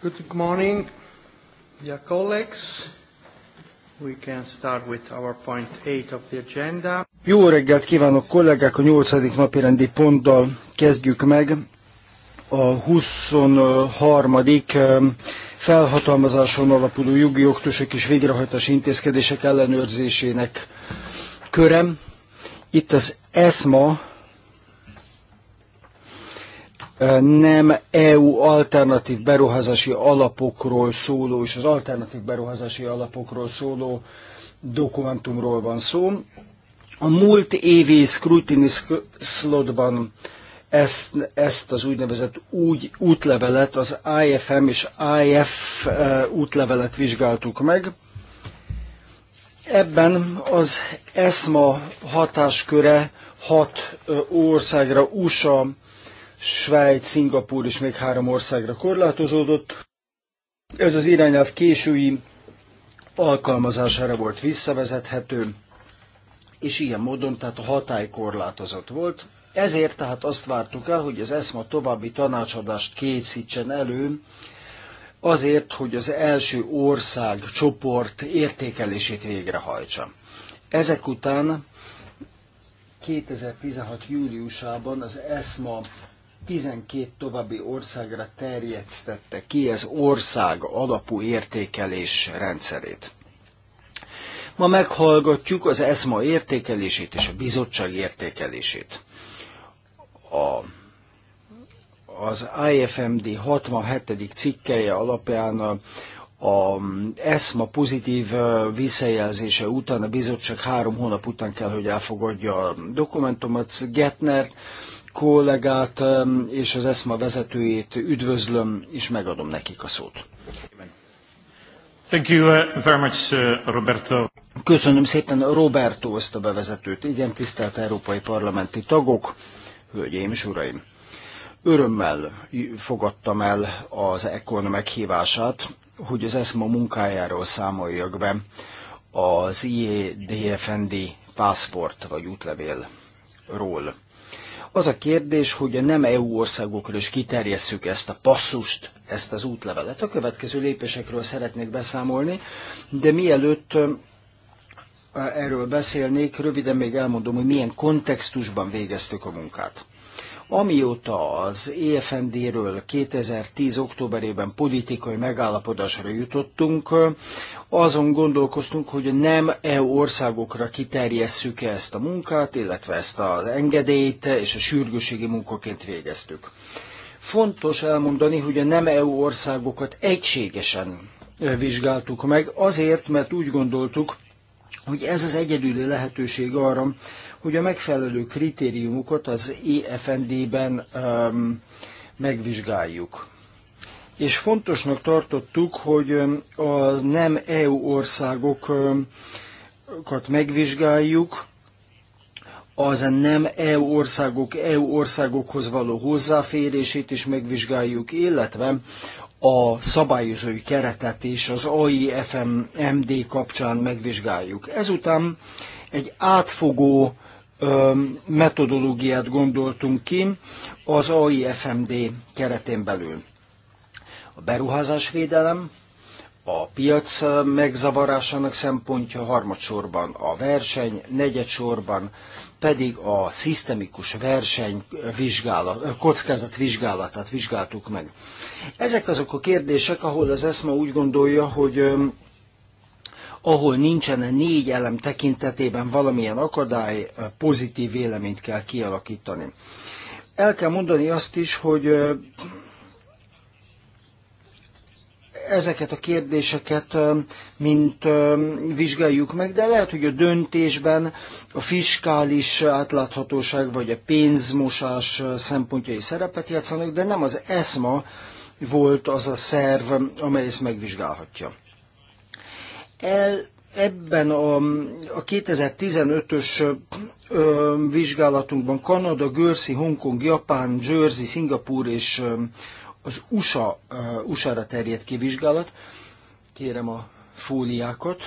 Good morning, dear colleagues. We can start with our point eight of the agenda. Jó reggelt kívánok kollégák, a 8. napirendi ponttal kezdjük meg. A 23. felhatalmazáson alapuló jogi oktusok és végrehajtási intézkedések ellenőrzésének körem. Itt az ESMA nem EU alternatív beruházási alapokról szóló és az alternatív beruházási alapokról szóló dokumentumról van szó. A múlt évi scrutiny slotban ezt, ezt az úgynevezett úgy, útlevelet, az IFM és IF útlevelet vizsgáltuk meg. Ebben az ESMA hatásköre hat országra USA, Svájc, Szingapúr és még három országra korlátozódott. Ez az irányelv késői alkalmazására volt visszavezethető, és ilyen módon tehát a hatály korlátozott volt. Ezért tehát azt vártuk el, hogy az ESMA további tanácsadást készítsen elő, azért, hogy az első ország csoport értékelését végrehajtsa. Ezek után 2016. júliusában az ESMA 12 további országra terjesztette ki az ország alapú értékelés rendszerét. Ma meghallgatjuk az ESMA értékelését és a bizottság értékelését. A, az IFMD 67. cikkeje alapján a, a ESMA pozitív visszajelzése után a bizottság három hónap után kell, hogy elfogadja a dokumentumot. Getner kollégát és az ESMA vezetőjét üdvözlöm, és megadom nekik a szót. Thank you uh, very much, uh, Roberto. Köszönöm szépen Roberto ezt a bevezetőt. Igen, tisztelt európai parlamenti tagok, hölgyeim és uraim. Örömmel fogadtam el az ECON meghívását, hogy az ESMA munkájáról számoljak be az IEDFND passport vagy útlevélről. Az a kérdés, hogy a nem EU országokra is kiterjesszük ezt a passzust, ezt az útlevelet. A következő lépésekről szeretnék beszámolni, de mielőtt erről beszélnék, röviden még elmondom, hogy milyen kontextusban végeztük a munkát. Amióta az EFND-ről 2010. októberében politikai megállapodásra jutottunk, azon gondolkoztunk, hogy nem EU országokra kiterjesszük -e ezt a munkát, illetve ezt az engedélyt, és a sürgőségi munkaként végeztük. Fontos elmondani, hogy a nem EU országokat egységesen vizsgáltuk meg, azért, mert úgy gondoltuk, hogy ez az egyedüli lehetőség arra, hogy a megfelelő kritériumokat az EFND-ben um, megvizsgáljuk. És fontosnak tartottuk, hogy um, a nem EU országokat megvizsgáljuk, az nem EU országok EU országokhoz való hozzáférését is megvizsgáljuk, illetve a szabályozói keretet is az MD kapcsán megvizsgáljuk. Ezután egy átfogó metodológiát gondoltunk ki az AIFMD keretén belül. A beruházásvédelem, a piac megzavarásának szempontja harmadsorban a verseny, negyedsorban pedig a szisztemikus verseny vizsgálat, kockázat vizsgálatát vizsgáltuk meg. Ezek azok a kérdések, ahol az ESMA úgy gondolja, hogy ahol nincsen -e négy elem tekintetében valamilyen akadály, eh, pozitív véleményt kell kialakítani. El kell mondani azt is, hogy eh, ezeket a kérdéseket eh, mint vizsgáljuk meg, de lehet, hogy a döntésben a fiskális átláthatóság vagy a pénzmosás szempontjai szerepet játszanak, de nem az ESMA volt az a szerv, amely ezt megvizsgálhatja. El, ebben a, a 2015-ös vizsgálatunkban Kanada, Görsi, Hongkong, Japán, Jersey, Szingapúr és ö, az USA, ö, USA-ra terjedt ki vizsgálat. Kérem a fóliákat.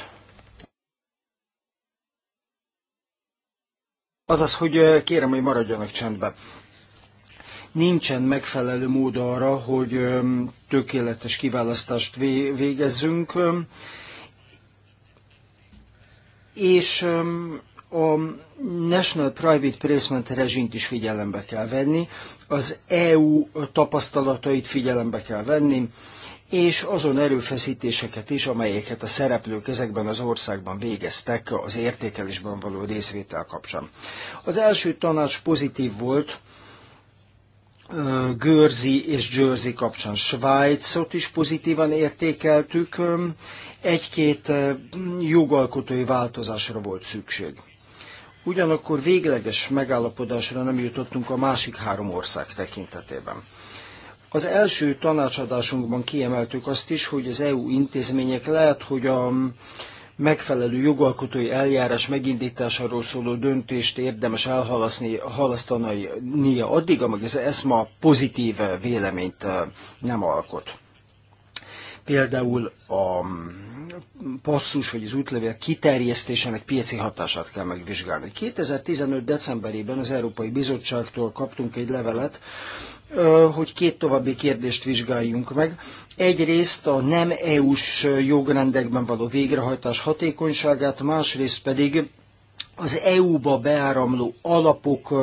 Azaz, hogy kérem, hogy maradjanak csendben. Nincsen megfelelő mód arra, hogy tökéletes kiválasztást végezzünk és a National Private Placement rezsint is figyelembe kell venni, az EU tapasztalatait figyelembe kell venni, és azon erőfeszítéseket is, amelyeket a szereplők ezekben az országban végeztek az értékelésben való részvétel kapcsán. Az első tanács pozitív volt, Görzi és Jersey kapcsán Svájcot is pozitívan értékeltük, egy-két jogalkotói változásra volt szükség. Ugyanakkor végleges megállapodásra nem jutottunk a másik három ország tekintetében. Az első tanácsadásunkban kiemeltük azt is, hogy az EU intézmények lehet, hogy a megfelelő jogalkotói eljárás megindításáról szóló döntést érdemes elhalasztani addig, amíg az ESMA pozitív véleményt eh, nem alkot. Például a mm, passzus vagy az útlevél kiterjesztésének piaci hatását kell megvizsgálni. 2015. decemberében az Európai Bizottságtól kaptunk egy levelet, hogy két további kérdést vizsgáljunk meg. Egyrészt a nem EU-s jogrendekben való végrehajtás hatékonyságát, másrészt pedig az EU-ba beáramló alapok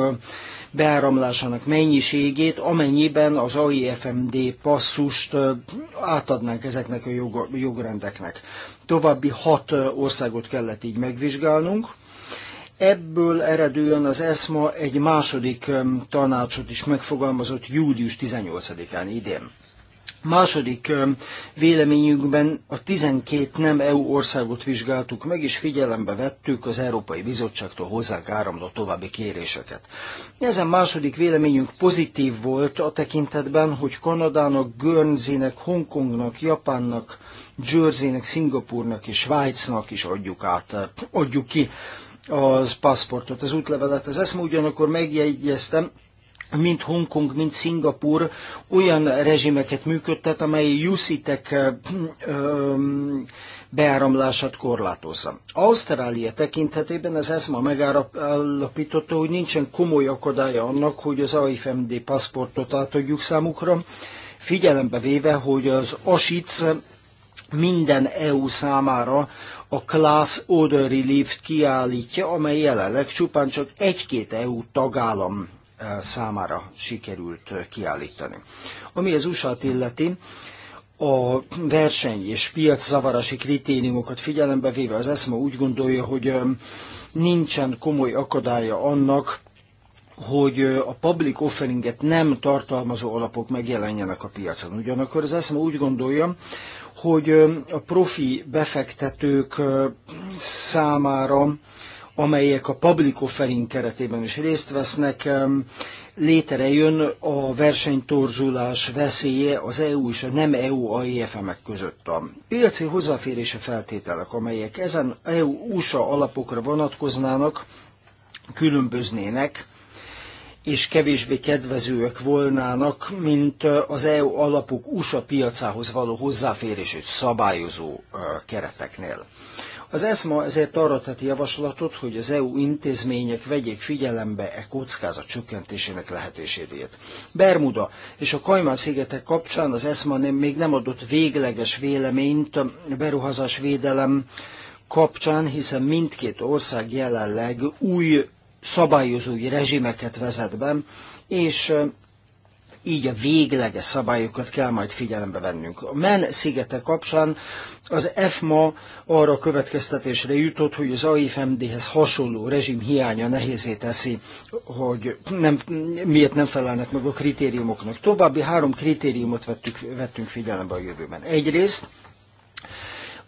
beáramlásának mennyiségét, amennyiben az AIFMD passzust átadnánk ezeknek a jog, jogrendeknek. További hat országot kellett így megvizsgálnunk Ebből eredően az ESMA egy második tanácsot is megfogalmazott július 18-án idén. Második véleményünkben a 12 nem EU országot vizsgáltuk meg, és figyelembe vettük az Európai Bizottságtól hozzánk áramló további kéréseket. Ezen második véleményünk pozitív volt a tekintetben, hogy Kanadának, Guernseynek, Hongkongnak, Japánnak, Jerseynek, Szingapurnak és Svájcnak is adjuk, át, eh, adjuk ki az paszportot, az útlevelet. Az eszme ugyanakkor megjegyeztem, mint Hongkong, mint Szingapur olyan rezsimeket működtet, amely juszitek beáramlását korlátozza. Ausztrália tekintetében az ESMA megállapította, hogy nincsen komoly akadálya annak, hogy az AFMD paszportot átadjuk számukra, figyelembe véve, hogy az ASIC minden EU számára a Class Order Relief kiállítja, amely jelenleg csupán csak egy-két EU tagállam eh, számára sikerült eh, kiállítani. Ami az usa illeti, a verseny és piac zavarási kritériumokat figyelembe véve az ESMA úgy gondolja, hogy eh, nincsen komoly akadálya annak, hogy a public offeringet nem tartalmazó alapok megjelenjenek a piacon. Ugyanakkor az ESMA úgy gondolja, hogy a profi befektetők számára, amelyek a public offering keretében is részt vesznek, létrejön a versenytorzulás veszélye az EU és a nem EU AIFM-ek e között. A piaci hozzáférése feltételek, amelyek ezen EU-USA alapokra vonatkoznának, különböznének és kevésbé kedvezőek volnának, mint az EU alapok USA piacához való hozzáférését szabályozó kereteknél. Az ESMA ezért arra tett javaslatot, hogy az EU intézmények vegyék figyelembe e kockázat csökkentésének lehetőségét. Bermuda és a Kajmán-szigetek kapcsán az ESMA nem, még nem adott végleges véleményt a beruházás védelem kapcsán, hiszen mindkét ország jelenleg új szabályozói rezsimeket vezet be, és így a végleges szabályokat kell majd figyelembe vennünk. A MEN szigete kapcsán az EFMA arra a következtetésre jutott, hogy az AIFMD-hez hasonló rezsim hiánya nehézé teszi, hogy nem, miért nem felelnek meg a kritériumoknak. További három kritériumot vettük, vettünk figyelembe a jövőben. Egyrészt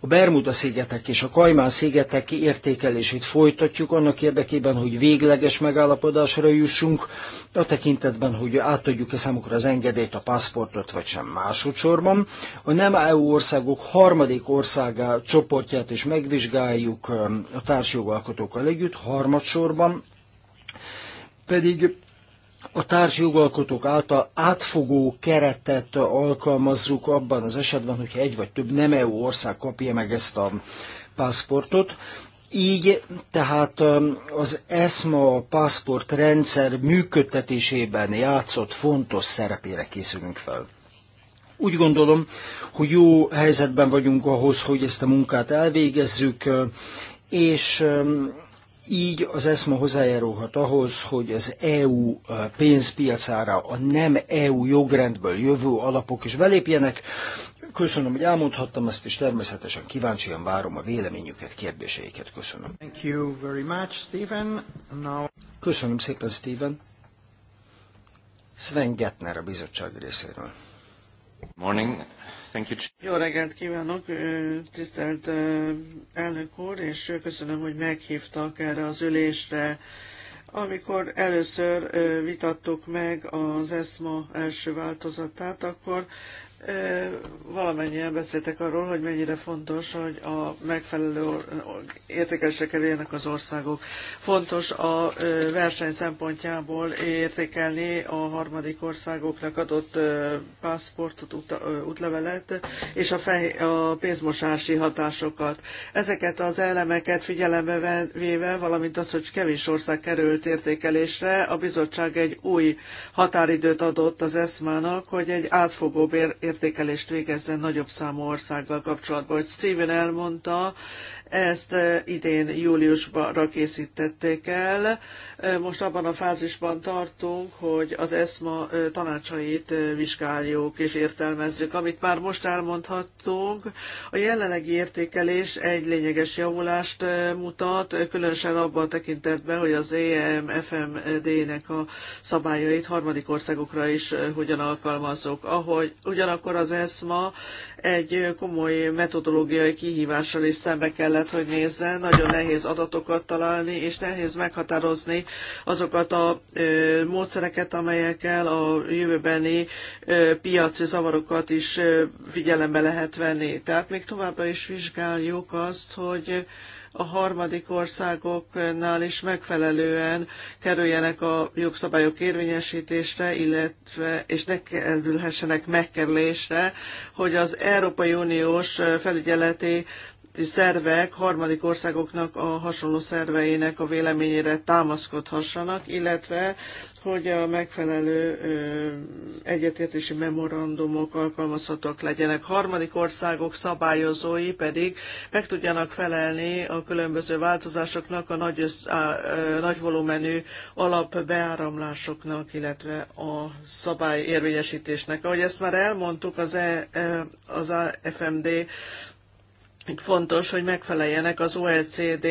a Bermuda-szigetek és a Kajmán-szigetek értékelését folytatjuk annak érdekében, hogy végleges megállapodásra jussunk, a tekintetben, hogy átadjuk-e számukra az engedélyt, a paszportot, vagy sem másodszorban. A nem EU országok harmadik országá csoportját is megvizsgáljuk um, a társjogalkotókkal együtt, harmadsorban pedig a társjogalkotók által átfogó keretet alkalmazzuk abban az esetben, hogyha egy vagy több nem EU ország kapja meg ezt a paszportot. Így tehát um, az ESMA passport rendszer működtetésében játszott fontos szerepére készülünk fel. Úgy gondolom, hogy jó helyzetben vagyunk ahhoz, hogy ezt a munkát elvégezzük, um, és um, így az ESMA hozzájárulhat ahhoz, hogy az EU eh, pénzpiacára a nem EU jogrendből jövő alapok is belépjenek. Köszönöm, hogy elmondhattam ezt, és természetesen kíváncsian várom a véleményüket, kérdéseiket. Köszönöm. Thank you very much, Stephen. Now... Köszönöm szépen, Stephen. Sven Gettner a bizottság részéről. Morning. Jó reggelt kívánok, tisztelt elnök úr, és köszönöm, hogy meghívtak erre az ülésre. Amikor először vitattuk meg az ESMA első változatát, akkor valamennyien beszéltek arról, hogy mennyire fontos, hogy a megfelelő értékelésre kerüljenek az országok. Fontos a verseny szempontjából értékelni a harmadik országoknak adott passzportot, útlevelet és a, fej, a pénzmosási hatásokat. Ezeket az elemeket figyelembe véve, valamint az, hogy kevés ország került értékelésre, a bizottság egy új határidőt adott az ESMA-nak, hogy egy átfogóbb ér- értékelést végezzen nagyobb számú országgal kapcsolatban. Hogy Steven elmondta, ezt idén júliusban készítették el. Most abban a fázisban tartunk, hogy az ESMA tanácsait vizsgáljuk és értelmezzük. Amit már most elmondhattunk, a jelenlegi értékelés egy lényeges javulást mutat, különösen abban a tekintetben, hogy az emfmd nek a szabályait harmadik országokra is hogyan alkalmazzuk. Ahogy ugyanakkor az ESMA egy komoly metodológiai kihívással is szembe kellett, hogy nézze. Nagyon nehéz adatokat találni, és nehéz meghatározni azokat a módszereket, amelyekkel a jövőbeni piaci zavarokat is figyelembe lehet venni. Tehát még továbbra is vizsgáljuk azt, hogy a harmadik országoknál is megfelelően kerüljenek a jogszabályok érvényesítésre, illetve és ne kerülhessenek megkerülésre, hogy az Európai Uniós felügyeleti szervek harmadik országoknak a hasonló szerveinek a véleményére támaszkodhassanak, illetve hogy a megfelelő egyetértési memorandumok alkalmazhatók legyenek. Harmadik országok szabályozói pedig meg tudjanak felelni a különböző változásoknak, a nagy, össz, á, nagy volumenű alapbeáramlásoknak, illetve a szabály érvényesítésnek. Ahogy ezt már elmondtuk, az, e, e az AFMD Fontos, hogy megfeleljenek az OECD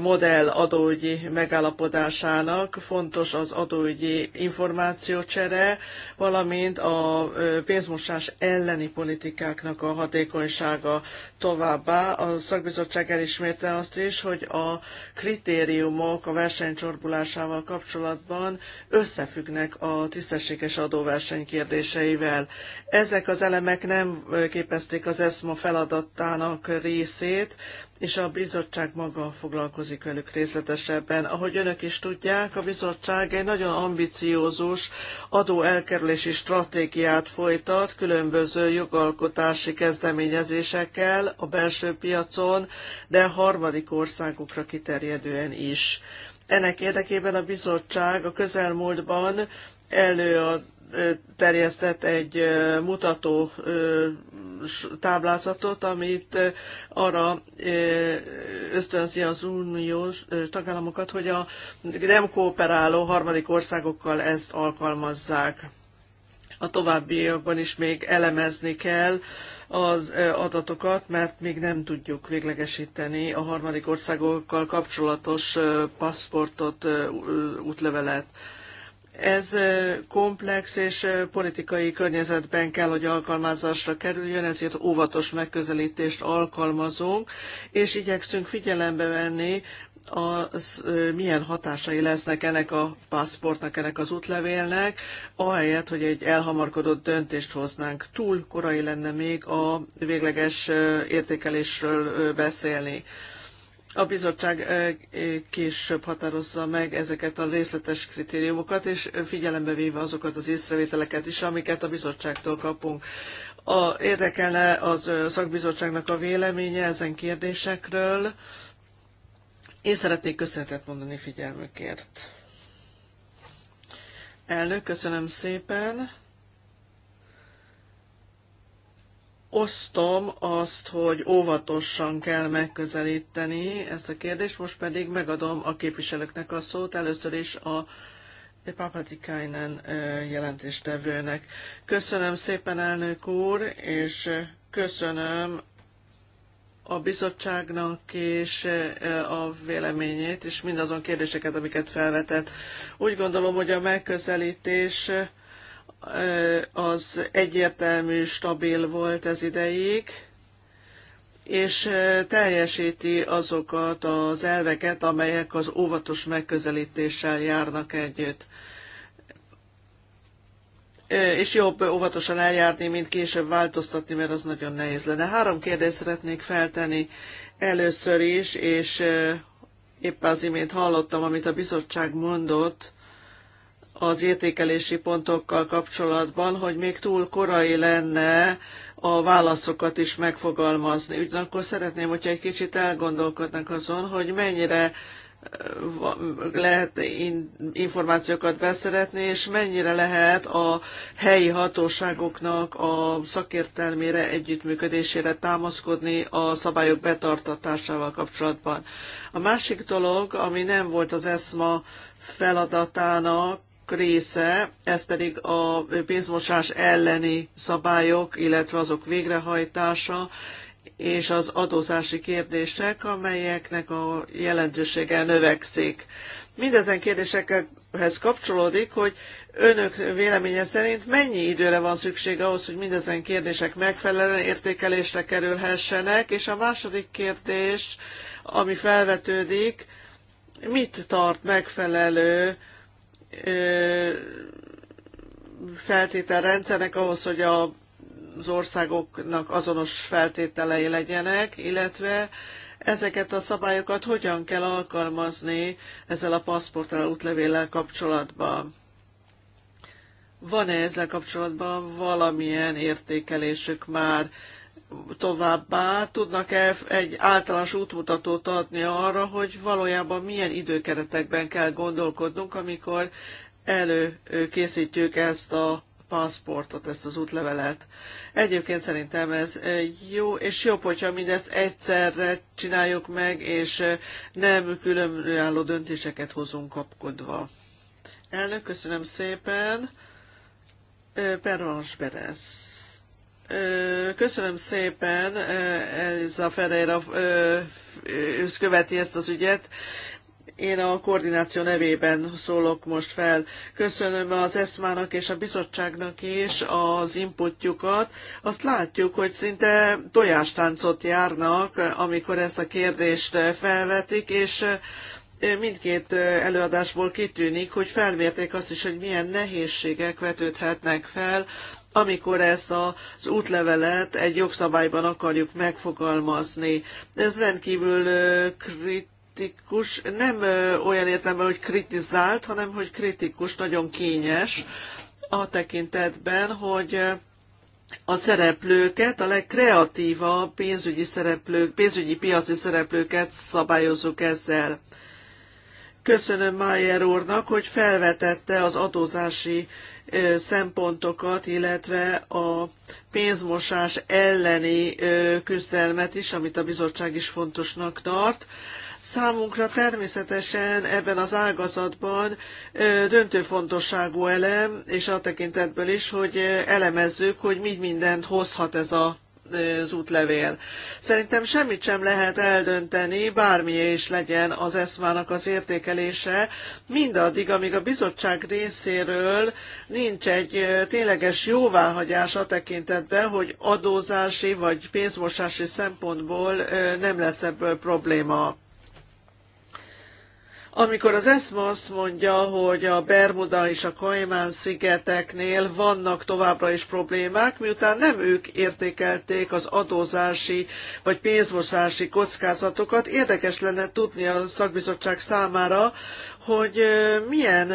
modell adóügyi megállapodásának fontos az adóügyi információcsere, valamint a pénzmosás elleni politikáknak a hatékonysága továbbá. A szakbizottság elismerte azt is, hogy a kritériumok a versenycsorbulásával kapcsolatban összefüggnek a tisztességes adóverseny kérdéseivel. Ezek az elemek nem képezték az ESMA feladatának részét, és a bizottság maga foglalkozik velük részletesebben. Ahogy önök is tudják, a bizottság egy nagyon ambiciózus adóelkerülési stratégiát folytat különböző jogalkotási kezdeményezésekkel a belső piacon, de harmadik országokra kiterjedően is. Ennek érdekében a bizottság a közelmúltban előad terjesztett egy mutató táblázatot, amit arra ösztönzi az uniós tagállamokat, hogy a nem kooperáló harmadik országokkal ezt alkalmazzák. A továbbiakban is még elemezni kell az adatokat, mert még nem tudjuk véglegesíteni a harmadik országokkal kapcsolatos paszportot, útlevelet. Ez komplex és politikai környezetben kell, hogy alkalmazásra kerüljön, ezért óvatos megközelítést alkalmazunk, és igyekszünk figyelembe venni az, milyen hatásai lesznek ennek a passzportnak, ennek az útlevélnek, ahelyett, hogy egy elhamarkodott döntést hoznánk. Túl korai lenne még a végleges értékelésről beszélni. A bizottság később határozza meg ezeket a részletes kritériumokat, és figyelembe véve azokat az észrevételeket is, amiket a bizottságtól kapunk. A, érdekelne az szakbizottságnak a véleménye ezen kérdésekről. Én szeretnék köszönetet mondani figyelmükért. Elnök, köszönöm szépen. osztom azt, hogy óvatosan kell megközelíteni ezt a kérdést, most pedig megadom a képviselőknek a szót, először is a Papatikainen jelentéstevőnek. Köszönöm szépen, elnök úr, és köszönöm a bizottságnak és a véleményét, és mindazon kérdéseket, amiket felvetett. Úgy gondolom, hogy a megközelítés az egyértelmű, stabil volt ez ideig, és teljesíti azokat az elveket, amelyek az óvatos megközelítéssel járnak együtt és jobb óvatosan eljárni, mint később változtatni, mert az nagyon nehéz lenne. Három kérdést szeretnék feltenni először is, és éppen az imént hallottam, amit a bizottság mondott, az értékelési pontokkal kapcsolatban, hogy még túl korai lenne a válaszokat is megfogalmazni. Ugyanakkor szeretném, hogyha egy kicsit elgondolkodnak azon, hogy mennyire eh, lehet információkat beszeretni, és mennyire lehet a helyi hatóságoknak a szakértelmére, együttműködésére támaszkodni a szabályok betartatásával kapcsolatban. A másik dolog, ami nem volt az ESMA feladatának része, ez pedig a pénzmosás elleni szabályok, illetve azok végrehajtása, és az adózási kérdések, amelyeknek a jelentősége növekszik. Mindezen kérdésekhez kapcsolódik, hogy önök véleménye szerint mennyi időre van szükség ahhoz, hogy mindezen kérdések megfelelően értékelésre kerülhessenek, és a második kérdés, ami felvetődik, mit tart megfelelő feltételrendszernek ahhoz, hogy a, az országoknak azonos feltételei legyenek, illetve ezeket a szabályokat hogyan kell alkalmazni ezzel a paszporttal, útlevéllel kapcsolatban. Van-e ezzel kapcsolatban valamilyen értékelésük már? továbbá tudnak-e egy általános útmutatót adni arra, hogy valójában milyen időkeretekben kell gondolkodnunk, amikor előkészítjük ezt a paszportot, ezt az útlevelet. Egyébként szerintem ez jó, és jobb, hogyha mindezt egyszerre csináljuk meg, és nem különálló döntéseket hozunk kapkodva. Elnök, köszönöm szépen. Pervans Beresz. Köszönöm szépen, a Ferreira követi ezt az ügyet. Én a koordináció nevében szólok most fel. Köszönöm az ESMA-nak és a bizottságnak is az inputjukat. Azt látjuk, hogy szinte tojástáncot járnak, amikor ezt a kérdést felvetik, és mindkét előadásból kitűnik, hogy felmérték azt is, hogy milyen nehézségek vetődhetnek fel amikor ezt az útlevelet egy jogszabályban akarjuk megfogalmazni. Ez rendkívül kritikus kritikus, nem olyan értelme, hogy kritizált, hanem hogy kritikus, nagyon kényes a tekintetben, hogy a szereplőket, a legkreatívabb pénzügyi szereplők, pénzügyi piaci szereplőket szabályozzuk ezzel. Köszönöm Mayer úrnak, hogy felvetette az adózási szempontokat, illetve a pénzmosás elleni küzdelmet is, amit a bizottság is fontosnak tart. Számunkra természetesen ebben az ágazatban döntő fontosságú elem, és a tekintetből is, hogy elemezzük, hogy mi mindent hozhat ez a az útlevél. Szerintem semmit sem lehet eldönteni, bármilyen is legyen az eszmának az értékelése, mindaddig, amíg a bizottság részéről nincs egy tényleges jóváhagyás a tekintetben, hogy adózási vagy pénzmosási szempontból nem lesz ebből probléma. Amikor az ESMA azt mondja, hogy a Bermuda és a Kajmán szigeteknél vannak továbbra is problémák, miután nem ők értékelték az adózási vagy pénzmosási kockázatokat, érdekes lenne tudni a szakbizottság számára, hogy milyen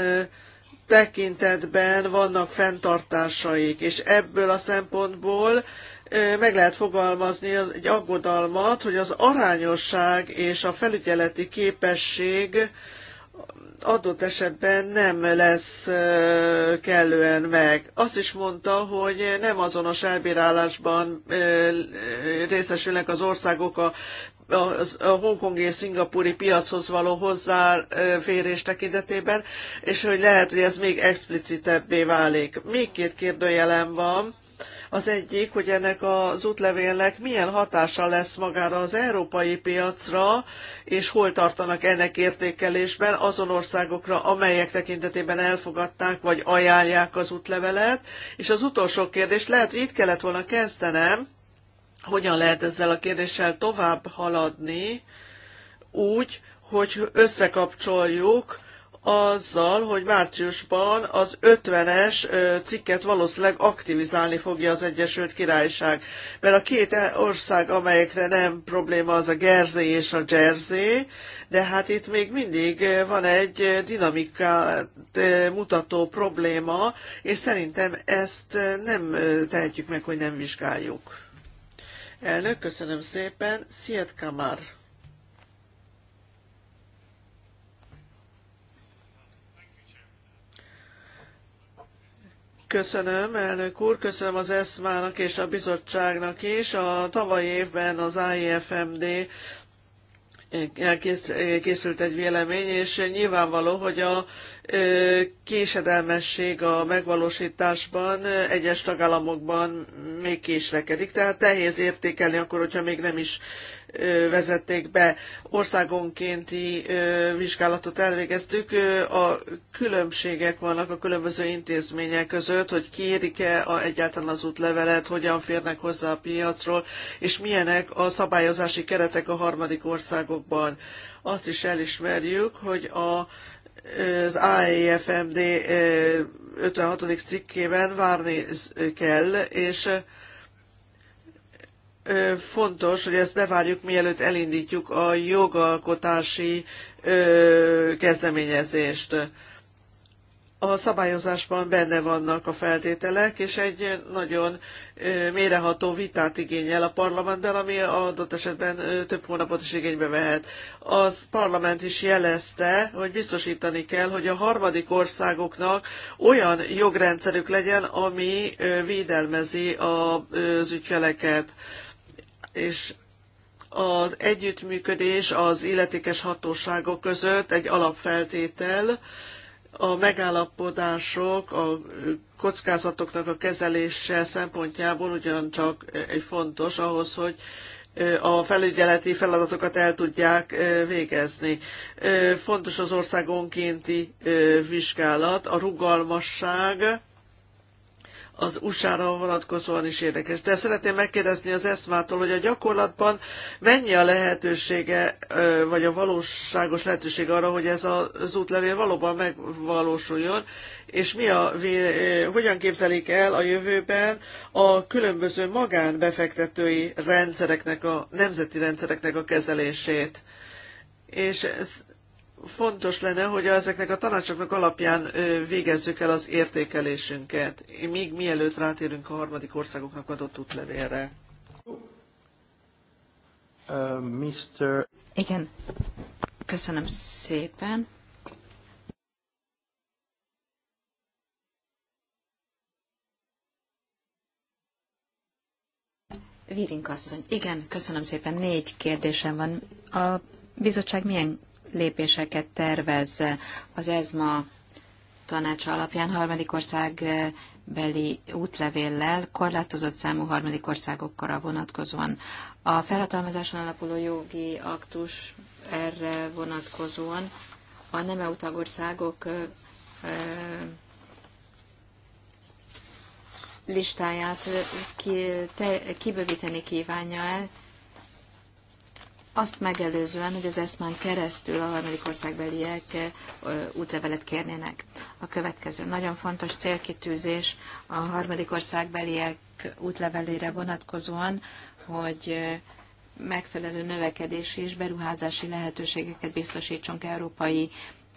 tekintetben vannak fenntartásaik, és ebből a szempontból meg lehet fogalmazni egy aggodalmat, hogy az arányosság és a felügyeleti képesség adott esetben nem lesz kellően meg. Azt is mondta, hogy nem azonos elbírálásban részesülnek az országok a a hongkongi és szingapúri piachoz való hozzáférés tekintetében, és hogy lehet, hogy ez még explicitebbé válik. Még két kérdőjelem van az egyik, hogy ennek az útlevélnek milyen hatása lesz magára az európai piacra, és hol tartanak ennek értékelésben azon országokra, amelyek tekintetében elfogadták vagy ajánlják az útlevelet. És az utolsó kérdés, lehet, hogy itt kellett volna kezdenem, hogyan lehet ezzel a kérdéssel tovább haladni úgy, hogy összekapcsoljuk azzal, hogy márciusban az 50-es cikket valószínűleg aktivizálni fogja az Egyesült Királyság. Mert a két ország, amelyekre nem probléma, az a Gerzé és a Jersey, de hát itt még mindig van egy dinamikát mutató probléma, és szerintem ezt nem tehetjük meg, hogy nem vizsgáljuk. Elnök, köszönöm szépen. Sziet Kamar! Köszönöm, elnök úr, köszönöm az ESMA-nak és a bizottságnak is. A tavalyi évben az IFMD készült egy vélemény, és nyilvánvaló, hogy a késedelmesség a megvalósításban egyes tagállamokban még késlekedik, tehát nehéz értékelni akkor, hogyha még nem is vezették be. Országonkénti vizsgálatot elvégeztük. A különbségek vannak a különböző intézmények között, hogy kérik-e egyáltalán az útlevelet, hogyan férnek hozzá a piacról, és milyenek a szabályozási keretek a harmadik országokban. Azt is elismerjük, hogy a az AEFMD 56. cikkében várni kell, és fontos, hogy ezt bevárjuk, mielőtt elindítjuk a jogalkotási kezdeményezést. A szabályozásban benne vannak a feltételek, és egy nagyon méreható vitát igényel a parlamentben, ami adott esetben több hónapot is igénybe vehet. Az parlament is jelezte, hogy biztosítani kell, hogy a harmadik országoknak olyan jogrendszerük legyen, ami védelmezi az ügyfeleket és az együttműködés az illetékes hatóságok között egy alapfeltétel, a megállapodások a kockázatoknak a kezelése szempontjából ugyancsak egy fontos ahhoz, hogy a felügyeleti feladatokat el tudják végezni. Fontos az országonkénti vizsgálat, a rugalmasság, az USA-ra vonatkozóan is érdekes. De szeretném megkérdezni az ESMA-tól, hogy a gyakorlatban mennyi a lehetősége, vagy a valóságos lehetőség arra, hogy ez az útlevél valóban megvalósuljon, és mi a, hogyan képzelik el a jövőben a különböző magánbefektetői rendszereknek, a nemzeti rendszereknek a kezelését. És fontos lenne, hogy ezeknek a tanácsoknak alapján végezzük el az értékelésünket, még mielőtt rátérünk a harmadik országoknak adott útlevélre. Uh, Mr. Igen, köszönöm szépen. Virink asszony, igen, köszönöm szépen. Négy kérdésem van. A bizottság milyen lépéseket tervez az ESMA tanácsa alapján harmadik ország beli útlevéllel korlátozott számú harmadik országokkal vonatkozóan. A felhatalmazáson alapuló jogi aktus erre vonatkozóan a nem EU tagországok listáját kibővíteni kívánja el, azt megelőzően, hogy az eszmán keresztül a harmadik országbeliek útlevelet kérnének. A következő nagyon fontos célkitűzés a harmadik országbeliek útlevelére vonatkozóan, hogy megfelelő növekedési és beruházási lehetőségeket biztosítsunk európai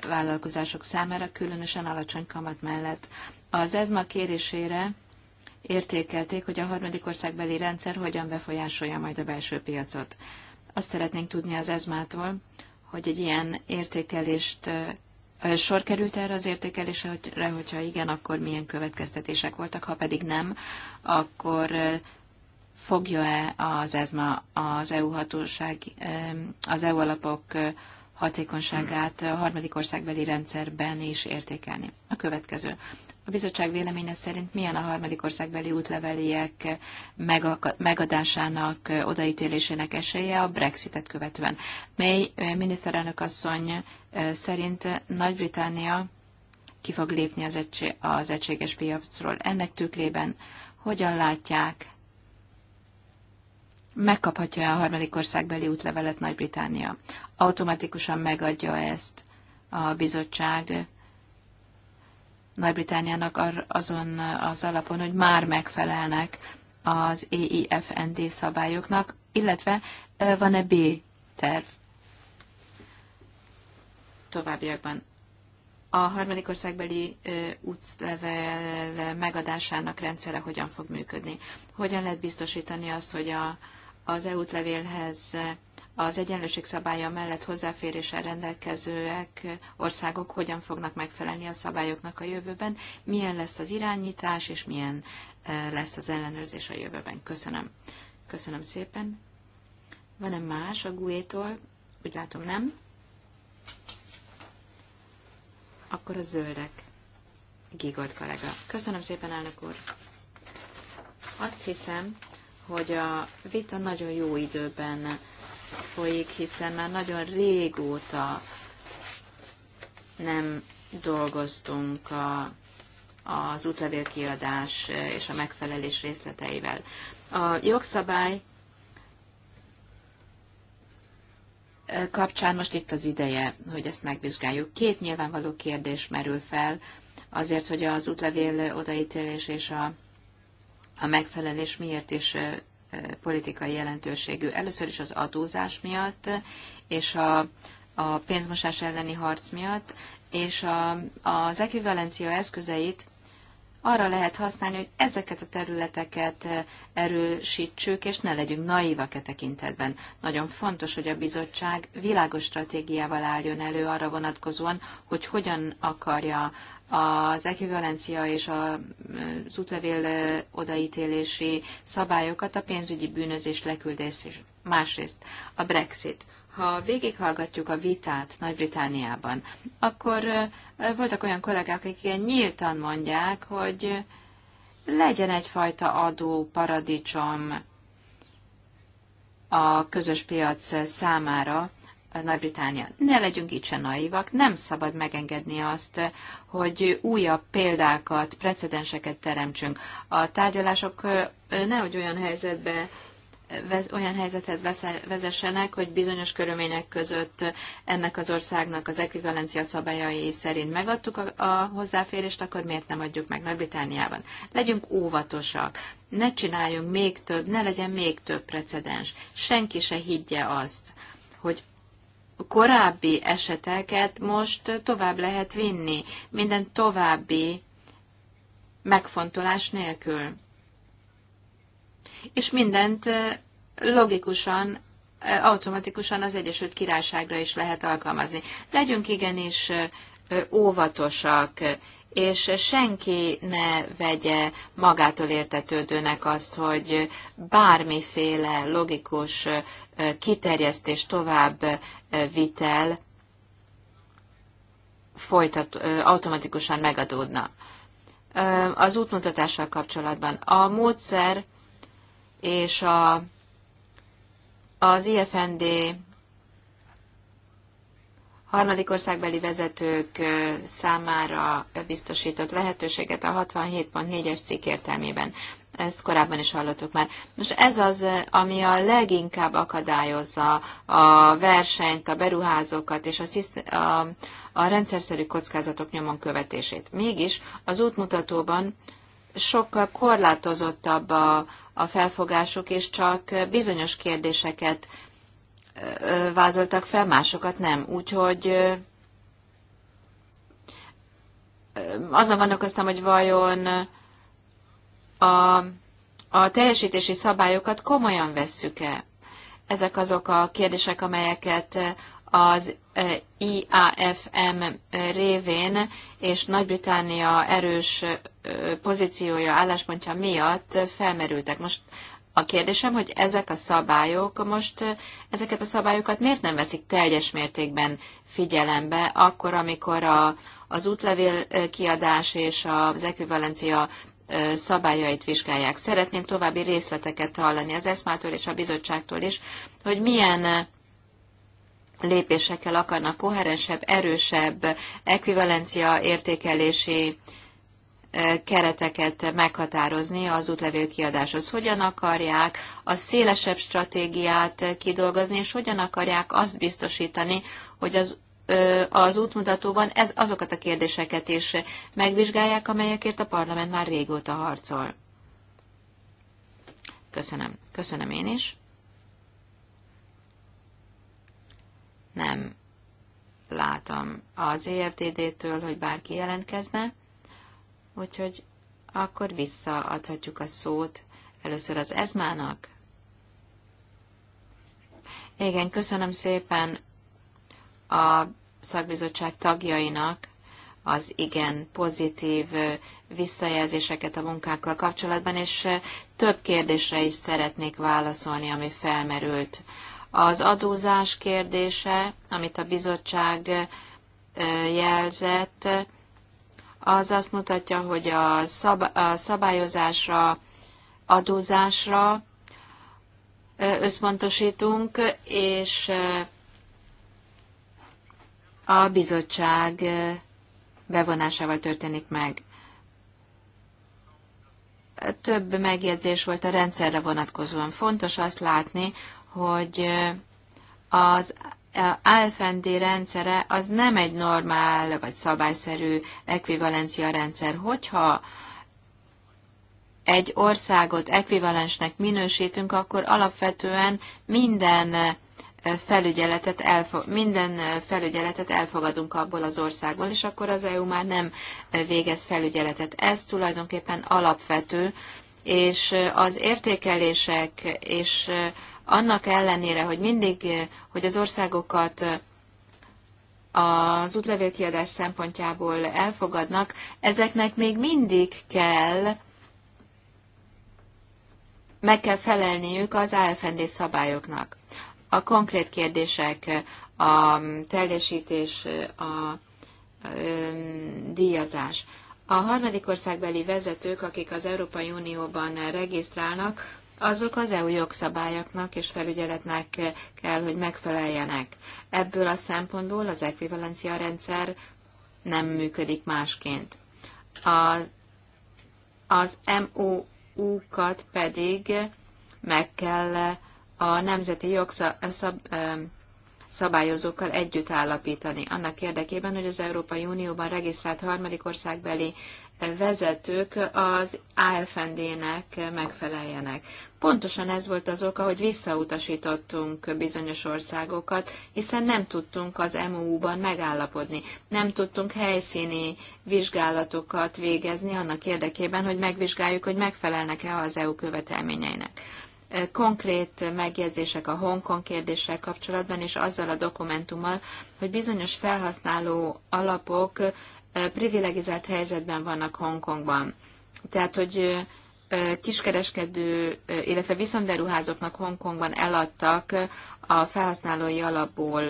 vállalkozások számára, különösen alacsony kamat mellett. Az ESMA kérésére értékelték, hogy a harmadik országbeli rendszer hogyan befolyásolja majd a belső piacot. Azt szeretnénk tudni az ezmától, hogy egy ilyen értékelést sor került erre az értékelésre, hogyha igen, akkor milyen következtetések voltak, ha pedig nem, akkor fogja-e az ESMA az EU hatóság, az EU alapok hatékonyságát a harmadik országbeli rendszerben is értékelni. A következő. A bizottság véleménye szerint milyen a harmadik országbeli útleveliek megadásának, odaítélésének esélye a Brexitet követően? Mely eh, miniszterelnök asszony eh, szerint Nagy-Britannia ki fog lépni az, egység, az egységes piacról. Ennek tükrében hogyan látják megkaphatja-e a harmadik országbeli útlevelet Nagy-Británia. Automatikusan megadja ezt a bizottság Nagy-Britániának azon az alapon, hogy már megfelelnek az EIFND szabályoknak, illetve van-e B terv továbbiakban. A harmadik országbeli útlevel megadásának rendszere hogyan fog működni? Hogyan lehet biztosítani azt, hogy a, az EU levélhez az egyenlőség szabálya mellett hozzáféréssel rendelkezőek országok hogyan fognak megfelelni a szabályoknak a jövőben, milyen lesz az irányítás, és milyen e, lesz az ellenőrzés a jövőben. Köszönöm. Köszönöm szépen. Van-e más a GUE-tól? Úgy látom, nem. Akkor a zöldek. Gigolt kollega. Köszönöm szépen, elnök úr. Azt hiszem, hogy a vita nagyon jó időben folyik, hiszen már nagyon régóta nem dolgoztunk a, az útlevélkiadás és a megfelelés részleteivel. A jogszabály kapcsán most itt az ideje, hogy ezt megvizsgáljuk. Két nyilvánvaló kérdés merül fel, azért, hogy az útlevél odaítélés és a a megfelelés miért is politikai jelentőségű. Először is az adózás miatt, és a, a pénzmosás elleni harc miatt, és a, az ekvivalencia eszközeit arra lehet használni, hogy ezeket a területeket eh, erősítsük, és ne legyünk naívak e tekintetben. Nagyon fontos, hogy a bizottság világos stratégiával álljon elő arra vonatkozóan, hogy hogyan akarja az ekvivalencia és mm, az útlevél eh, odaítélési szabályokat, a pénzügyi bűnözés leküldés és másrészt a Brexit ha végighallgatjuk a vitát Nagy-Britániában, akkor voltak olyan kollégák, akik ilyen nyíltan mondják, hogy legyen egyfajta adó paradicsom a közös piac számára, nagy-Británia. Ne legyünk itt se naivak, nem szabad megengedni azt, hogy újabb példákat, precedenseket teremtsünk. A tárgyalások nehogy olyan helyzetbe olyan helyzethez vezessenek, hogy bizonyos körülmények között ennek az országnak az ekvivalencia szabályai szerint megadtuk a, a hozzáférést, akkor miért nem adjuk meg Nagy-Britániában? Legyünk óvatosak, ne csináljunk még több, ne legyen még több precedens. Senki se higgye azt, hogy korábbi eseteket most tovább lehet vinni, minden további megfontolás nélkül és mindent logikusan, automatikusan az Egyesült Királyságra is lehet alkalmazni. Legyünk igenis óvatosak, és senki ne vegye magától értetődőnek azt, hogy bármiféle logikus kiterjesztés tovább vitel folytat, automatikusan megadódna. Az útmutatással kapcsolatban a módszer és a, az IFND harmadik országbeli vezetők számára biztosított lehetőséget a 67.4-es cikk értelmében. Ezt korábban is hallottuk már. Most ez az, ami a leginkább akadályozza a versenyt, a beruházókat és a, a, a rendszerszerű kockázatok nyomon követését. Mégis az útmutatóban sokkal korlátozottabb a, a felfogásuk, és csak bizonyos kérdéseket vázoltak fel, másokat nem. Úgyhogy azon gondolkoztam, hogy vajon a, a teljesítési szabályokat komolyan vesszük-e? Ezek azok a kérdések, amelyeket az IAFM révén és Nagy-Britannia erős pozíciója, álláspontja miatt felmerültek. Most a kérdésem, hogy ezek a szabályok most, ezeket a szabályokat miért nem veszik teljes mértékben figyelembe, akkor, amikor a, az útlevél kiadás és az ekvivalencia szabályait vizsgálják. Szeretném további részleteket hallani az eszmától és a bizottságtól is, hogy milyen lépésekkel akarnak koherensebb, erősebb ekvivalencia értékelési e, kereteket meghatározni az útlevél kiadáshoz. Hogyan akarják a szélesebb stratégiát kidolgozni, és hogyan akarják azt biztosítani, hogy az e, az útmutatóban ez, azokat a kérdéseket is megvizsgálják, amelyekért a parlament már régóta harcol. Köszönöm. Köszönöm én is. Nem látom az EFDD-től, hogy bárki jelentkezne, úgyhogy akkor visszaadhatjuk a szót először az ezmának. Igen, köszönöm szépen a szakbizottság tagjainak az igen pozitív visszajelzéseket a munkákkal kapcsolatban, és több kérdésre is szeretnék válaszolni, ami felmerült az adózás kérdése, amit a bizottság jelzett, az azt mutatja, hogy a, szabályozásra, adózásra összpontosítunk, és a bizottság bevonásával történik meg. Több megjegyzés volt a rendszerre vonatkozóan. Fontos azt látni, hogy az AFND rendszere az nem egy normál vagy szabályszerű ekvivalencia rendszer. Hogyha egy országot ekvivalensnek minősítünk, akkor alapvetően minden felügyeletet, elfog, minden felügyeletet elfogadunk abból az országból, és akkor az EU már nem végez felügyeletet. Ez tulajdonképpen alapvető, és az értékelések és annak ellenére, hogy mindig, eh, hogy az országokat eh, az útlevélkiadás szempontjából elfogadnak, ezeknek még mindig kell meg kell felelniük az AFND szabályoknak. A konkrét kérdések, a teljesítés, a díjazás. A harmadik országbeli vezetők, akik az Európai Unióban regisztrálnak, azok az EU jogszabályoknak és felügyeletnek kell, hogy megfeleljenek. Ebből a szempontból az ekvivalencia rendszer nem működik másként. A, az MOU-kat pedig meg kell a nemzeti jogszabályozókkal együtt állapítani, annak érdekében, hogy az Európai Unióban regisztrált harmadik országbeli vezetők az AFND-nek megfeleljenek. Pontosan ez volt az oka, hogy visszautasítottunk bizonyos országokat, hiszen nem tudtunk az MOU-ban megállapodni. Nem tudtunk helyszíni vizsgálatokat végezni annak érdekében, hogy megvizsgáljuk, hogy megfelelnek-e az EU követelményeinek konkrét megjegyzések a Hongkong kérdéssel kapcsolatban, és azzal a dokumentummal, hogy bizonyos felhasználó alapok privilegizált helyzetben vannak Hongkongban. Tehát, hogy kiskereskedő, illetve viszontberuházóknak Hongkongban eladtak a felhasználói alapból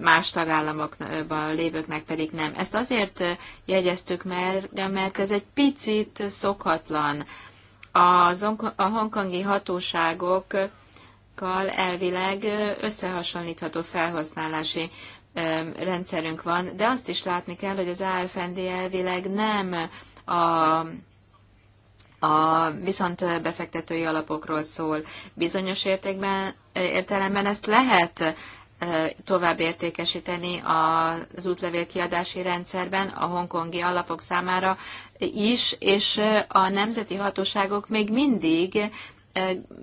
más tagállamokban lévőknek pedig nem. Ezt azért jegyeztük, mert, mert ez egy picit szokatlan. a hongkongi hatóságokkal elvileg összehasonlítható felhasználási rendszerünk van, de azt is látni kell, hogy az AFND elvileg nem a a viszont befektetői alapokról szól. Bizonyos értékben, értelemben ezt lehet tovább értékesíteni az útlevél kiadási rendszerben a hongkongi alapok számára is, és a nemzeti hatóságok még mindig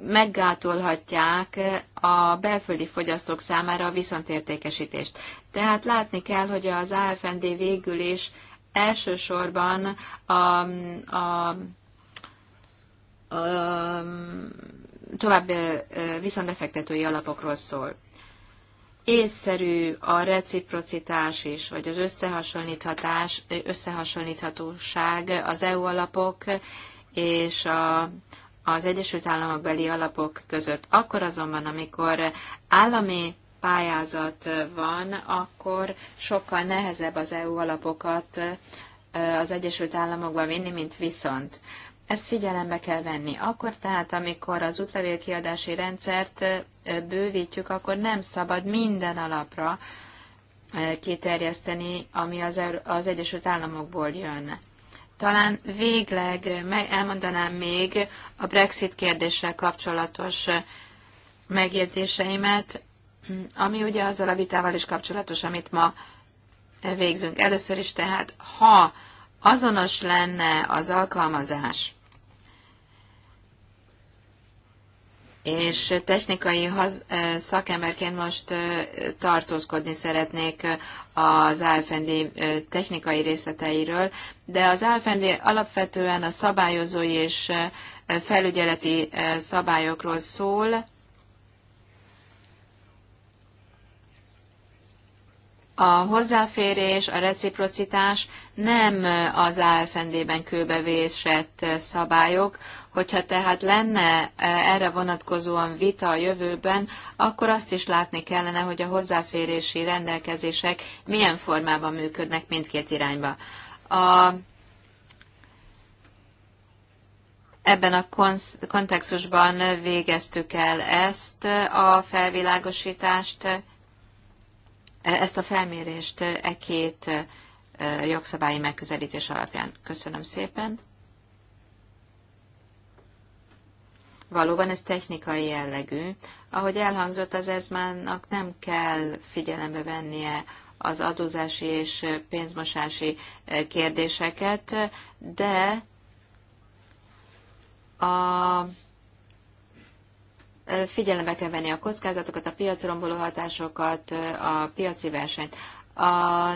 meggátolhatják a belföldi fogyasztók számára a viszontértékesítést. Tehát látni kell, hogy az AFND végül is elsősorban a, a, a tovább viszontbefektetői alapokról szól. Észszerű a reciprocitás is, vagy az összehasonlíthatás, összehasonlíthatóság az EU alapok és a, az Egyesült Államok beli alapok között. Akkor azonban, amikor állami pályázat van, akkor sokkal nehezebb az EU alapokat az Egyesült Államokba vinni, mint viszont. Ezt figyelembe kell venni. Akkor tehát, amikor az útlevélkiadási rendszert bővítjük, akkor nem szabad minden alapra kiterjeszteni, ami az, Egyesült Államokból jön. Talán végleg elmondanám még a Brexit kérdéssel kapcsolatos megjegyzéseimet, ami ugye azzal a vitával is kapcsolatos, amit ma végzünk. Először is tehát, ha azonos lenne az alkalmazás és technikai szakemberként most tartózkodni szeretnék az AFND technikai részleteiről, de az AFND alapvetően a szabályozói és felügyeleti szabályokról szól, a hozzáférés, a reciprocitás, nem az AFND-ben kőbevésett szabályok, Hogyha tehát lenne e, erre vonatkozóan vita a jövőben, akkor azt is látni kellene, hogy a hozzáférési rendelkezések milyen formában működnek mindkét irányba. A, ebben a kontextusban végeztük el ezt a felvilágosítást, e, ezt a felmérést e két jogszabályi megközelítés alapján. Köszönöm szépen. Valóban ez technikai jellegű. Ahogy elhangzott, az ezmának nem kell figyelembe vennie az adózási és pénzmosási kérdéseket, de a figyelembe kell venni a kockázatokat, a piacromboló hatásokat, a piaci versenyt. A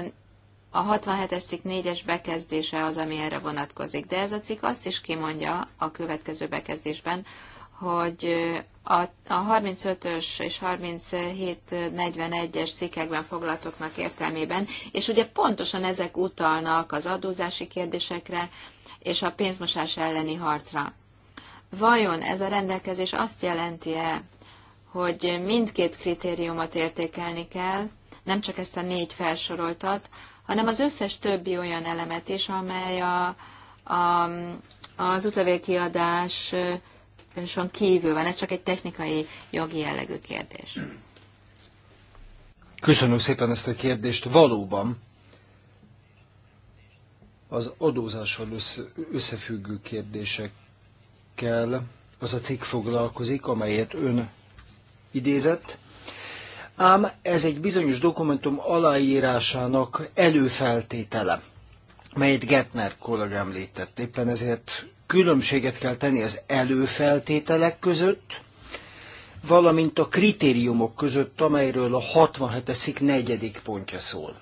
a 67-es cikk 4-es bekezdése az, ami erre vonatkozik. De ez a cikk azt is kimondja a következő bekezdésben, hogy a, a 35-ös és 37-41-es cikkekben foglaltoknak értelmében, és ugye pontosan ezek utalnak az adózási kérdésekre és a pénzmosás elleni harcra. Vajon ez a rendelkezés azt jelenti-e, hogy mindkét kritériumot értékelni kell, nem csak ezt a négy felsoroltat, hanem az összes többi olyan elemet is, amely a, a, az útlevélkiadáson kívül van. Ez csak egy technikai, jogi jellegű kérdés. Köszönöm szépen ezt a kérdést. Valóban az adózással összefüggő kérdésekkel az a cikk foglalkozik, amelyet ön idézett, ám ez egy bizonyos dokumentum aláírásának előfeltétele, melyet Getner kollega említett. Éppen ezért különbséget kell tenni az előfeltételek között, valamint a kritériumok között, amelyről a 67-es szik negyedik pontja szól.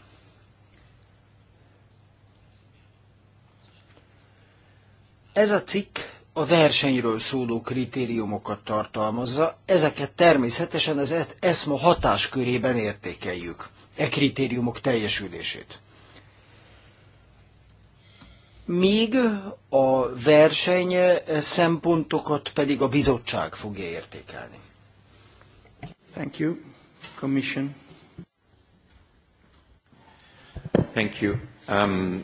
Ez a cikk a versenyről szóló kritériumokat tartalmazza, ezeket természetesen az e ESMA hatáskörében értékeljük, e kritériumok teljesülését. Míg a verseny szempontokat pedig a bizottság fogja értékelni. Thank you, Commission. Thank you. Um...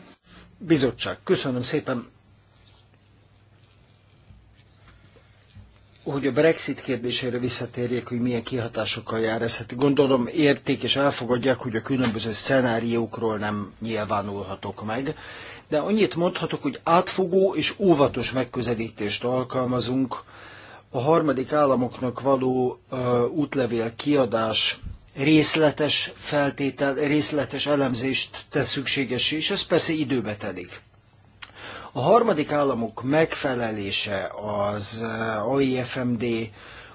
Bizottság, köszönöm szépen. hogy a Brexit kérdésére visszatérjek, hogy milyen kihatásokkal jár ez. Hát gondolom érték és elfogadják, hogy a különböző szenáriókról nem nyilvánulhatok meg, de annyit mondhatok, hogy átfogó és óvatos megközelítést alkalmazunk a harmadik államoknak való uh, útlevél kiadás részletes feltétel, részletes elemzést tesz szükségesé, és ez persze időbe telik. A harmadik államok megfelelése az eh, AIFMD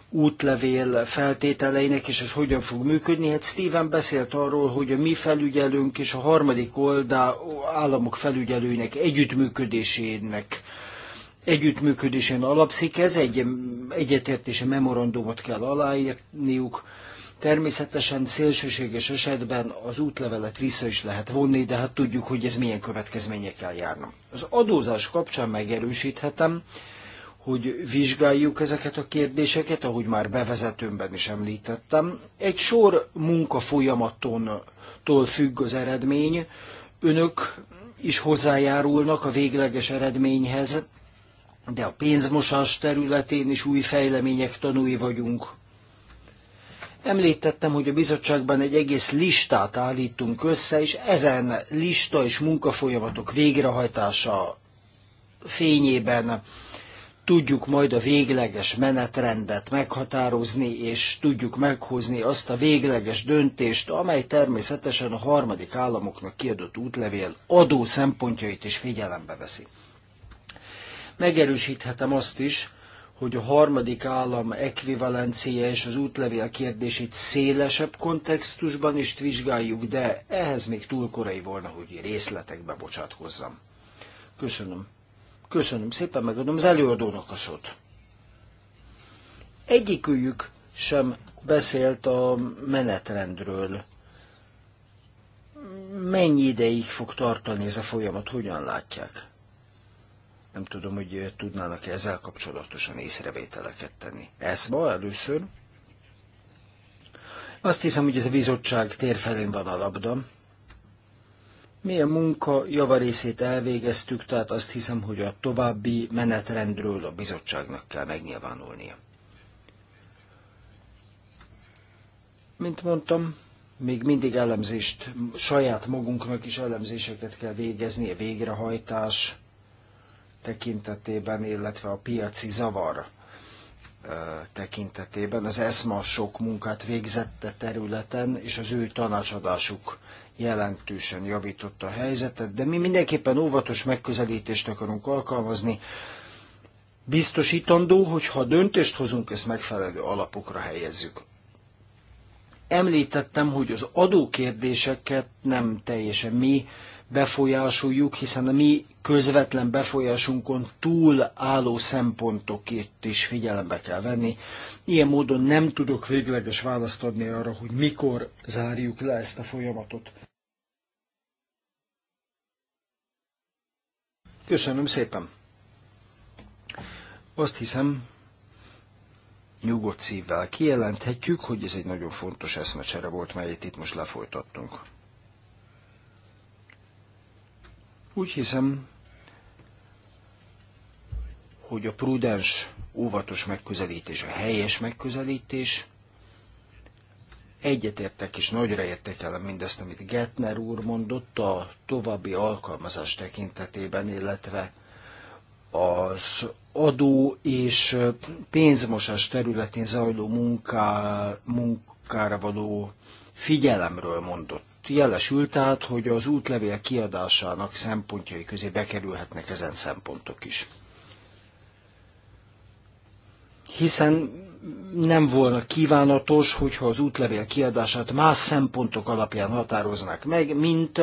útlevél feltételeinek, és ez hogyan fog működni. Hát Steven beszélt arról, hogy a mi felügyelőnk és a harmadik oldal államok felügyelőinek együttműködésének együttműködésén alapszik. Ez egy mm, egyetértési memorandumot kell aláírniuk Természetesen szélsőséges esetben az útlevelet vissza is lehet vonni, de hát tudjuk, hogy ez milyen következményekkel járna. Az adózás kapcsán megerősíthetem, hogy vizsgáljuk ezeket a kérdéseket, ahogy már bevezetőmben is említettem. Egy sor munka folyamattól függ az eredmény. Önök is hozzájárulnak a végleges eredményhez, de a pénzmosás területén is új fejlemények tanúi vagyunk. Említettem, hogy a bizottságban egy egész listát állítunk össze, és ezen lista és munkafolyamatok végrehajtása fényében tudjuk majd a végleges menetrendet meghatározni, és tudjuk meghozni azt a végleges döntést, amely természetesen a harmadik államoknak kiadott útlevél adó szempontjait is figyelembe veszi. Megerősíthetem azt is, hogy a harmadik állam ekvivalencia és az útlevél kérdését szélesebb kontextusban is vizsgáljuk, de ehhez még túl korai volna, hogy részletekbe bocsátkozzam. Köszönöm. Köszönöm szépen, megadom az előadónak a szót. Egyikőjük sem beszélt a menetrendről. Mennyi ideig fog tartani ez a folyamat, hogyan látják? Nem tudom, hogy eh, tudnának -e ezzel kapcsolatosan észrevételeket tenni. ma először. Azt hiszem, hogy ez a bizottság térfelén van a labda. Mi a munka javarészét elvégeztük, tehát azt hiszem, hogy a további menetrendről a bizottságnak kell megnyilvánulnia. Mint mondtam, még mindig elemzést, saját magunknak is elemzéseket kell végezni, a végrehajtás, tekintetében, illetve a piaci zavar tekintetében. Az ESMA sok munkát végzette területen, és az ő tanácsadásuk jelentősen javította a helyzetet, de mi mindenképpen óvatos megközelítést akarunk alkalmazni. Biztosítandó, hogy ha döntést hozunk, ezt megfelelő alapokra helyezzük. Említettem, hogy az adókérdéseket nem teljesen mi befolyásoljuk, hiszen a mi közvetlen befolyásunkon túl álló szempontokért is figyelembe kell venni. Ilyen módon nem tudok végleges választ adni arra, hogy mikor zárjuk le ezt a folyamatot. Köszönöm szépen! Azt hiszem, nyugodt szívvel kijelenthetjük, hogy ez egy nagyon fontos eszmecsere volt, melyet itt most lefolytattunk. Úgy hiszem, hogy a prudens, óvatos megközelítés, a helyes megközelítés, egyetértek és nagyra értékelem mindezt, amit Getner úr mondott a további alkalmazás tekintetében, illetve az adó és pénzmosás területén zajló munká, munkára való figyelemről mondott jelesül tehát, hogy az útlevél kiadásának szempontjai közé bekerülhetnek ezen szempontok is. Hiszen nem volna kívánatos, hogyha az útlevél kiadását más szempontok alapján határoznák meg, mint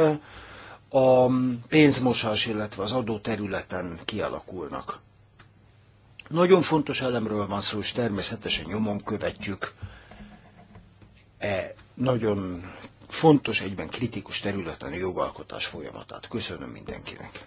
a pénzmosás, illetve az adóterületen kialakulnak. Nagyon fontos elemről van szó, és természetesen nyomon követjük e nagyon fontos, egyben kritikus területen a jogalkotás folyamatát. Köszönöm mindenkinek!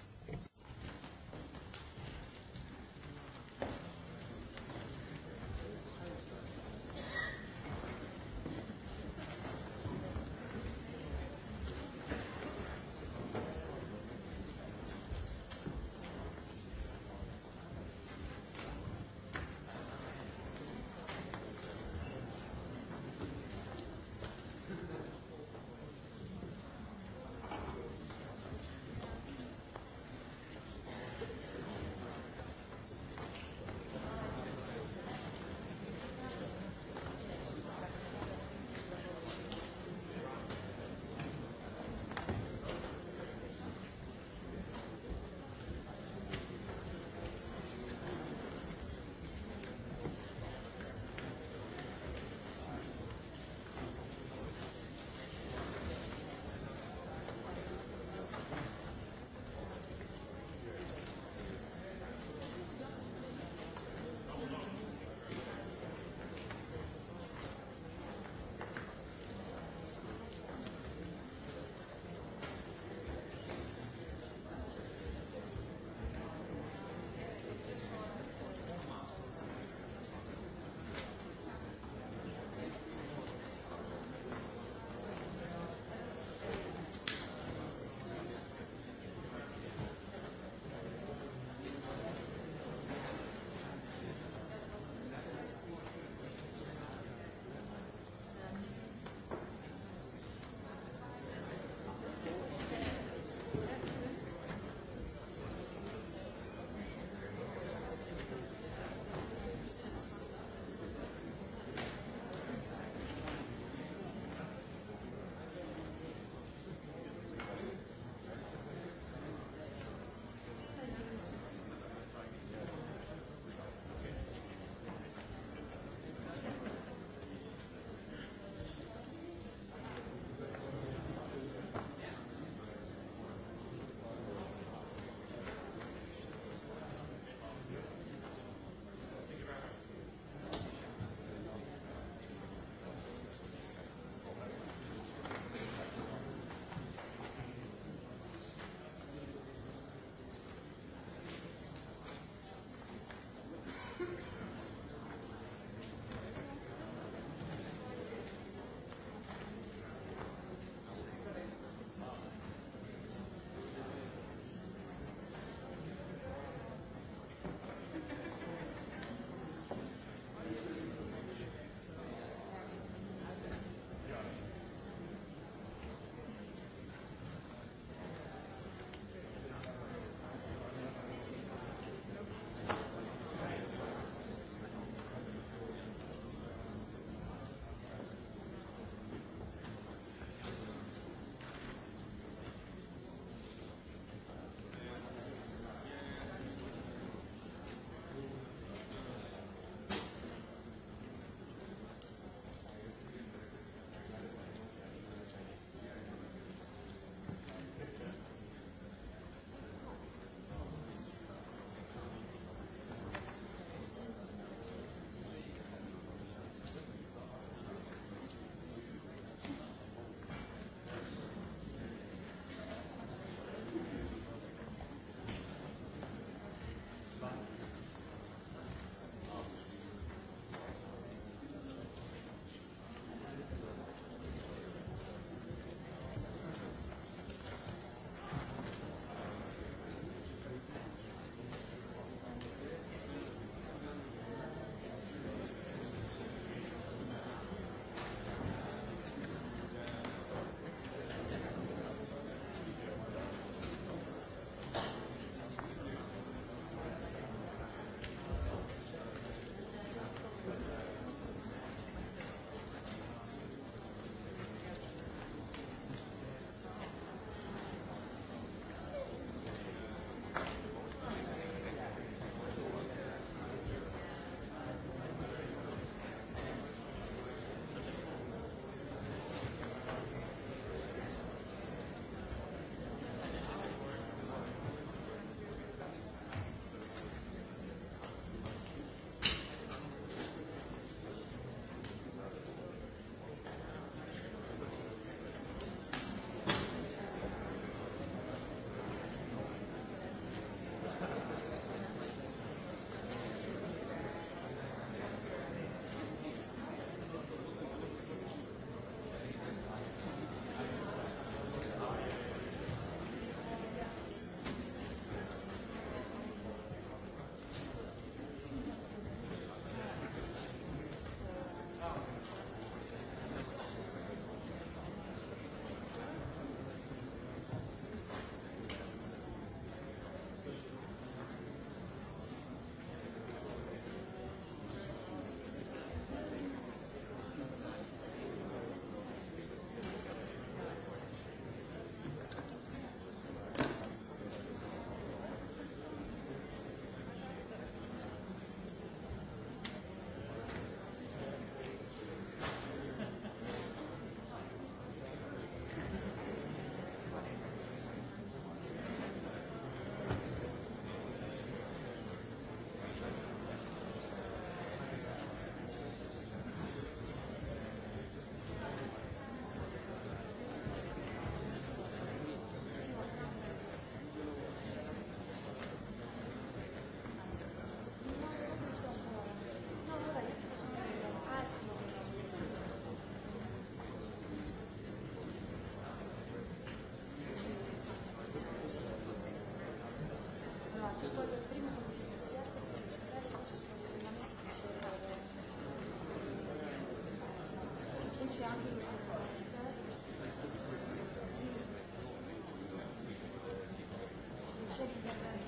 segítsen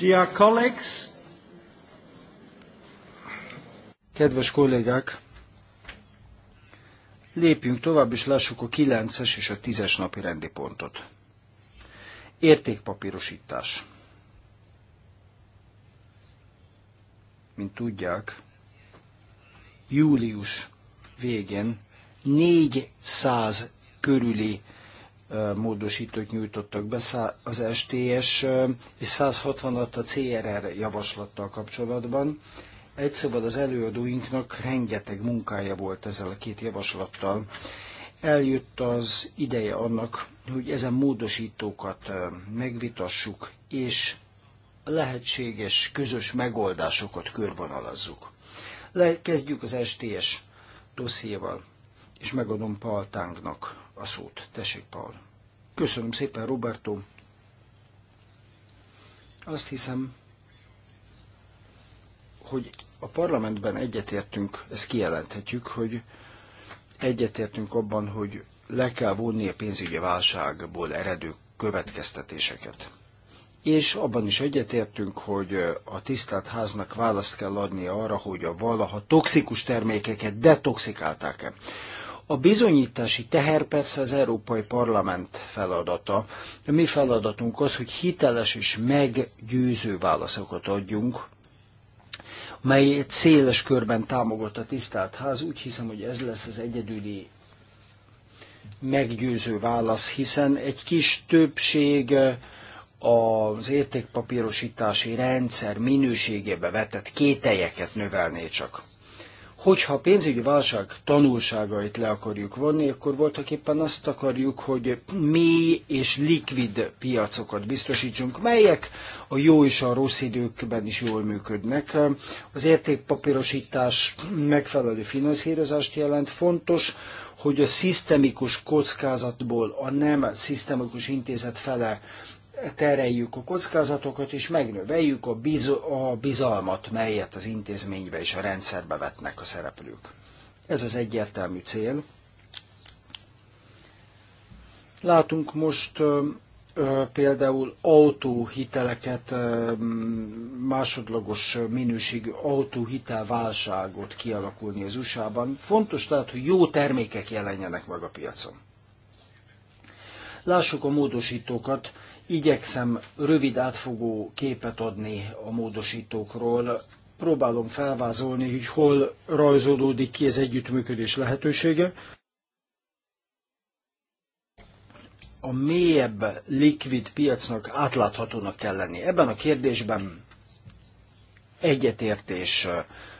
Dear colleagues, Kedves kollégák, lépjünk tovább, és lássuk a 9-es és a 10-es napi rendi pontot. Értékpapírosítás. Mint tudják, július végén 400 körüli módosítót nyújtottak be az STS és 160-at a CRR javaslattal kapcsolatban. Egy szóval az előadóinknak rengeteg munkája volt ezzel a két javaslattal. Eljött az ideje annak, hogy ezen módosítókat megvitassuk, és lehetséges közös megoldásokat körvonalazzuk. Le, kezdjük az STS dossziéval, és megadom Paltánknak a szót. Tessék, Paul. Köszönöm szépen, Roberto. Azt hiszem, hogy a parlamentben egyetértünk, ezt kijelenthetjük, hogy egyetértünk abban, hogy le kell vonni a pénzügyi válságból eredő következtetéseket. És abban is egyetértünk, hogy a tisztelt háznak választ kell adni arra, hogy a valaha toxikus termékeket detoxikálták-e. A bizonyítási teher persze az Európai Parlament feladata. De mi feladatunk az, hogy hiteles és meggyőző válaszokat adjunk, mely széles körben támogat a tisztelt ház. Úgy hiszem, hogy ez lesz az egyedüli meggyőző válasz, hiszen egy kis többség eh, az értékpapírosítási rendszer minőségébe vetett kételyeket növelné csak. Hogyha a pénzügyi válság tanulságait le akarjuk vonni, akkor voltak éppen azt akarjuk, hogy mély és likvid piacokat biztosítsunk, melyek a jó és a rossz időkben is jól működnek. Az értékpapírosítás megfelelő finanszírozást jelent. Fontos, hogy a szisztemikus kockázatból a nem szisztemikus intézet fele tereljük a kockázatokat, és megnöveljük a, biz- a bizalmat, melyet az intézménybe és a rendszerbe vetnek a szereplők. Ez az egyértelmű cél. Látunk most például autóhiteleket, másodlagos minőségű autóhitelválságot kialakulni az USA-ban. Fontos tehát, hogy jó termékek jelenjenek meg a piacon. Lássuk a módosítókat. Igyekszem rövid átfogó képet adni a módosítókról, próbálom felvázolni, hogy hol rajzolódik ki az együttműködés lehetősége. A mélyebb likvid piacnak átláthatónak kell lenni. Ebben a kérdésben egyetértés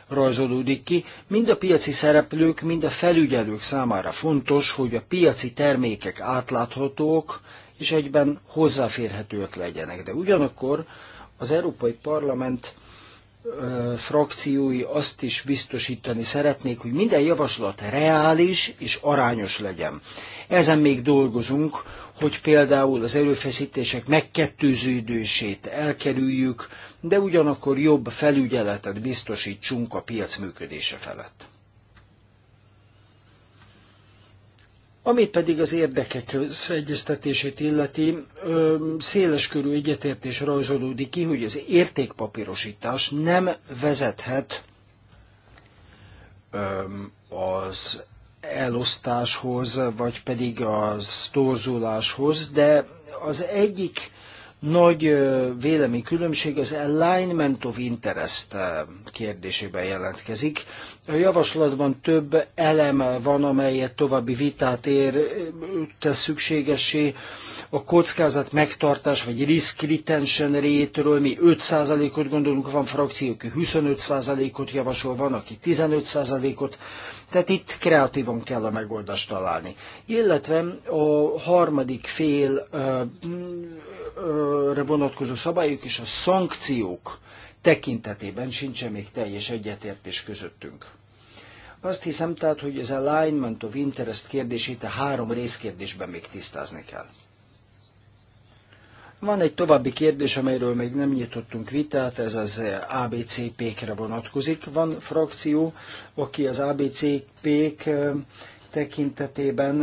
rajzolódik ki. Mind a piaci szereplők, mind a felügyelők számára fontos, hogy a piaci termékek átláthatók és egyben hozzáférhetőek legyenek. De ugyanakkor az Európai Parlament frakciói azt is biztosítani szeretnék, hogy minden javaslat reális és arányos legyen. Ezen még dolgozunk, hogy például az erőfeszítések megkettőződését elkerüljük, de ugyanakkor jobb felügyeletet biztosítsunk a piac működése felett. Ami pedig az érdekek egyeztetését illeti, széleskörű egyetértés rajzolódik ki, hogy az értékpapírosítás nem vezethet az elosztáshoz, vagy pedig az torzuláshoz, de az egyik nagy véleménykülönbség az alignment of interest kérdésében jelentkezik. A javaslatban több elem van, amelyet további vitát ér, tesz szükségessé. A kockázat megtartás, vagy risk retention rétről mi 5%-ot gondolunk, van frakció, aki 25%-ot javasol, van, aki 15%-ot. Tehát itt kreatívan kell a megoldást találni. Illetve a harmadik fél vonatkozó szabályok és a szankciók tekintetében sincsen még teljes egyetértés közöttünk. Azt hiszem tehát, hogy az alignment of interest kérdését a három részkérdésben még tisztázni kell. Van egy további kérdés, amelyről még nem nyitottunk vitát, ez az ABCP-kre vonatkozik. Van frakció, aki az ABCP-k tekintetében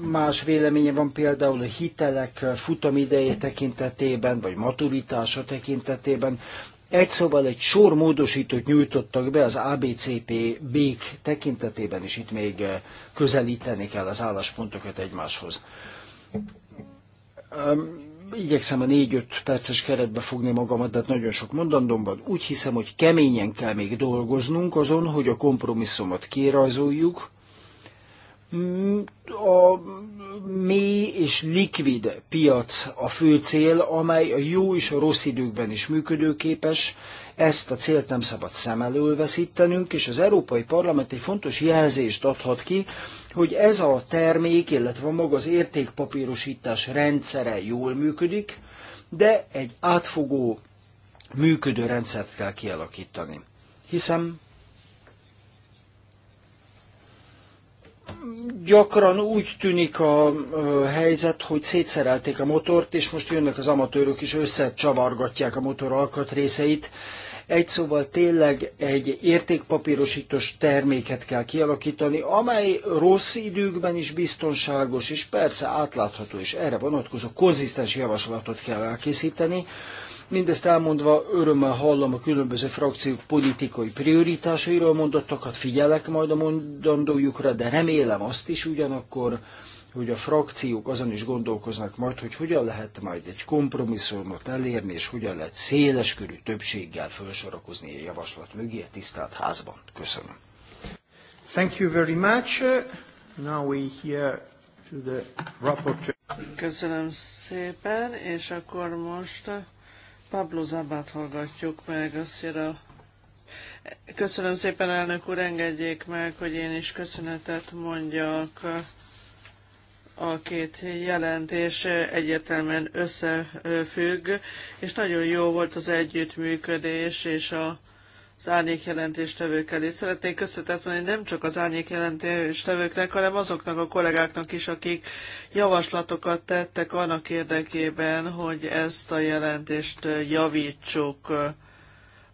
más véleménye van például a hitelek eh, futamideje tekintetében, vagy maturitása tekintetében. Egy szóval egy sor módosítót nyújtottak be az ABCP bék tekintetében, és itt még eh, közelíteni kell az álláspontokat egymáshoz. Igyekszem a 4-5 perces keretbe fogni magamat, de hát nagyon sok van Úgy hiszem, hogy keményen kell még dolgoznunk azon, hogy a kompromisszumot kirajzoljuk, a mély és likvid piac a fő cél, amely a jó és a rossz időkben is működőképes. Ezt a célt nem szabad szem elől veszítenünk, és az Európai Parlament egy fontos jelzést adhat ki, hogy ez a termék, illetve maga az értékpapírosítás rendszere jól működik, de egy átfogó működő rendszert kell kialakítani. Hiszem, gyakran úgy tűnik a helyzet, hogy szétszerelték a motort, és most jönnek az amatőrök is, összecsavargatják a motor alkatrészeit. Egy szóval tényleg egy értékpapírosítós terméket kell kialakítani, amely rossz időkben is biztonságos, és persze átlátható, és erre vonatkozó konzisztens javaslatot kell elkészíteni, Mindezt elmondva örömmel hallom a különböző frakciók politikai prioritásairól mondottakat, figyelek majd a mondandójukra, de remélem azt is ugyanakkor, hogy a frakciók azon is gondolkoznak majd, hogy hogyan lehet majd egy kompromisszumot elérni, és hogyan lehet széleskörű többséggel felsorakozni a javaslat mögé a tisztelt házban. Köszönöm. Thank you very much. Now we hear to the rapporteur. Köszönöm szépen, és akkor most Pablo Zabát hallgatjuk meg, azt Köszönöm szépen, elnök úr, engedjék meg, hogy én is köszönetet mondjak a két jelentés egyetemen összefügg, és nagyon jó volt az együttműködés és a az árnyék jelentéstevőkkel. És szeretnék köszönetet mondani nem csak az árnyékjelentéstevőknek, hanem azoknak a kollégáknak is, akik javaslatokat tettek annak érdekében, hogy ezt a jelentést javítsuk.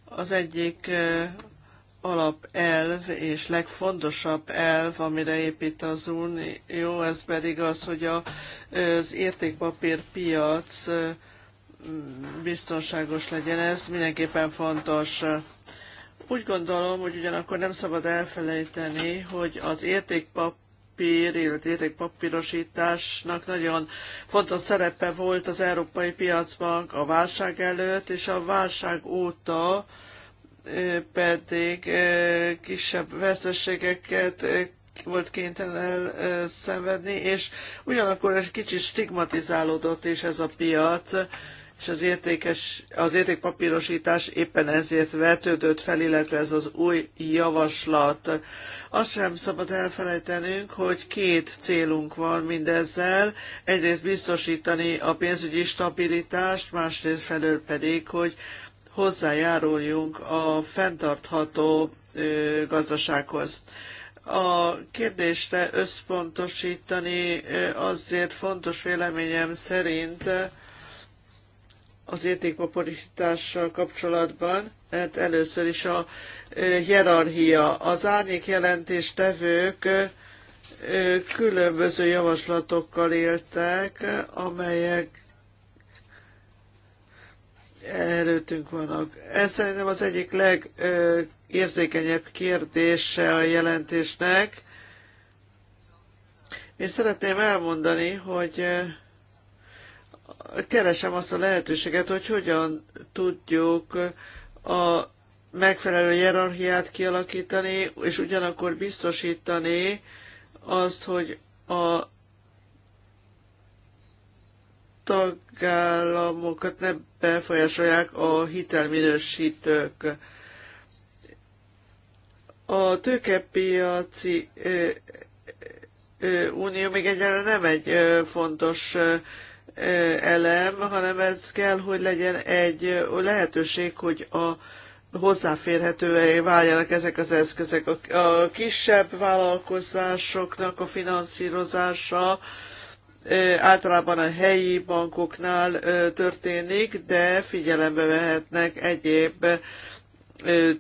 Az egyik eh, alapelv és legfontosabb elv, amire épít az Unió, ez pedig az, hogy a, az értékpapírpiac eh, biztonságos legyen. Ez mindenképpen fontos. Úgy gondolom, hogy ugyanakkor nem szabad elfelejteni, hogy az értékpap illetve értékpapírosításnak nagyon fontos szerepe volt az európai piacban a válság előtt, és a válság óta pedig kisebb veszteségeket volt kénytelen szenvedni, és ugyanakkor egy kicsit stigmatizálódott is ez a piac, és az, értékes, az értékpapírosítás éppen ezért vetődött fel, illetve ez az új javaslat. Azt sem szabad elfelejtenünk, hogy két célunk van mindezzel. Egyrészt biztosítani a pénzügyi stabilitást, másrészt felől pedig, hogy hozzájáruljunk a fenntartható gazdasághoz a kérdésre összpontosítani azért fontos véleményem szerint, az értékpaporítással kapcsolatban, mert először is a hierarchia. Az árnyék jelentéstevők különböző javaslatokkal éltek, amelyek előttünk vannak. Ez szerintem az egyik legérzékenyebb kérdése a jelentésnek. Én szeretném elmondani, hogy keresem azt a lehetőséget, hogy hogyan tudjuk a megfelelő hierarchiát kialakítani, és ugyanakkor biztosítani azt, hogy a tagállamokat ne befolyásolják a hitelminősítők. A tőkepiaci unió még egyáltalán nem egy fontos elem, hanem ez kell, hogy legyen egy lehetőség, hogy a hozzáférhetővé váljanak ezek az eszközök. A kisebb vállalkozásoknak a finanszírozása általában a helyi bankoknál történik, de figyelembe vehetnek egyéb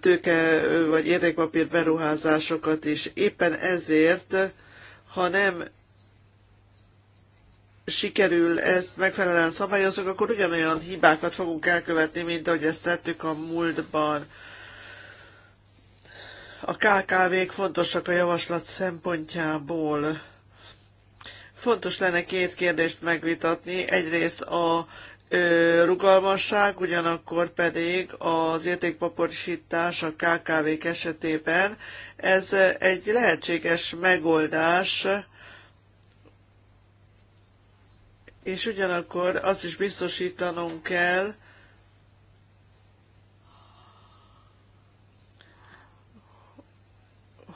tőke vagy érdekpapír beruházásokat is. Éppen ezért, ha nem sikerül ezt megfelelően szabályozzuk, akkor ugyanolyan hibákat fogunk elkövetni, mint ahogy ezt tettük a múltban. A KKV-k fontosak a javaslat szempontjából. Fontos lenne két kérdést megvitatni. Egyrészt a rugalmasság, ugyanakkor pedig az értékpaporisítás a KKV-k esetében. Ez egy lehetséges megoldás és ugyanakkor azt is biztosítanunk kell,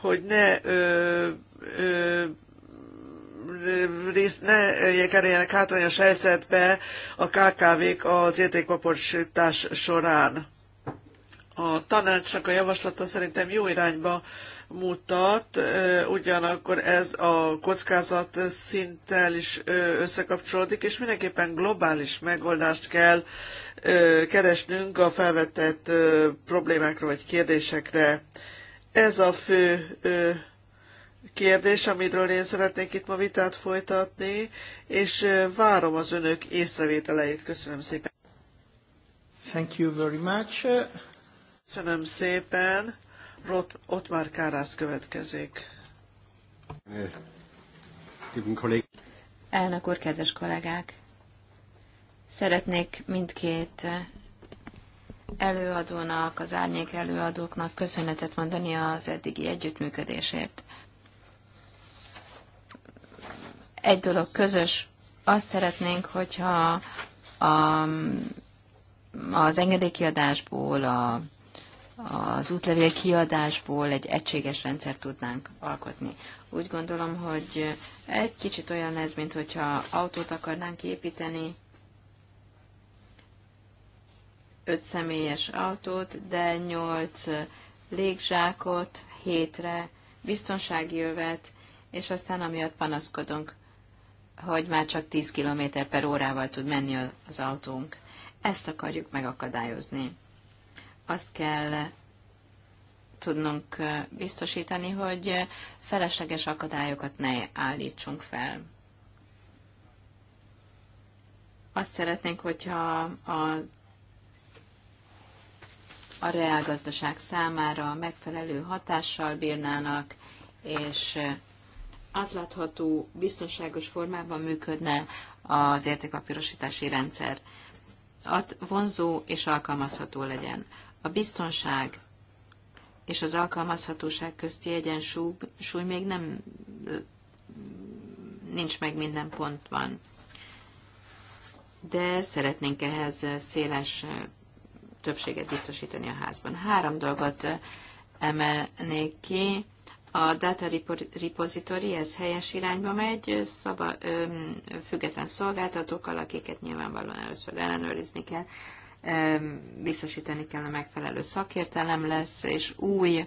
hogy ne ö, ö, rész, ne kerüljenek hátrányos helyzetbe a KKV-k az értékpaporsítás során. A tanácsnak a javaslata szerintem jó irányba mutat, ugyanakkor ez a kockázat szinttel is összekapcsolódik, és mindenképpen globális megoldást kell keresnünk a felvetett problémákra vagy kérdésekre. Ez a fő kérdés, amiről én szeretnék itt ma vitát folytatni, és várom az önök észrevételeit. Köszönöm szépen. Thank you very much. Köszönöm szépen ott már Kárász következik. Elnök úr, kedves kollégák! Szeretnék mindkét előadónak, az árnyék előadóknak köszönetet mondani az eddigi együttműködésért. Egy dolog közös, azt szeretnénk, hogyha a, az engedélykiadásból, a az útlevél kiadásból egy egységes rendszer tudnánk alkotni. Úgy gondolom, hogy egy kicsit olyan ez, mint hogyha autót akarnánk építeni, öt személyes autót, de nyolc légzsákot, hétre, biztonsági övet, és aztán amiatt panaszkodunk, hogy már csak 10 km per órával tud menni az autónk. Ezt akarjuk megakadályozni azt kell tudnunk biztosítani, hogy felesleges akadályokat ne állítsunk fel. Azt szeretnénk, hogyha a, a reálgazdaság számára megfelelő hatással bírnának, és átlátható, biztonságos formában működne az értékpapírosítási rendszer. At, vonzó és alkalmazható legyen. A biztonság és az alkalmazhatóság közti egyensúly még nem nincs meg minden pontban. De szeretnénk ehhez széles többséget biztosítani a házban. Három dolgot emelnék ki. A data repository, ez helyes irányba megy, szaba, ö, független szolgáltatókkal, akiket nyilvánvalóan először ellenőrizni kell biztosítani kell a megfelelő szakértelem lesz, és új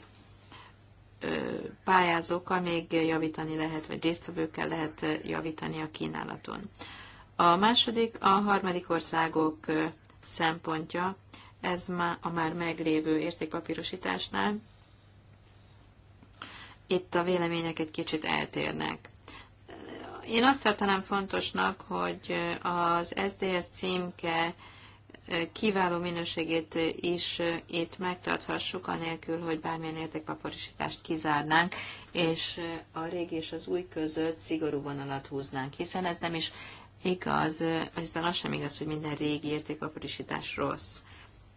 pályázókkal még javítani lehet, vagy résztvevőkkel lehet javítani a kínálaton. A második, a harmadik országok szempontja, ez már a már meglévő értékpapírosításnál. Itt a vélemények egy kicsit eltérnek. Én azt tartanám fontosnak, hogy az SDS címke kiváló minőségét is eh, itt megtarthassuk, anélkül, hogy bármilyen értékpaparisítást kizárnánk, és eh, a régi és az új között szigorú vonalat húznánk, hiszen ez nem is igaz, eh, hiszen az sem igaz, hogy minden régi értékpaparisítás rossz,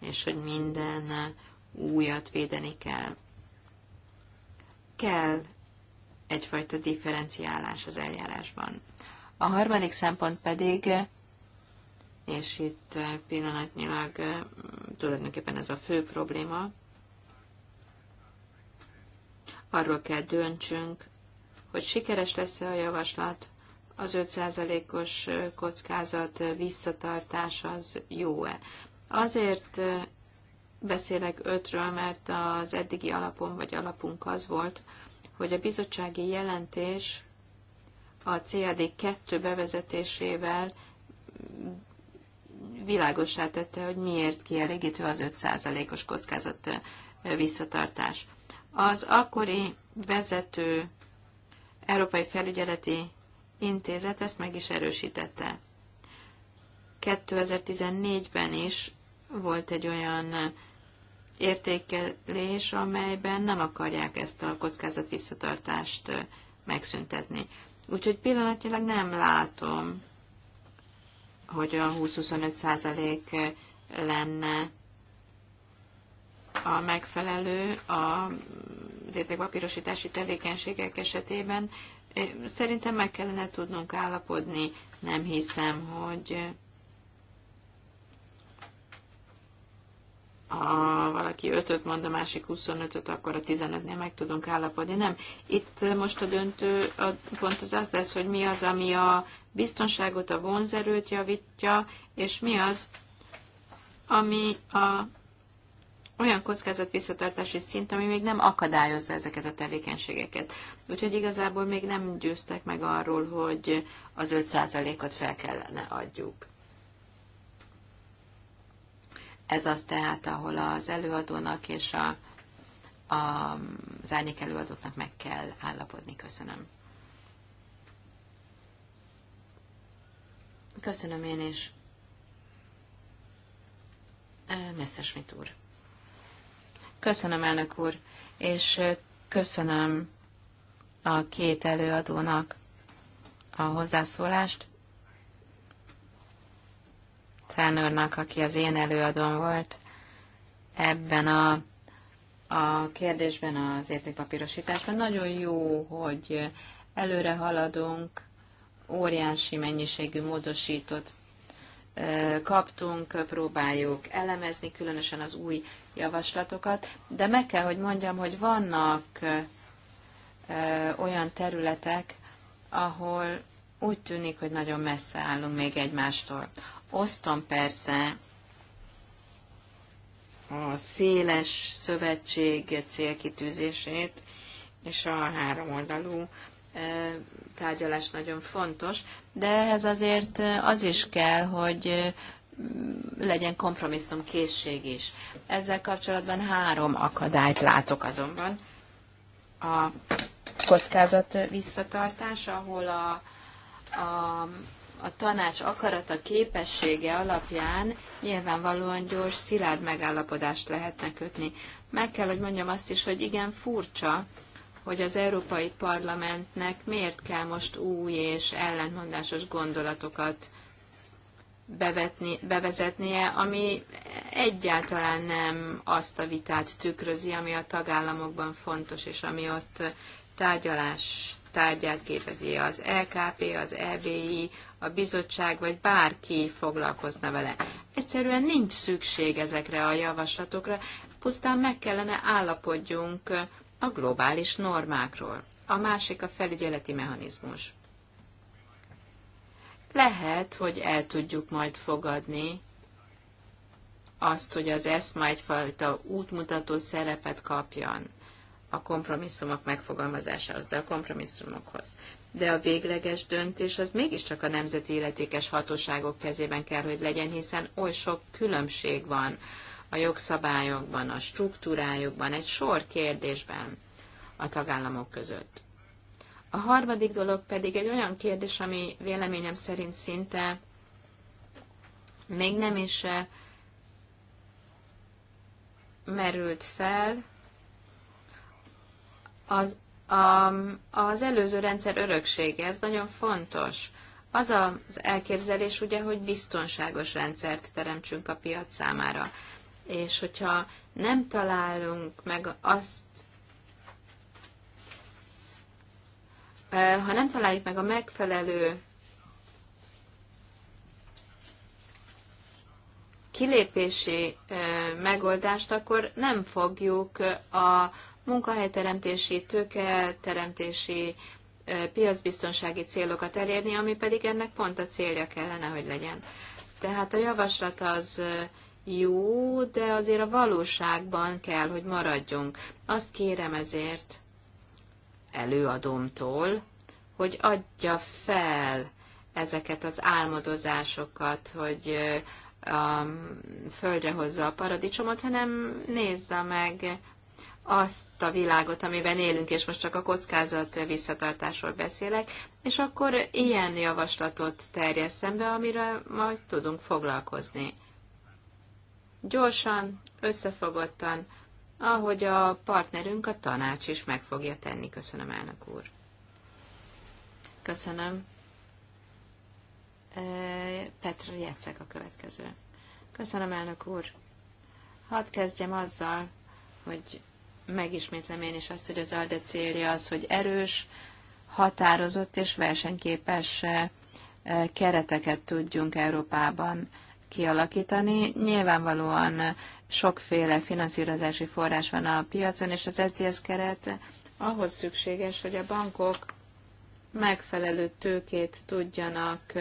és hogy minden újat védeni kell. Kell egyfajta differenciálás az eljárásban. A harmadik szempont pedig és itt eh, pillanatnyilag eh, tulajdonképpen ez a fő probléma. Arról kell döntsünk, hogy sikeres lesz-e a javaslat, az 5%-os eh, kockázat visszatartása az jó-e. Azért beszélek ötről, mert az eddigi alapom vagy alapunk az volt, hogy a bizottsági jelentés a CAD 2 bevezetésével világossá tette, hogy miért kielégítő az 5%-os kockázat visszatartás. Az akkori vezető Európai Felügyeleti Intézet ezt meg is erősítette. 2014-ben is volt egy olyan értékelés, amelyben nem akarják ezt a kockázat visszatartást megszüntetni. Úgyhogy pillanatnyilag nem látom hogy a 20-25 százalék eh, lenne a megfelelő az értékpapírosítási tevékenységek esetében. Eh, szerintem meg kellene tudnunk állapodni, nem hiszem, hogy ha valaki 5-öt mond, a másik 25-öt, akkor a 15-nél meg tudunk állapodni. Nem, itt most a döntő a pont az az lesz, hogy mi az, ami a biztonságot, a vonzerőt javítja, és mi az, ami a olyan kockázat visszatartási szint, ami még nem akadályozza ezeket a tevékenységeket. Úgyhogy igazából még nem győztek meg arról, hogy az 5%-ot fel kellene adjuk. Ez az tehát, ahol az előadónak és a, a, az árnyék előadóknak meg kell állapodni. Köszönöm. Köszönöm én is. Messerschmitt úr. Köszönöm, elnök úr, és köszönöm a két előadónak a hozzászólást. Tránőrnak, aki az én előadón volt ebben a, a kérdésben, az értékpapírosításban. Nagyon jó, hogy előre haladunk, óriási mennyiségű módosított kaptunk, próbáljuk elemezni, különösen az új javaslatokat, de meg kell, hogy mondjam, hogy vannak olyan területek, ahol úgy tűnik, hogy nagyon messze állunk még egymástól. Osztom persze a széles szövetség célkitűzését és a háromoldalú tárgyalás nagyon fontos, de ehhez azért az is kell, hogy legyen kompromisszum készség is. Ezzel kapcsolatban három akadályt látok azonban. A kockázat visszatartása, ahol a, a, a tanács akarata képessége alapján nyilvánvalóan gyors, szilárd megállapodást lehetne kötni. Meg kell, hogy mondjam azt is, hogy igen furcsa, hogy az Európai Parlamentnek miért kell most új és ellentmondásos gondolatokat bevetni, bevezetnie, ami egyáltalán nem azt a vitát tükrözi, ami a tagállamokban fontos, és ami ott tárgyalás tárgyát képezi az LKP, az EBI, a bizottság, vagy bárki foglalkozna vele. Egyszerűen nincs szükség ezekre a javaslatokra, pusztán meg kellene állapodjunk a globális normákról. A másik a felügyeleti mechanizmus. Lehet, hogy el tudjuk majd fogadni azt, hogy az eszma egyfajta útmutató szerepet kapjon a kompromisszumok megfogalmazásához, de a kompromisszumokhoz. De a végleges döntés az mégiscsak a nemzeti illetékes hatóságok kezében kell, hogy legyen, hiszen oly sok különbség van a jogszabályokban, a struktúrájukban, egy sor kérdésben a tagállamok között. A harmadik dolog pedig egy olyan kérdés, ami véleményem szerint szinte még nem is eh, merült fel, az, a, az előző rendszer öröksége, ez nagyon fontos. Az az elképzelés ugye, hogy biztonságos rendszert teremtsünk a piac számára. És hogyha nem találunk meg azt, ha nem találjuk meg a megfelelő kilépési megoldást, akkor nem fogjuk a munkahelyteremtési, tőketeremtési, piacbiztonsági célokat elérni, ami pedig ennek pont a célja kellene, hogy legyen. Tehát a javaslat az jó, de azért a valóságban kell, hogy maradjunk. Azt kérem ezért előadomtól, hogy adja fel ezeket az álmodozásokat, hogy a földre hozza a paradicsomot, hanem nézze meg azt a világot, amiben élünk, és most csak a kockázat visszatartásról beszélek, és akkor ilyen javaslatot terjesszem be, amire majd tudunk foglalkozni gyorsan, összefogottan, ahogy a partnerünk a tanács is meg fogja tenni. Köszönöm, elnök úr. Köszönöm. E, Petra Jecek a következő. Köszönöm, elnök úr. Hadd kezdjem azzal, hogy megismétlem én is azt, hogy az ALDE célja az, hogy erős, határozott és versenyképes e, kereteket tudjunk Európában kialakítani. Nyilvánvalóan sokféle finanszírozási forrás van a piacon, és az SZDSZ keret ahhoz szükséges, hogy a bankok megfelelő tőkét tudjanak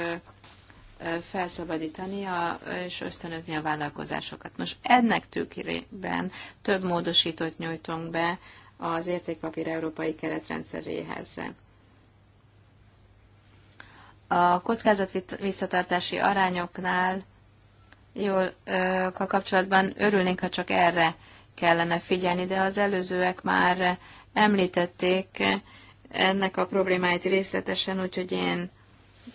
felszabadítani a, és ösztönözni a vállalkozásokat. Most ennek tőkében több módosítót nyújtunk be az értékpapír európai keretrendszeréhez. A kockázat visszatartási arányoknál jól kapcsolatban örülnénk, ha csak erre kellene figyelni, de az előzőek már említették ennek a problémáit részletesen, úgyhogy én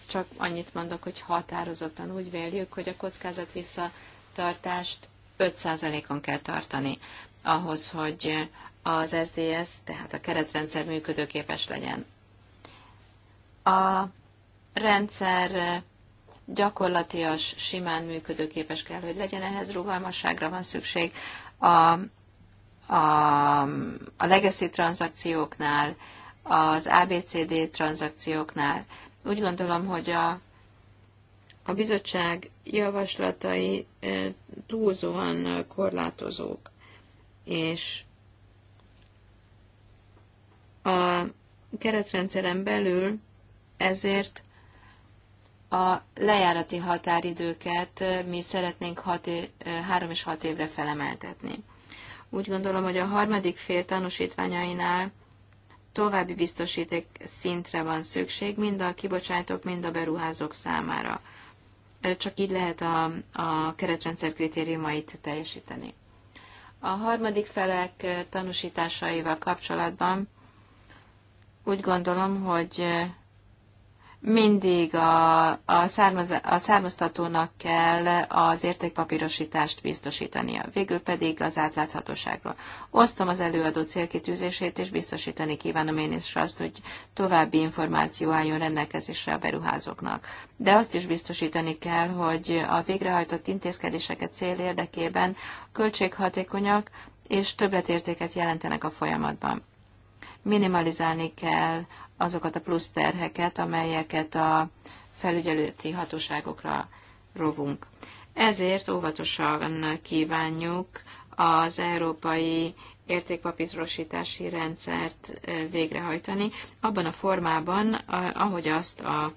csak annyit mondok, hogy határozottan úgy véljük, hogy a kockázat visszatartást 5%-on kell tartani ahhoz, hogy az SDS, tehát a keretrendszer működőképes legyen. A rendszer gyakorlatias, simán működőképes kell, hogy legyen, ehhez rugalmasságra van szükség. A, a, a legacy tranzakcióknál, az ABCD tranzakcióknál. Úgy gondolom, hogy a, a bizottság javaslatai túlzóan korlátozók, és a keretrendszeren belül ezért a lejárati határidőket mi szeretnénk 3 és 6 évre felemeltetni. Úgy gondolom, hogy a harmadik fél tanúsítványainál további biztosíték szintre van szükség, mind a kibocsátók, mind a beruházók számára. Csak így lehet a, a keretrendszer kritériumait teljesíteni. A harmadik felek tanúsításaival kapcsolatban úgy gondolom, hogy mindig a, a, származ, a származtatónak kell az értékpapírosítást biztosítania, végül pedig az átláthatóságról. Osztom az előadó célkitűzését, és biztosítani kívánom én is azt, hogy további információ álljon rendelkezésre a beruházóknak. De azt is biztosítani kell, hogy a végrehajtott intézkedéseket cél érdekében költséghatékonyak és többletértéket jelentenek a folyamatban minimalizálni kell azokat a plusz terheket, amelyeket a felügyelőti hatóságokra rovunk. Ezért óvatosan kívánjuk az európai értékpapírosítási rendszert végrehajtani abban a formában, ahogy azt a,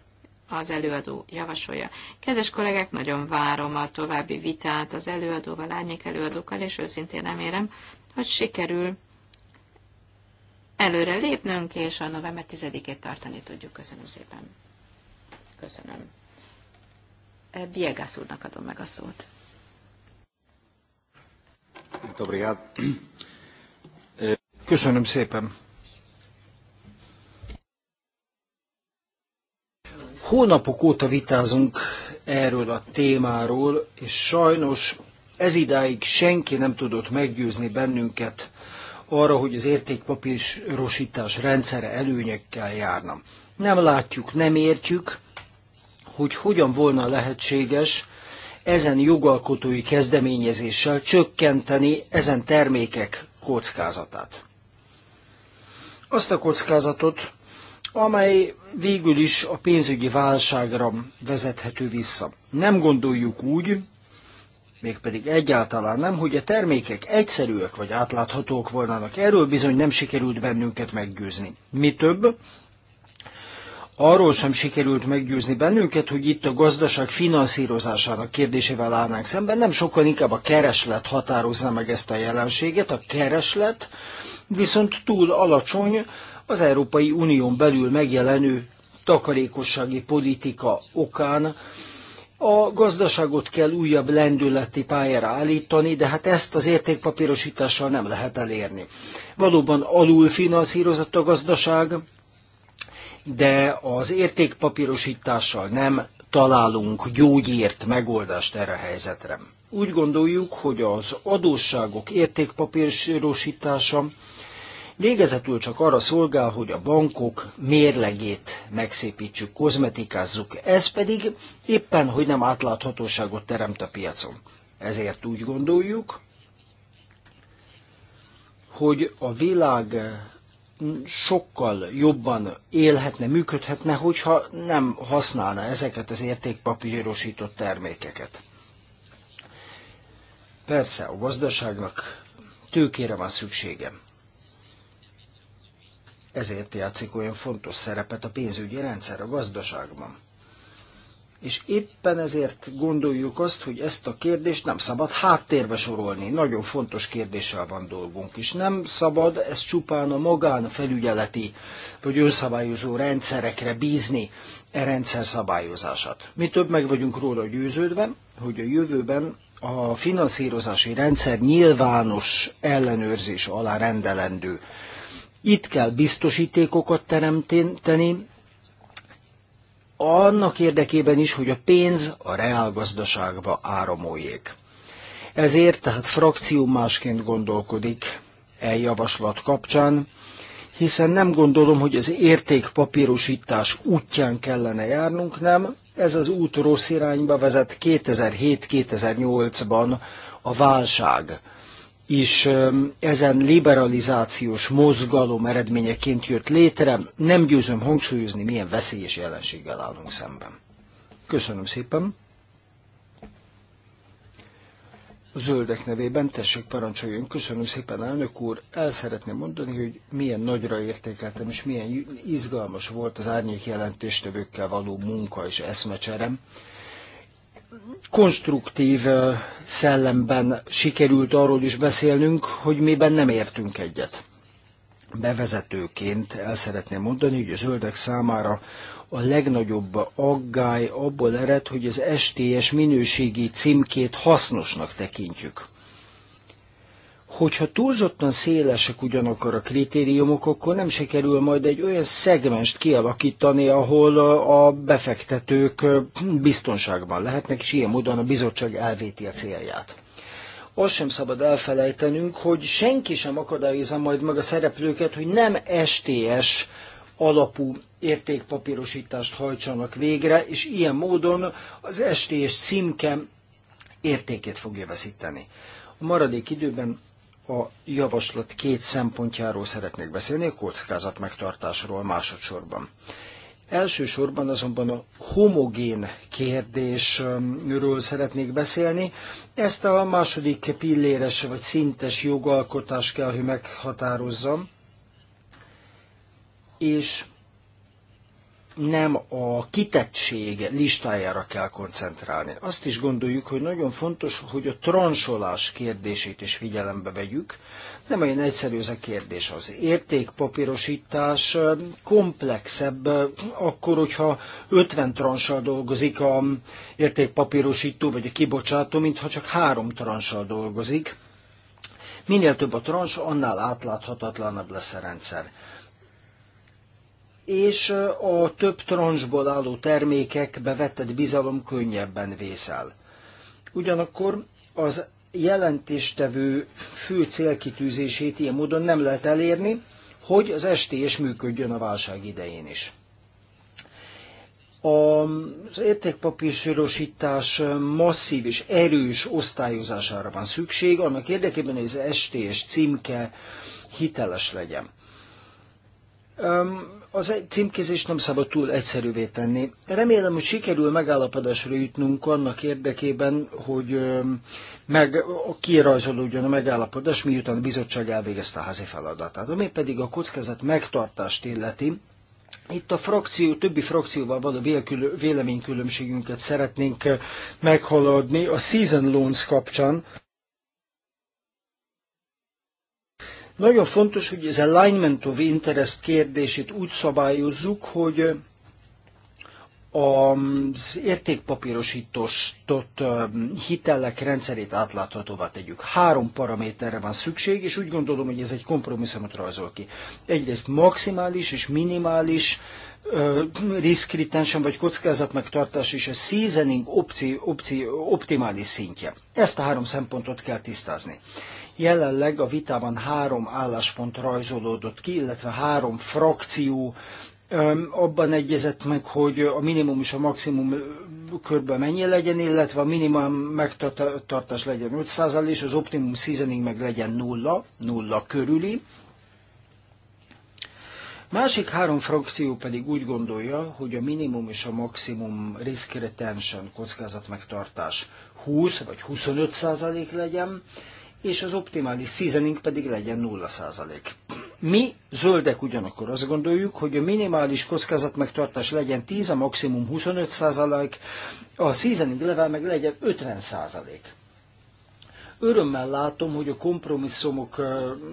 az előadó javasolja. Kedves kollégák, nagyon várom a további vitát az előadóval, árnyék előadókkal, és őszintén remélem, hogy sikerül előre lépnünk, és a november 10-ét tartani tudjuk. Köszönöm szépen. Köszönöm. Eh, Biegász úrnak adom meg a szót. Köszönöm szépen. Hónapok óta vitázunk erről a témáról, és sajnos ez idáig senki nem tudott meggyőzni bennünket arra, hogy az értékpapírosítás rendszere előnyekkel járna. Nem látjuk, nem értjük, hogy hogyan volna lehetséges ezen jogalkotói kezdeményezéssel csökkenteni ezen termékek kockázatát. Azt a kockázatot, amely végül is a pénzügyi válságra vezethető vissza. Nem gondoljuk úgy, mégpedig egyáltalán nem, hogy a termékek egyszerűek vagy átláthatók volnának. Erről bizony nem sikerült bennünket meggyőzni. Mi több, arról sem sikerült meggyőzni bennünket, hogy itt a gazdaság finanszírozásának kérdésével állnánk szemben, nem sokkal inkább a kereslet határozza meg ezt a jelenséget, a kereslet viszont túl alacsony az Európai Unión belül megjelenő takarékossági politika okán, a gazdaságot kell újabb lendületi pályára állítani, de hát ezt az értékpapírosítással nem lehet elérni. Valóban alul finanszírozott a gazdaság, de az értékpapírosítással nem találunk gyógyírt megoldást erre a helyzetre. Úgy gondoljuk, hogy az adósságok értékpapírosítása Végezetül csak arra szolgál, hogy a bankok mérlegét megszépítsük, kozmetikázzuk. Ez pedig éppen, hogy nem átláthatóságot teremt a piacon. Ezért úgy gondoljuk, hogy a világ sokkal jobban élhetne, működhetne, hogyha nem használna ezeket az értékpapírosított termékeket. Persze a gazdaságnak tőkére van szüksége ezért játszik olyan fontos szerepet a pénzügyi rendszer a gazdaságban. És éppen ezért gondoljuk azt, hogy ezt a kérdést nem szabad háttérbe sorolni. Nagyon fontos kérdéssel van dolgunk is. Nem szabad ezt csupán a magán felügyeleti vagy önszabályozó rendszerekre bízni e rendszer szabályozását. Mi több meg vagyunk róla győződve, hogy a jövőben a finanszírozási rendszer nyilvános ellenőrzés alá rendelendő itt kell biztosítékokat teremteni, annak érdekében is, hogy a pénz a reálgazdaságba áramoljék. Ezért tehát frakció másként gondolkodik e javaslat kapcsán, hiszen nem gondolom, hogy az értékpapírosítás útján kellene járnunk, nem. Ez az út rossz irányba vezet 2007-2008-ban a válság is ezen liberalizációs mozgalom eredményeként jött létre. Nem győzöm hangsúlyozni, milyen veszélyes jelenséggel állunk szemben. Köszönöm szépen. A zöldek nevében tessék parancsoljon. Köszönöm szépen, elnök úr. El szeretném mondani, hogy milyen nagyra értékeltem, és milyen izgalmas volt az árnyék jelentéstevőkkel való munka és eszmecserem konstruktív szellemben sikerült arról is beszélnünk, hogy miben nem értünk egyet. Bevezetőként el szeretném mondani, hogy a zöldek számára a legnagyobb aggály abból ered, hogy az STS minőségi címkét hasznosnak tekintjük hogyha túlzottan szélesek ugyanakkor a kritériumok, akkor nem sikerül majd egy olyan szegmest kialakítani, ahol a befektetők biztonságban lehetnek, és ilyen módon a bizottság elvéti a célját. Azt sem szabad elfelejtenünk, hogy senki sem akadályozza majd meg a szereplőket, hogy nem STS alapú értékpapírosítást hajtsanak végre, és ilyen módon az STS címke értékét fogja veszíteni. A maradék időben a javaslat két szempontjáról szeretnék beszélni, a kockázat megtartásról másodszorban. Elsősorban azonban a homogén kérdésről szeretnék beszélni. Ezt a második pilléres vagy szintes jogalkotás kell, hogy meghatározzam. És nem a kitettség listájára kell koncentrálni. Azt is gondoljuk, hogy nagyon fontos, hogy a transolás kérdését is figyelembe vegyük. Nem olyan egyszerű ez a kérdés. Az értékpapírosítás komplexebb, akkor, hogyha 50 transsal dolgozik a értékpapírosító vagy a kibocsátó, mintha csak három transsal dolgozik. Minél több a trans, annál átláthatatlanabb lesz a rendszer és a több transzból álló termékek bevetett bizalom könnyebben vészel. Ugyanakkor az jelentéstevő fő célkitűzését ilyen módon nem lehet elérni, hogy az STS működjön a válság idején is. Az értékpapírosítás masszív és erős osztályozására van szükség, annak érdekében, hogy az STS címke hiteles legyen az címkézést nem szabad túl egyszerűvé tenni. Remélem, hogy sikerül megállapodásra jutnunk annak érdekében, hogy meg kirajzolódjon a megállapodás, miután a bizottság elvégezte a házi feladatát. Ami pedig a kockázat megtartást illeti, itt a frakció, többi frakcióval való véleménykülönbségünket szeretnénk meghaladni a season loans kapcsán. Nagyon fontos, hogy ez alignment of interest kérdését úgy szabályozzuk, hogy az értékpapírosított hitelek rendszerét átláthatóvá tegyük. Három paraméterre van szükség, és úgy gondolom, hogy ez egy kompromisszumot rajzol ki. Egyrészt maximális és minimális risk retention vagy kockázat megtartás és a seasoning opci, opci, optimális szintje. Ezt a három szempontot kell tisztázni. Jelenleg a vitában három álláspont rajzolódott ki, illetve három frakció abban egyezett meg, hogy a minimum és a maximum körben mennyi legyen, illetve a minimum megtartás legyen 5% és az optimum seasoning meg legyen nulla, nulla körüli. Másik három frakció pedig úgy gondolja, hogy a minimum és a maximum risk retention, kockázat megtartás 20 vagy 25 legyen, és az optimális seasoning pedig legyen 0%. Mi, zöldek ugyanakkor azt gondoljuk, hogy a minimális kockázat megtartás legyen 10, a maximum 25%, a seasoning level meg legyen 50%. Örömmel látom, hogy a kompromisszumok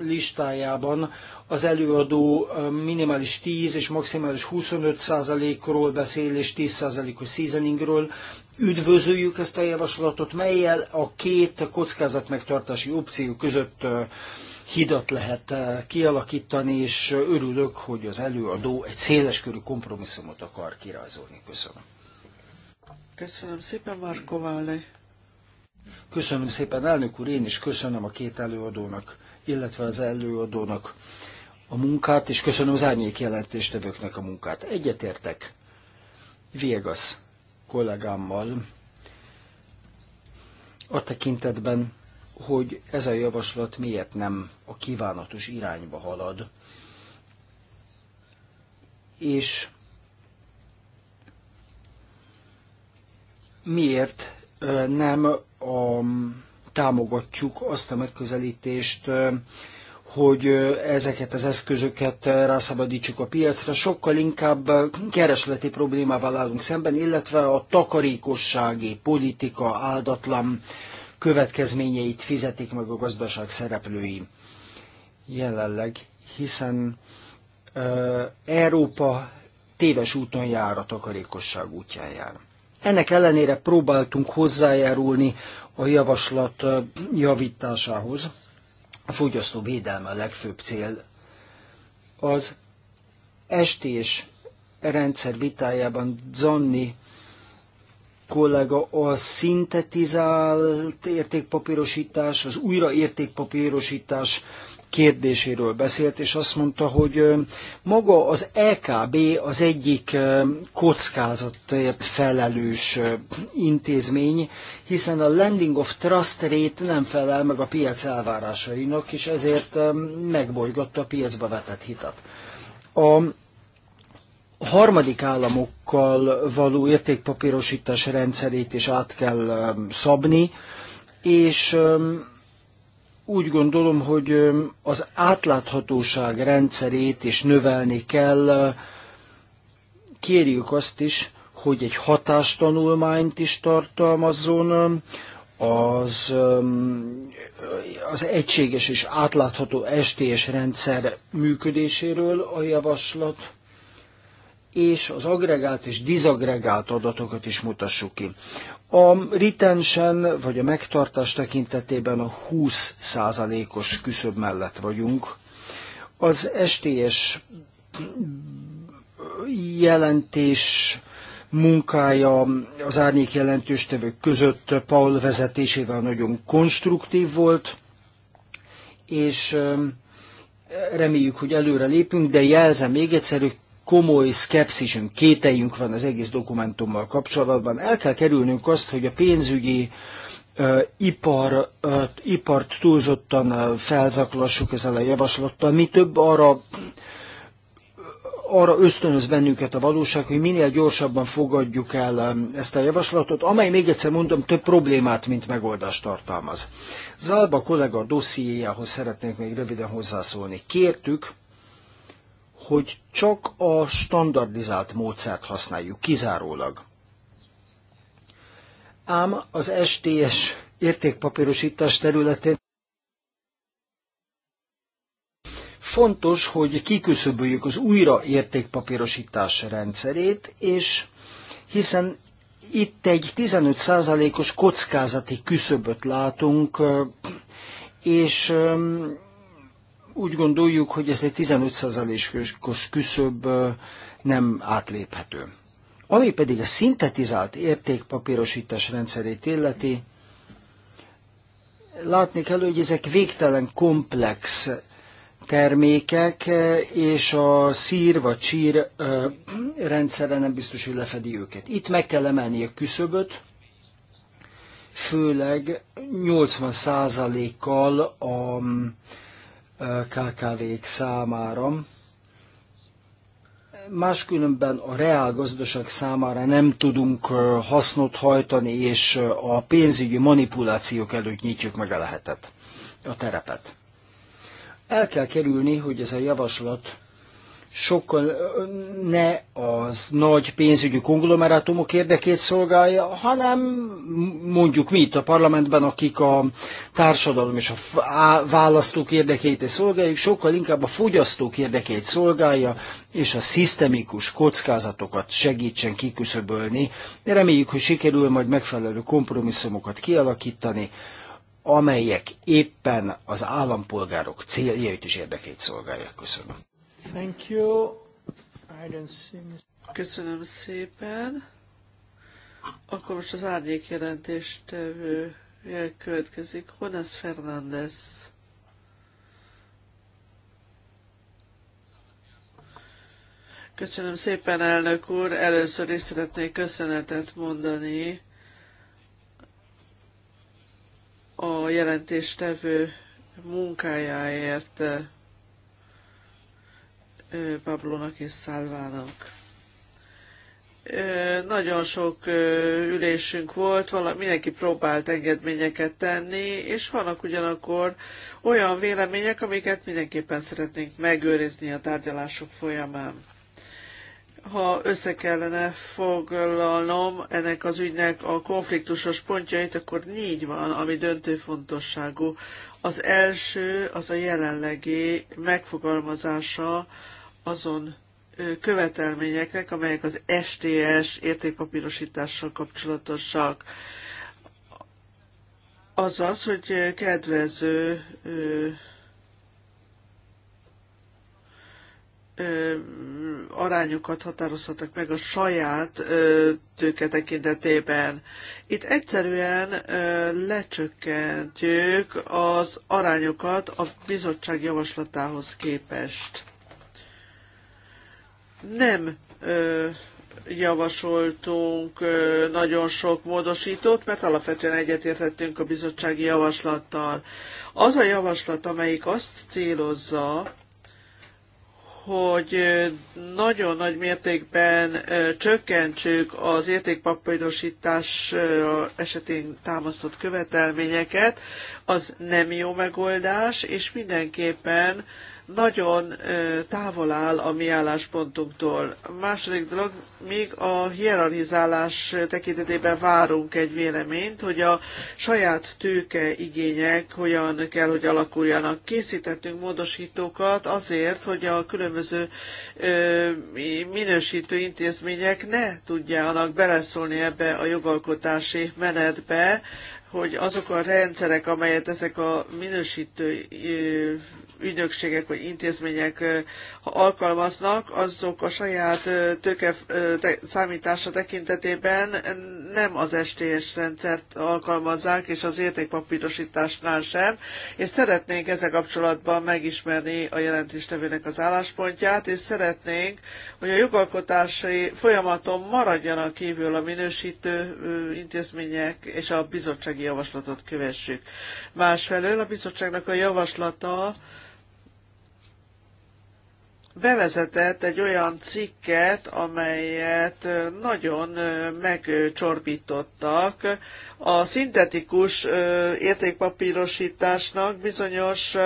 listájában az előadó minimális 10 és maximális 25%-ról beszél, és 10%-os seasoningről. Üdvözöljük ezt a javaslatot, melyel a két kockázat megtartási opció között hidat lehet kialakítani, és örülök, hogy az előadó egy széleskörű kompromisszumot akar kirajzolni. Köszönöm. Köszönöm szépen, Marko Vállé. Köszönöm szépen, elnök úr, én is köszönöm a két előadónak, illetve az előadónak a munkát, és köszönöm az árnyék jelentéstevőknek a munkát. Egyetértek. Viegas kollégámmal a tekintetben, hogy ez a javaslat miért nem a kívánatos irányba halad, és miért nem a, támogatjuk azt a megközelítést, hogy ezeket az eszközöket rászabadítsuk a piacra, sokkal inkább keresleti problémával állunk szemben, illetve a takarékossági politika áldatlan következményeit fizetik meg a gazdaság szereplői jelenleg, hiszen Európa téves úton jár, a takarékosság útján jár. Ennek ellenére próbáltunk hozzájárulni a javaslat javításához, a fogyasztó védelme a legfőbb cél. Az estés rendszer vitájában Zanni kollega a szintetizált értékpapírosítás, az újraértékpapírosítás kérdéséről beszélt, és azt mondta, hogy maga az EKB az egyik kockázatért felelős intézmény, hiszen a lending of trust rate nem felel meg a piac elvárásainak, és ezért megbolygatta a piacba vetett hitet. A harmadik államokkal való értékpapírosítás rendszerét is át kell szabni, és úgy gondolom, hogy az átláthatóság rendszerét is növelni kell. Kérjük azt is, hogy egy hatástanulmányt is tartalmazzon, az, az egységes és átlátható STS rendszer működéséről a javaslat, és az agregált és dizagregált adatokat is mutassuk ki. A retention, vagy a megtartás tekintetében a 20%-os küszöb mellett vagyunk. Az STS jelentés munkája az árnyék jelentős tevők között Paul vezetésével nagyon konstruktív volt, és reméljük, hogy előre lépünk, de jelzem még egyszer, hogy komoly szkepszisünk, kételjünk van az egész dokumentummal kapcsolatban. El kell kerülnünk azt, hogy a pénzügyi uh, ipar, uh, ipart túlzottan uh, felzaklassuk ezzel a javaslattal. Mi több arra arra ösztönöz bennünket a valóság, hogy minél gyorsabban fogadjuk el ezt a javaslatot, amely még egyszer mondom, több problémát, mint megoldást tartalmaz. Zalba kollega dossziéjához szeretnék még röviden hozzászólni. Kértük, hogy csak a standardizált módszert használjuk kizárólag. Ám az STS értékpapírosítás területén fontos, hogy kiküszöböljük az újra értékpapírosítás rendszerét, és hiszen itt egy 15%-os kockázati küszöböt látunk, és úgy gondoljuk, hogy ez egy 15%-os küszöbb nem átléphető. Ami pedig a szintetizált értékpapírosítás rendszerét illeti, látni kell, hogy ezek végtelen komplex termékek, és a szír vagy csír rendszere nem biztos, hogy lefedi őket. Itt meg kell emelni a küszöböt, főleg 80%-kal a KKV-k számára. Máskülönben a reálgazdaság számára nem tudunk hasznot hajtani, és a pénzügyi manipulációk előtt nyitjuk meg a lehetet, a terepet. El kell kerülni, hogy ez a javaslat sokkal ne az nagy pénzügyi konglomerátumok érdekét szolgálja, hanem mondjuk mi itt a parlamentben, akik a társadalom és a választók érdekét szolgáljuk, sokkal inkább a fogyasztók érdekét szolgálja, és a szisztemikus kockázatokat segítsen kiküszöbölni. reméljük, hogy sikerül majd megfelelő kompromisszumokat kialakítani, amelyek éppen az állampolgárok céljait és érdekét szolgálják. Köszönöm. Thank you. I don't see... Köszönöm szépen. Akkor most az árnyék jelentést következik. Jonas Fernández. Köszönöm szépen, elnök úr. Először is szeretnék köszönetet mondani a jelentéstevő munkájáért. Pablónak és Szálvának. Nagyon sok ülésünk volt, valami, mindenki próbált engedményeket tenni, és vannak ugyanakkor olyan vélemények, amiket mindenképpen szeretnénk megőrizni a tárgyalások folyamán ha össze kellene foglalnom ennek az ügynek a konfliktusos pontjait, akkor négy van, ami döntő fontosságú. Az első az a jelenlegi megfogalmazása azon követelményeknek, amelyek az STS értékpapírosítással kapcsolatosak. az az, hogy kedvező arányokat határozhatnak meg a saját tőke tekintetében. Itt egyszerűen lecsökkentjük az arányokat a bizottság javaslatához képest nem ö, javasoltunk ö, nagyon sok módosítót, mert alapvetően egyetértettünk a bizottsági javaslattal. Az a javaslat, amelyik azt célozza, hogy nagyon nagy mértékben csökkentsük az értékpapírosítás esetén támasztott követelményeket, az nem jó megoldás, és mindenképpen nagyon távol áll a mi álláspontunktól. A második dolog, még a hierarchizálás tekintetében várunk egy véleményt, hogy a saját tőke igények hogyan kell, hogy alakuljanak. Készítettünk módosítókat azért, hogy a különböző minősítő intézmények ne tudjanak beleszólni ebbe a jogalkotási menetbe, hogy azok a rendszerek, amelyet ezek a minősítő ügynökségek vagy intézmények alkalmaznak, azok a saját tőke számítása tekintetében nem az STS rendszert alkalmazzák, és az értékpapírosításnál sem, és szeretnénk ezzel kapcsolatban megismerni a jelentéstevőnek az álláspontját, és szeretnénk, hogy a jogalkotási folyamaton maradjanak kívül a minősítő intézmények, és a bizottsági javaslatot kövessük. Másfelől a bizottságnak a javaslata, bevezetett egy olyan cikket, amelyet nagyon megcsorbítottak. A szintetikus értékpapírosításnak bizonyos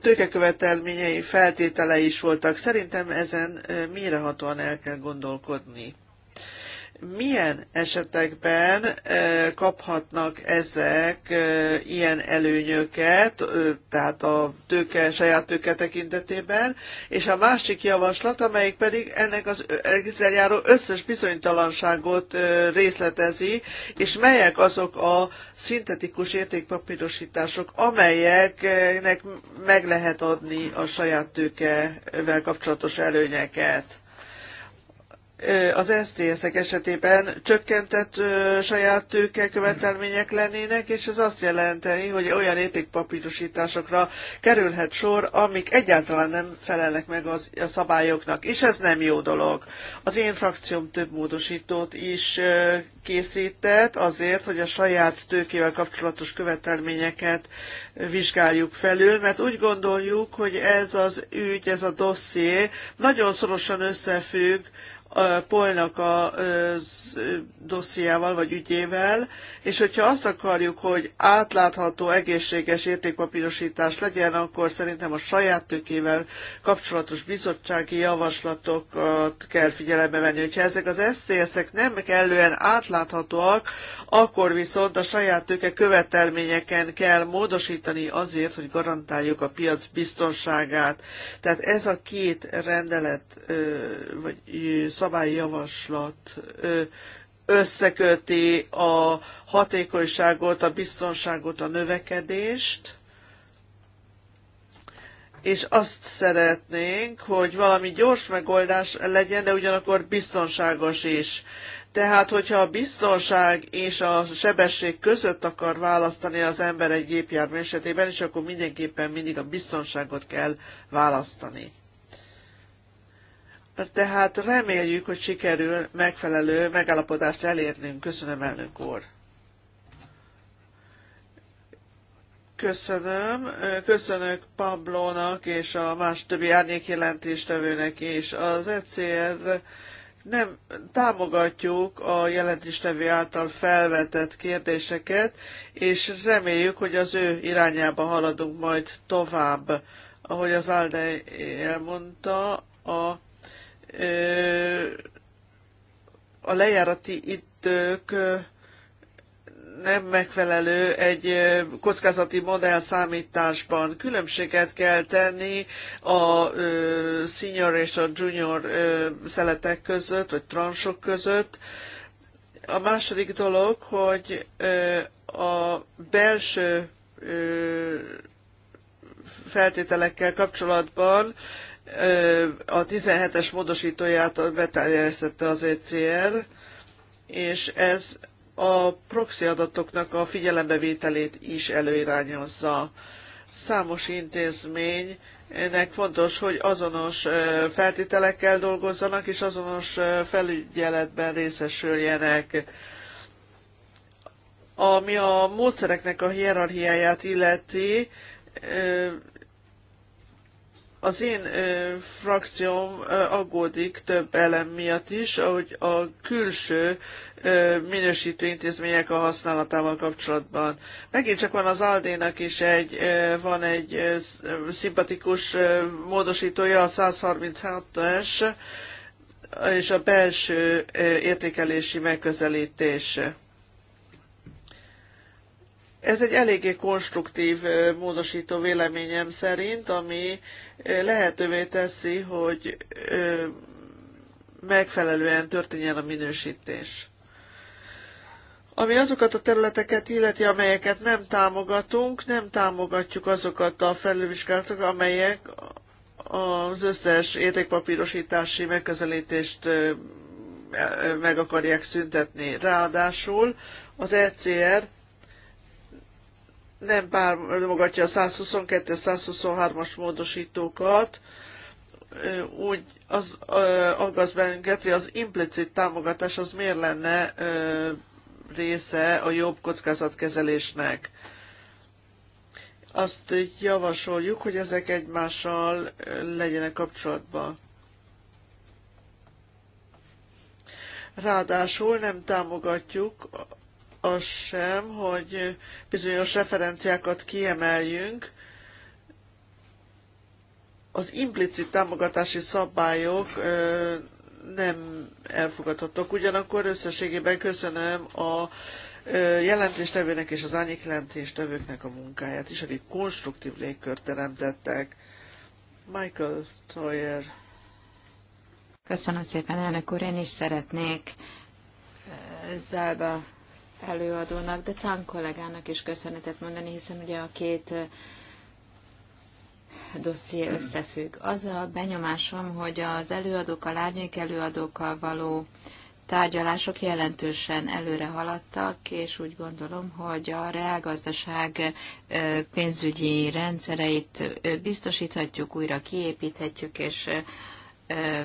tőkekövetelményei feltételei is voltak. Szerintem ezen mérehatóan el kell gondolkodni milyen esetekben kaphatnak ezek ilyen előnyöket, tehát a tőke, saját tőke tekintetében, és a másik javaslat, amelyik pedig ennek az ezzel járó összes bizonytalanságot részletezi, és melyek azok a szintetikus értékpapírosítások, amelyeknek meg lehet adni a saját tőkevel kapcsolatos előnyeket az SZDSZ-ek esetében csökkentett saját tőke követelmények lennének, és ez azt jelenteni, hogy olyan értékpapírosításokra kerülhet sor, amik egyáltalán nem felelnek meg az, a szabályoknak, és ez nem jó dolog. Az én frakcióm több módosítót is készített azért, hogy a saját tőkével kapcsolatos követelményeket vizsgáljuk felül, mert úgy gondoljuk, hogy ez az ügy, ez a dosszié nagyon szorosan összefügg Polnak a dossziával vagy ügyével, és hogyha azt akarjuk, hogy átlátható, egészséges értékpapírosítás legyen, akkor szerintem a saját tőkével kapcsolatos bizottsági javaslatokat kell figyelembe venni. Hogyha ezek az SZTS-ek nem kellően átláthatóak, akkor viszont a saját tőke követelményeken kell módosítani azért, hogy garantáljuk a piac biztonságát. Tehát ez a két rendelet vagy szabályjavaslat összeköti a hatékonyságot, a biztonságot, a növekedést, és azt szeretnénk, hogy valami gyors megoldás legyen, de ugyanakkor biztonságos is. Tehát, hogyha a biztonság és a sebesség között akar választani az ember egy gépjármű esetében, és akkor mindenképpen mindig a biztonságot kell választani tehát reméljük, hogy sikerül megfelelő megállapodást elérnünk. Köszönöm, elnök úr! Köszönöm. Köszönök Pablónak és a más többi árnyékjelentéstevőnek is. Az ECR nem támogatjuk a jelentéstevő által felvetett kérdéseket, és reméljük, hogy az ő irányába haladunk majd tovább. Ahogy az Alde elmondta, a a lejárati idők nem megfelelő egy kockázati modell számításban. Különbséget kell tenni a senior és a junior szeletek között, vagy transok között. A második dolog, hogy a belső feltételekkel kapcsolatban a 17-es módosítóját beterjesztette az ECR, és ez a proxy adatoknak a figyelembevételét is előirányozza. Számos intézmény ennek fontos, hogy azonos feltételekkel dolgozzanak, és azonos felügyeletben részesüljenek. Ami a módszereknek a hierarchiáját illeti, az én ö, frakcióm ö, aggódik több elem miatt is, ahogy a külső ö, minősítő intézmények a használatával kapcsolatban. Megint csak van az Aldénak is egy, ö, van egy ö, szimpatikus ö, módosítója, a 136-es, és a belső értékelési megközelítés. Ez egy eléggé konstruktív módosító véleményem szerint, ami lehetővé teszi, hogy megfelelően történjen a minősítés. Ami azokat a területeket illeti, amelyeket nem támogatunk, nem támogatjuk azokat a felülvizsgálatokat, amelyek az összes értékpapírosítási megközelítést e, meg akarják szüntetni. Ráadásul az ECR nem támogatja a 122-123-as módosítókat, úgy az aggaszt bennünket, hogy az implicit támogatás az miért lenne része a jobb kockázatkezelésnek. Azt javasoljuk, hogy ezek egymással legyenek kapcsolatban. Ráadásul nem támogatjuk az sem, hogy bizonyos referenciákat kiemeljünk. Az implicit támogatási szabályok nem elfogadhatók. Ugyanakkor összességében köszönöm a jelentéstevőnek és az árnyék jelentéstevőknek a munkáját is, akik konstruktív légkört teremtettek. Michael Toyer. Köszönöm szépen, elnök úr. Én is szeretnék Zálba előadónak, de Tán kollégának is köszönetet mondani, hiszen ugye a két eh, dosszié összefügg. Az a benyomásom, hogy az előadók, a lányék előadókkal való tárgyalások jelentősen előre haladtak, és úgy gondolom, hogy a reálgazdaság eh, pénzügyi rendszereit eh, biztosíthatjuk, újra kiépíthetjük és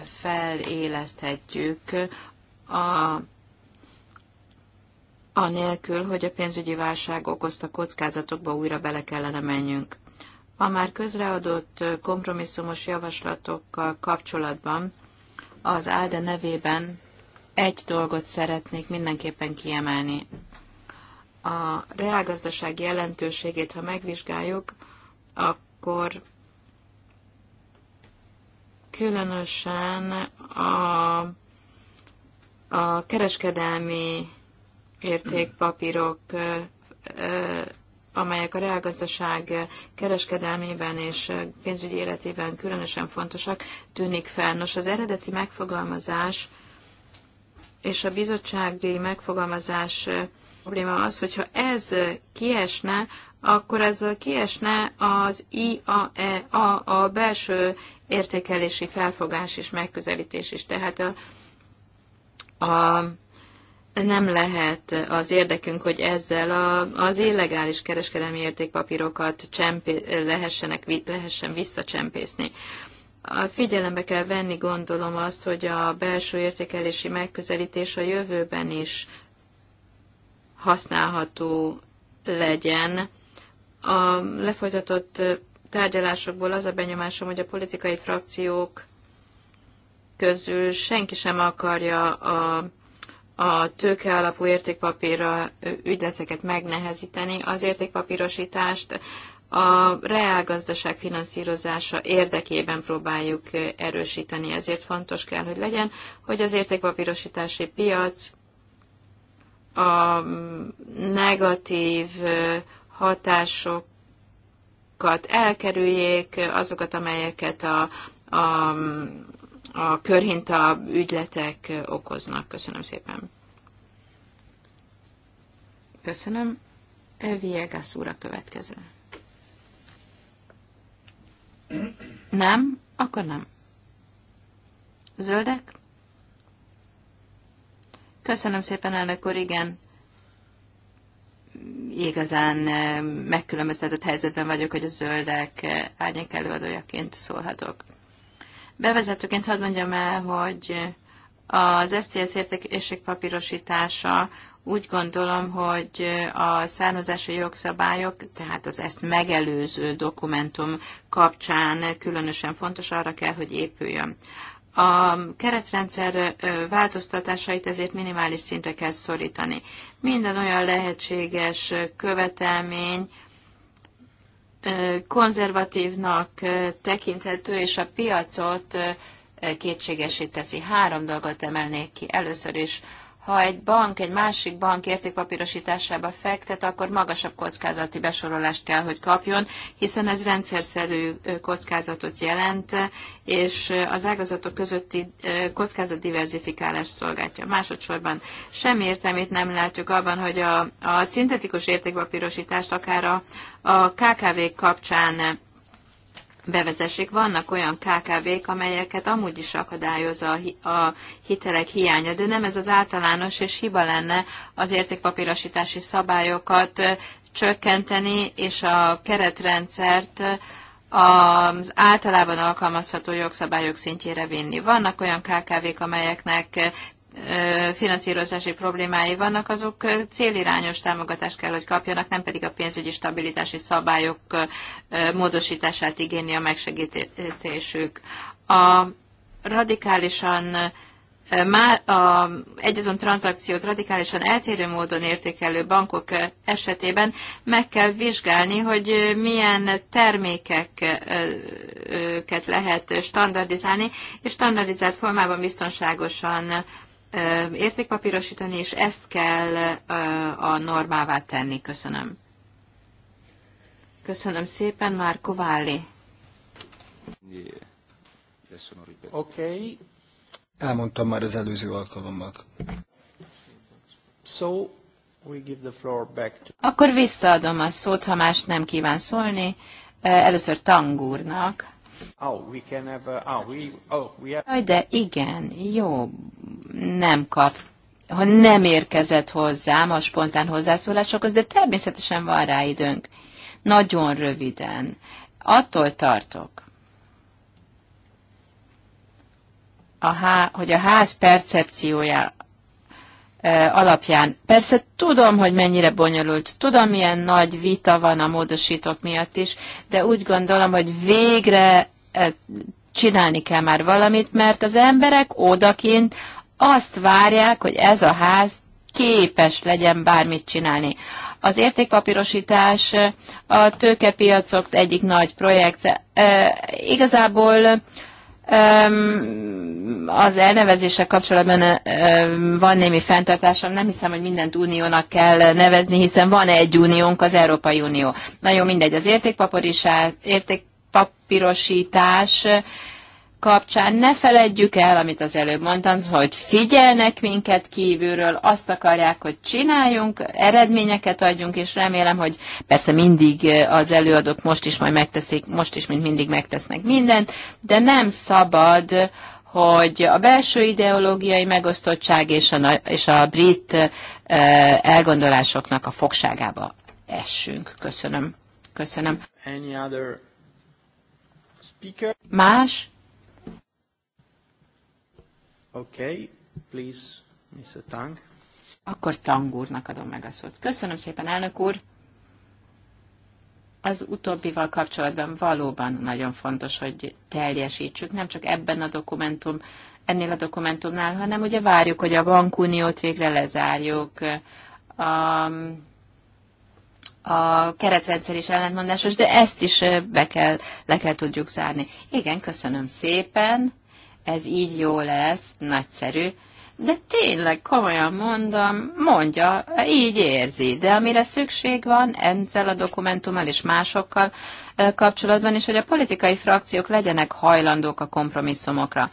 feléleszthetjük a anélkül, hogy a pénzügyi válság okozta kockázatokba újra bele kellene menjünk. A már közreadott kompromisszumos javaslatokkal kapcsolatban az Álde nevében egy dolgot szeretnék mindenképpen kiemelni. A reálgazdaság jelentőségét, ha megvizsgáljuk, akkor különösen a, a kereskedelmi értékpapírok, amelyek a reálgazdaság kereskedelmében és pénzügyi életében különösen fontosak, tűnik fel. Nos, az eredeti megfogalmazás és a bizottsági megfogalmazás probléma az, hogyha ez kiesne, akkor ez kiesne az IAE, a, a belső értékelési felfogás és megközelítés is. Tehát a, a nem lehet az érdekünk, hogy ezzel a, az illegális kereskedelmi értékpapírokat csempé, lehessenek, lehessen visszacsempészni. A figyelembe kell venni, gondolom azt, hogy a belső értékelési megközelítés a jövőben is használható legyen. A lefolytatott tárgyalásokból az a benyomásom, hogy a politikai frakciók közül senki sem akarja a a tőkealapú értékpapírra ügyleteket megnehezíteni, az értékpapírosítást a reálgazdaság finanszírozása érdekében próbáljuk erősíteni. Ezért fontos kell, hogy legyen, hogy az értékpapírosítási piac a mm, negatív hatásokat elkerüljék, azokat, amelyeket a, a mm, a körhinta ügyletek okoznak. Köszönöm szépen. Köszönöm. Viegas úr a következő. Nem? Akkor nem. Zöldek? Köszönöm szépen, elnök úr, igen. Igazán eh, megkülönböztetett helyzetben vagyok, hogy a zöldek eh, árnyék előadójaként szólhatok. Bevezetőként hadd mondjam el, hogy az STS értékesség papírosítása úgy gondolom, hogy a származási jogszabályok, tehát az ezt megelőző dokumentum kapcsán különösen fontos, arra kell, hogy épüljön. A keretrendszer változtatásait ezért minimális szintre kell szorítani. Minden olyan lehetséges követelmény, konzervatívnak tekinthető, és a piacot kétségesíteszi. Három dolgot emelnék ki. Először is ha egy bank egy másik bank értékpapírosításába fektet, akkor magasabb kockázati besorolást kell, hogy kapjon, hiszen ez rendszerszerű kockázatot jelent, és az ágazatok közötti kockázat diversifikálást szolgálja. Másodszorban semmi értelmét nem látjuk abban, hogy a, a szintetikus értékpapírosítást akár a, a KKV kapcsán bevezessék. Vannak olyan KKV-k, amelyeket amúgy is akadályozza a hitelek hiánya, de nem ez az általános, és hiba lenne az értékpapírosítási szabályokat csökkenteni, és a keretrendszert az általában alkalmazható jogszabályok szintjére vinni. Vannak olyan KKV-k, amelyeknek finanszírozási problémái vannak, azok célirányos támogatást kell, hogy kapjanak, nem pedig a pénzügyi stabilitási szabályok módosítását igényli a megsegítésük. A radikálisan már egyazon tranzakciót radikálisan eltérő módon értékelő bankok esetében meg kell vizsgálni, hogy milyen termékeket lehet standardizálni, és standardizált formában biztonságosan értékpapírosítani, és ezt kell a normává tenni. Köszönöm. Köszönöm szépen, már Válli. Oké. Elmondtam már az előző alkalommal. So, we give the floor back to... Akkor visszaadom a szót, ha más nem kíván szólni. Először Tangúrnak. Oh, oh, oh, Jaj, De igen, jó, nem kap ha nem érkezett hozzám a spontán hozzászólásokhoz, de természetesen van rá időnk. Nagyon röviden. Attól tartok, a há, hogy a ház percepciója alapján. Persze tudom, hogy mennyire bonyolult, tudom, milyen nagy vita van a módosítók miatt is, de úgy gondolom, hogy végre csinálni kell már valamit, mert az emberek odakint azt várják, hogy ez a ház képes legyen bármit csinálni. Az értékpapírosítás a tőkepiacok egyik nagy projekt. E, igazából az elnevezések kapcsolatban van némi fenntartásom, nem hiszem, hogy mindent uniónak kell nevezni, hiszen van egy uniónk, az Európai Unió. Nagyon mindegy, az értékpapírosítás kapcsán ne feledjük el, amit az előbb mondtam, hogy figyelnek minket kívülről, azt akarják, hogy csináljunk, eredményeket adjunk, és remélem, hogy persze mindig eh, az előadók most is majd megteszik, most is, mint mindig megtesznek mindent, de nem szabad hogy a belső ideológiai megosztottság és a, és a brit eh, elgondolásoknak a fogságába essünk. Köszönöm. Köszönöm. Más? Okay, please, Mr. Tang. Akkor Tang úrnak adom meg a szót. Köszönöm szépen, elnök úr. Az utóbbival kapcsolatban valóban nagyon fontos, hogy teljesítsük, nem csak ebben a dokumentum, ennél a dokumentumnál, hanem ugye várjuk, hogy a bankuniót végre lezárjuk, a, a keretrendszer is ellentmondásos, de ezt is be kell, le kell tudjuk zárni. Igen, köszönöm szépen ez így jó lesz, nagyszerű, de tényleg, komolyan mondom, mondja, így érzi, de amire szükség van ezzel a dokumentummal és másokkal kapcsolatban is, hogy a politikai frakciók legyenek hajlandók a kompromisszumokra.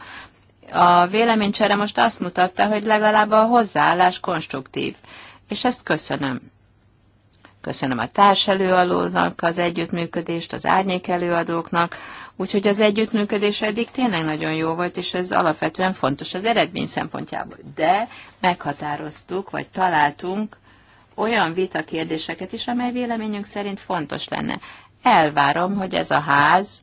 A véleménycsere most azt mutatta, hogy legalább a hozzáállás konstruktív, és ezt köszönöm. Köszönöm a társelőadónak az együttműködést, az árnyékelőadóknak, Úgyhogy az együttműködés eddig tényleg nagyon jó volt, és ez alapvetően fontos az eredmény szempontjából. De meghatároztuk, vagy találtunk olyan vitakérdéseket is, amely véleményünk szerint fontos lenne. Elvárom, hogy ez a ház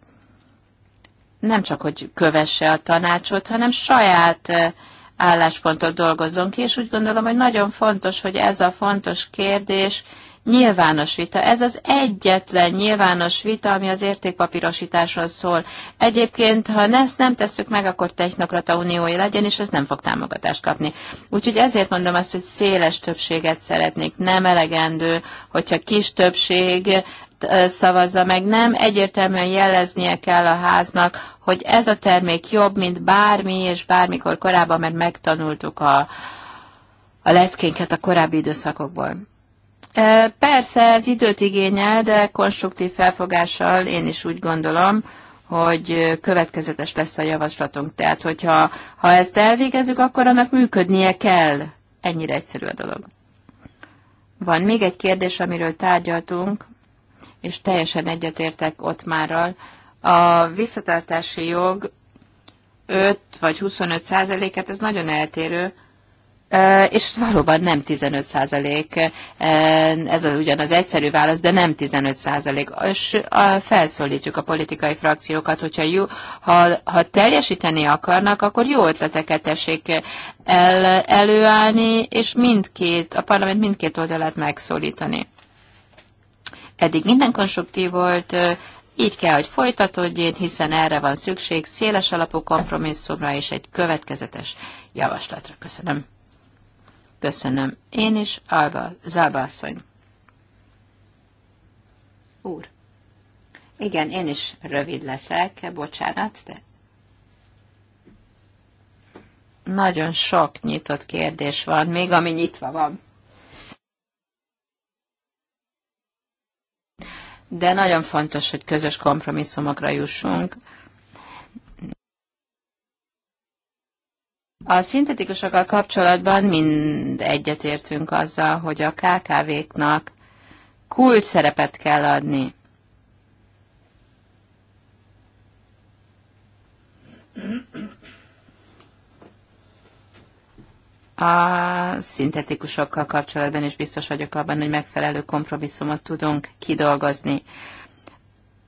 nem csak, hogy kövesse a tanácsot, hanem saját eh, álláspontot dolgozzon ki, és úgy gondolom, hogy nagyon fontos, hogy ez a fontos kérdés, nyilvános vita. Ez az egyetlen nyilvános vita, ami az értékpapírosításról szól. Egyébként, ha ezt nem tesszük meg, akkor technokrata uniói legyen, és ez nem fog támogatást kapni. Úgyhogy ezért mondom azt, hogy széles többséget szeretnék. Nem elegendő, hogyha kis többség szavazza meg, nem egyértelműen jeleznie kell a háznak, hogy ez a termék jobb, mint bármi, és bármikor korábban, mert megtanultuk a, a leckénket a korábbi időszakokból. Persze ez időt igényel, de konstruktív felfogással én is úgy gondolom, hogy következetes lesz a javaslatunk. Tehát, hogyha ha ezt elvégezzük, akkor annak működnie kell. Ennyire egyszerű a dolog. Van még egy kérdés, amiről tárgyaltunk, és teljesen egyetértek ott márral. A visszatartási jog 5 vagy 25 százaléket, ez nagyon eltérő, és valóban nem 15 százalék, ez az ugyanaz egyszerű válasz, de nem 15 százalék. És felszólítjuk a politikai frakciókat, hogyha jó, ha, ha teljesíteni akarnak, akkor jó ötleteket tessék el, előállni, és mindkét, a parlament mindkét oldalát megszólítani. Eddig minden konstruktív volt, így kell, hogy folytatódjék, hiszen erre van szükség széles alapú kompromisszumra és egy következetes javaslatra. Köszönöm. Köszönöm. Én is, Alva, Zábászony. Úr. Igen, én is rövid leszek, bocsánat, de nagyon sok nyitott kérdés van, még ami nyitva van. De nagyon fontos, hogy közös kompromisszumokra jussunk. A szintetikusokkal kapcsolatban mind egyetértünk azzal, hogy a KKV-knak kult szerepet kell adni. A szintetikusokkal kapcsolatban is biztos vagyok abban, hogy megfelelő kompromisszumot tudunk kidolgozni.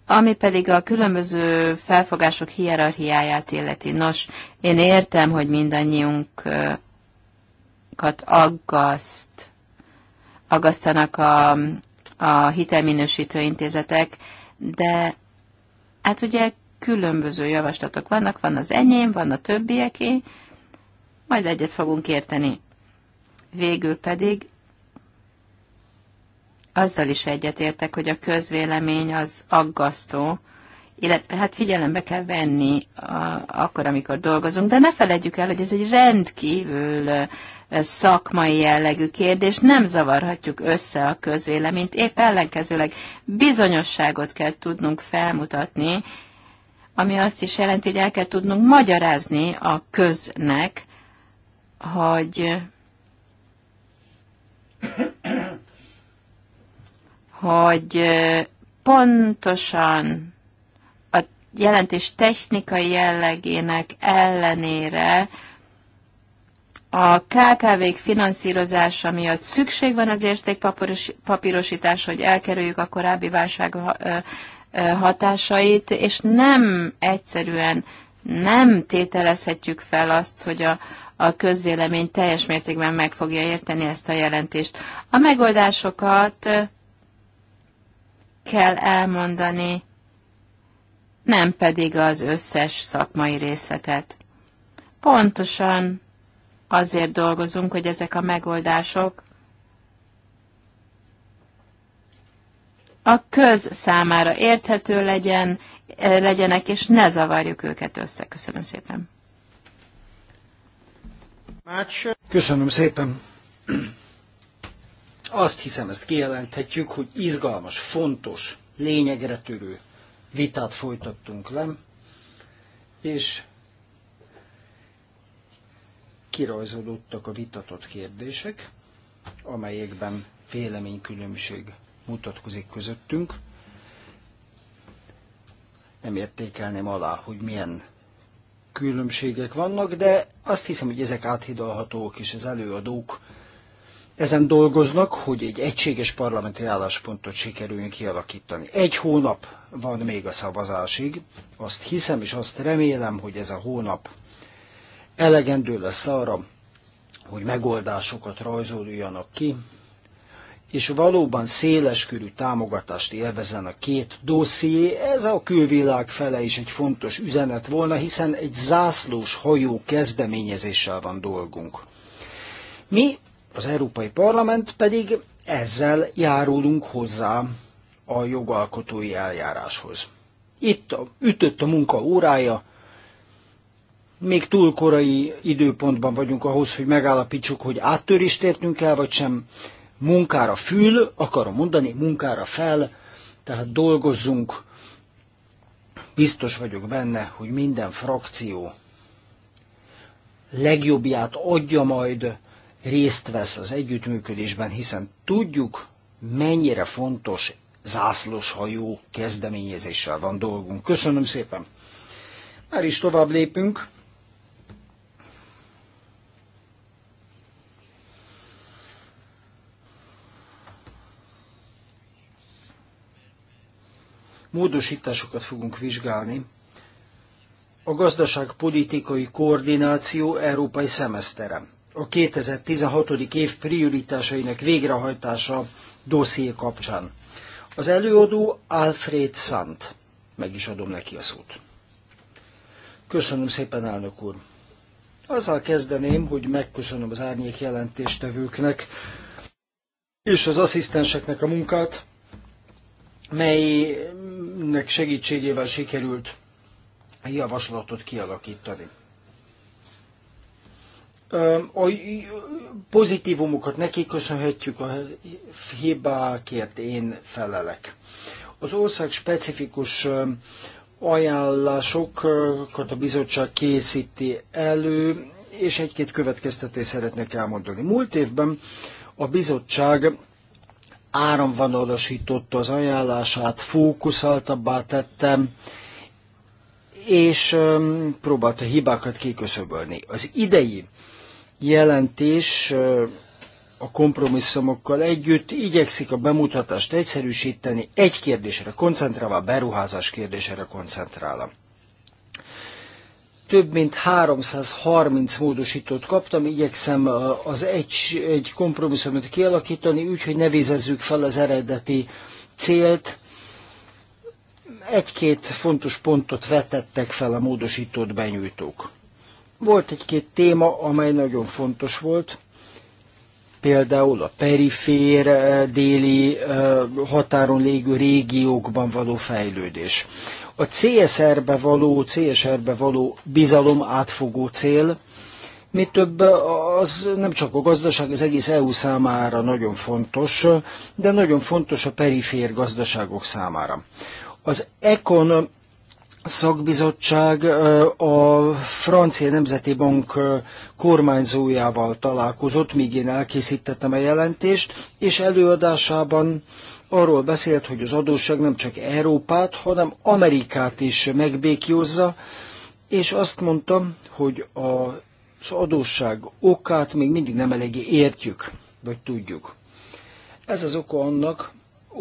Ami pedig a különböző felfogások hierarchiáját illeti. Nos, én értem, hogy mindannyiunkat aggaszt, aggasztanak a, a hitelminősítő intézetek, de hát ugye különböző javaslatok vannak, van az enyém, van a többieké, majd egyet fogunk érteni. Végül pedig azzal is egyetértek, hogy a közvélemény az aggasztó, illetve hát figyelembe kell venni a, akkor, amikor dolgozunk, de ne felejtjük el, hogy ez egy rendkívül szakmai jellegű kérdés, nem zavarhatjuk össze a közvéleményt, épp ellenkezőleg bizonyosságot kell tudnunk felmutatni, ami azt is jelenti, hogy el kell tudnunk magyarázni a köznek, hogy hogy pontosan a jelentés technikai jellegének ellenére a KKV-k finanszírozása miatt szükség van az értékpapírosítás, hogy elkerüljük a korábbi válság hatásait, és nem egyszerűen nem tételezhetjük fel azt, hogy a, a közvélemény teljes mértékben meg fogja érteni ezt a jelentést. A megoldásokat kell elmondani, nem pedig az összes szakmai részletet. Pontosan azért dolgozunk, hogy ezek a megoldások a köz számára érthető legyen, eh, legyenek, és ne zavarjuk őket össze. Köszönöm szépen. Köszönöm szépen. Azt hiszem, ezt kijelenthetjük, hogy izgalmas, fontos, lényegre törő vitát folytattunk le, és kirajzolódtak a vitatott kérdések, amelyekben véleménykülönbség mutatkozik közöttünk. Nem értékelném alá, hogy milyen különbségek vannak, de azt hiszem, hogy ezek áthidalhatók, és az előadók ezen dolgoznak, hogy egy egységes parlamenti álláspontot sikerüljön kialakítani. Egy hónap van még a szavazásig, azt hiszem és azt remélem, hogy ez a hónap elegendő lesz arra, hogy megoldásokat rajzoljanak ki, és valóban széleskörű támogatást élvezzen a két dosszié, ez a külvilág fele is egy fontos üzenet volna, hiszen egy zászlós hajó kezdeményezéssel van dolgunk. Mi az Európai Parlament pedig ezzel járulunk hozzá a jogalkotói eljáráshoz. Itt a, ütött a munka órája, még túl korai időpontban vagyunk ahhoz, hogy megállapítsuk, hogy áttörést értünk el, vagy sem. Munkára fül, akarom mondani, munkára fel, tehát dolgozzunk. Biztos vagyok benne, hogy minden frakció legjobbját adja majd részt vesz az együttműködésben, hiszen tudjuk, mennyire fontos zászlós hajó kezdeményezéssel van dolgunk. Köszönöm szépen! Már is tovább lépünk. Módosításokat fogunk vizsgálni. A gazdaságpolitikai koordináció európai szemeszterem a 2016. év prioritásainak végrehajtása dosszié kapcsán. Az előadó Alfred Sant. Meg is adom neki a szót. Köszönöm szépen, elnök úr. Azzal kezdeném, hogy megköszönöm az árnyék jelentéstevőknek és az asszisztenseknek a munkát, melynek segítségével sikerült javaslatot kialakítani a pozitívumokat neki köszönhetjük, a hibákért én felelek. Az ország specifikus ajánlásokat a bizottság készíti elő, és egy-két következtetést szeretnék elmondani. Múlt évben a bizottság áramvonalasította az ajánlását, fókuszáltabbá tette, és próbálta hibákat kiköszöbölni. Az idei jelentés a kompromisszumokkal együtt igyekszik a bemutatást egyszerűsíteni, egy kérdésre koncentrálva, a beruházás kérdésére koncentrálva. Több mint 330 módosítót kaptam, igyekszem az egy, egy kompromisszumot kialakítani, úgyhogy ne vizezzük fel az eredeti célt. Egy-két fontos pontot vetettek fel a módosított benyújtók. Volt egy-két téma, amely nagyon fontos volt, például a perifér eh, déli eh, határon lévő régiókban való fejlődés. A CSR-be való, CSR-be való bizalom átfogó cél, mi több, az nem csak a gazdaság, az egész EU számára nagyon fontos, de nagyon fontos a perifér gazdaságok számára. Az Econ szakbizottság a Francia Nemzeti Bank kormányzójával találkozott, míg én elkészítettem a jelentést, és előadásában arról beszélt, hogy az adósság nem csak Európát, hanem Amerikát is megbékiozza, és azt mondtam, hogy az adósság okát még mindig nem eléggé értjük, vagy tudjuk. Ez az oka annak,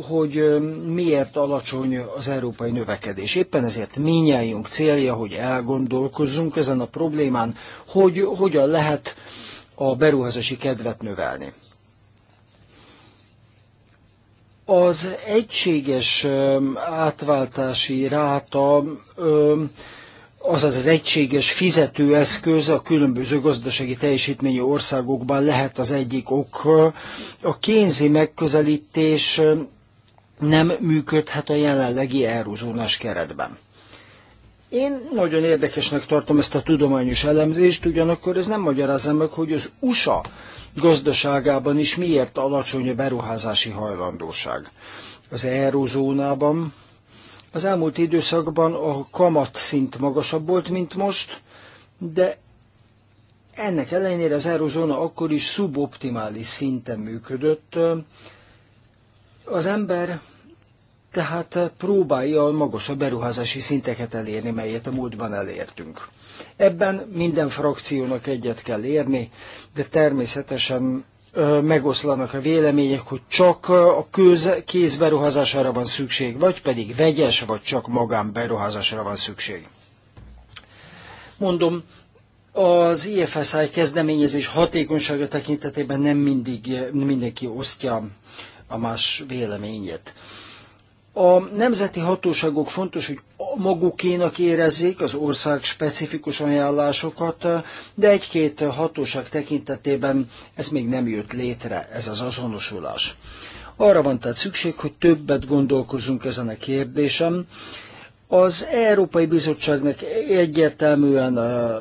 hogy miért alacsony az európai növekedés. Éppen ezért minnyájunk célja, hogy elgondolkozzunk ezen a problémán, hogy hogyan lehet a beruházási kedvet növelni. Az egységes átváltási ráta, azaz az egységes fizetőeszköz a különböző gazdasági teljesítményi országokban lehet az egyik ok. A kénzi megközelítés nem működhet a jelenlegi eurozónás keretben. Én nagyon érdekesnek tartom ezt a tudományos elemzést, ugyanakkor ez nem magyarázza meg, hogy az USA gazdaságában is miért alacsony a beruházási hajlandóság. Az eurozónában az elmúlt időszakban a kamat szint magasabb volt, mint most, de ennek ellenére az eurozóna akkor is szuboptimális szinten működött, az ember tehát próbálja a magasabb beruházási szinteket elérni, melyet a múltban elértünk. Ebben minden frakciónak egyet kell érni, de természetesen megoszlanak a vélemények, hogy csak a köz, kézberuházására van szükség, vagy pedig vegyes, vagy csak magánberuházásra van szükség. Mondom, az IFSI kezdeményezés hatékonysága tekintetében nem mindig mindenki osztja a más véleményét. A nemzeti hatóságok fontos, hogy magukénak érezzék az ország specifikus ajánlásokat, de egy-két hatóság tekintetében ez még nem jött létre, ez az azonosulás. Arra van tehát szükség, hogy többet gondolkozunk ezen a kérdésem. Az Európai Bizottságnak egyértelműen uh,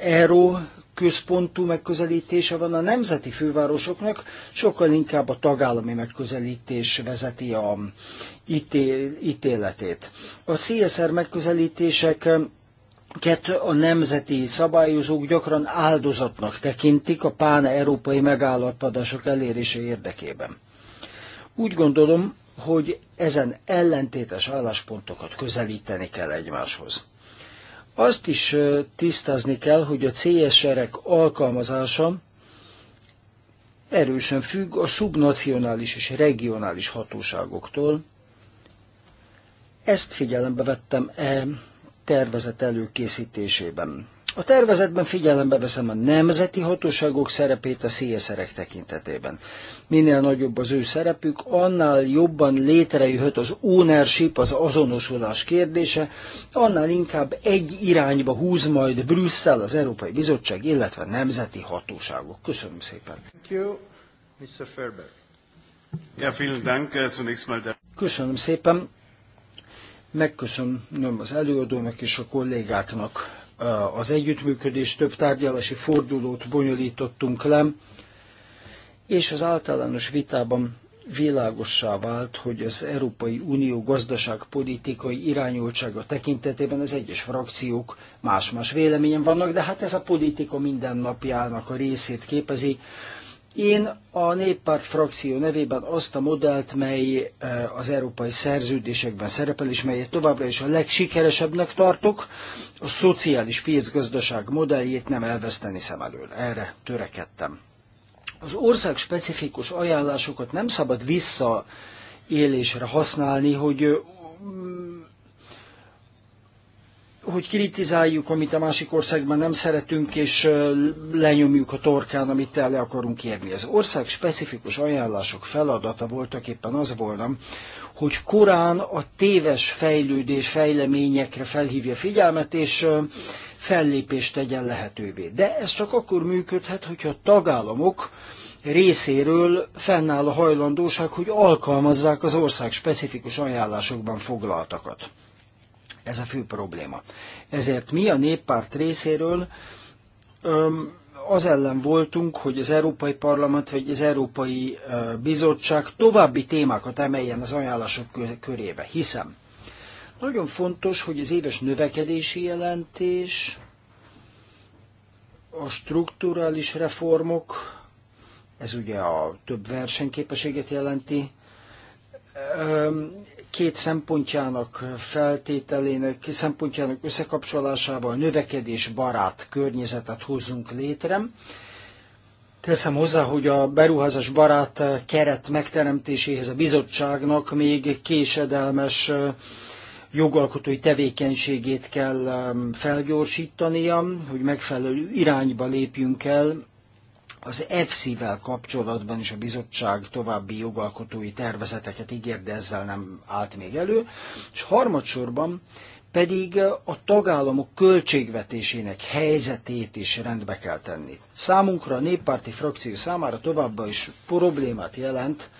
Euró központú megközelítése van a nemzeti fővárosoknak, sokkal inkább a tagállami megközelítés vezeti a ítél, ítéletét. A CSR megközelítések kettő a nemzeti szabályozók gyakran áldozatnak tekintik a pán-európai megállapodások elérése érdekében. Úgy gondolom, hogy ezen ellentétes álláspontokat közelíteni kell egymáshoz. Azt is tisztázni kell, hogy a CSR-ek alkalmazása erősen függ a szubnacionális és regionális hatóságoktól. Ezt figyelembe vettem e tervezet előkészítésében. A tervezetben figyelembe veszem a nemzeti hatóságok szerepét a CSR-ek tekintetében. Minél nagyobb az ő szerepük, annál jobban létrejöhet az ownership, az azonosulás kérdése, annál inkább egy irányba húz majd Brüsszel, az Európai Bizottság, illetve a nemzeti hatóságok. Köszönöm szépen. Thank you, Mr. Ferber. Ja, Dank. Äh, Köszönöm szépen. Megköszönöm az előadónak és a kollégáknak az együttműködés több tárgyalási fordulót bonyolítottunk le, és az általános vitában világossá vált, hogy az Európai Unió gazdaságpolitikai irányultsága tekintetében az egyes frakciók más-más véleményen vannak, de hát ez a politika mindennapjának a részét képezi. Én a néppárt frakció nevében azt a modellt, mely eh, az európai szerződésekben szerepel, és melyet továbbra is a legsikeresebbnek tartok, a szociális piacgazdaság modelljét nem elveszteni szem elől. Erre törekedtem. Az ország specifikus ajánlásokat nem szabad visszaélésre használni, hogy mm, hogy kritizáljuk, amit a másik országban nem szeretünk, és lenyomjuk a torkán, amit el le akarunk érni. Az ország specifikus ajánlások feladata voltak éppen az volna, hogy korán a téves fejlődés fejleményekre felhívja figyelmet, és fellépést tegyen lehetővé. De ez csak akkor működhet, hogyha a tagállamok részéről fennáll a hajlandóság, hogy alkalmazzák az ország specifikus ajánlásokban foglaltakat. Ez a fő probléma. Ezért mi a néppárt részéről az ellen voltunk, hogy az Európai Parlament vagy az Európai Bizottság további témákat emeljen az ajánlások körébe, hiszem. Nagyon fontos, hogy az éves növekedési jelentés, a strukturális reformok, ez ugye a több versenyképességet jelenti, két szempontjának feltételének, szempontjának összekapcsolásával növekedés barát környezetet hozzunk létre. Teszem hozzá, hogy a beruházás barát keret megteremtéséhez a bizottságnak még késedelmes jogalkotói tevékenységét kell felgyorsítania, hogy megfelelő irányba lépjünk el, az EFSZ-vel kapcsolatban is a bizottság további jogalkotói tervezeteket ígér, de ezzel nem állt még elő. És harmadsorban pedig a tagállamok költségvetésének helyzetét is rendbe kell tenni. Számunkra, a néppárti frakció számára továbbá is problémát jelent,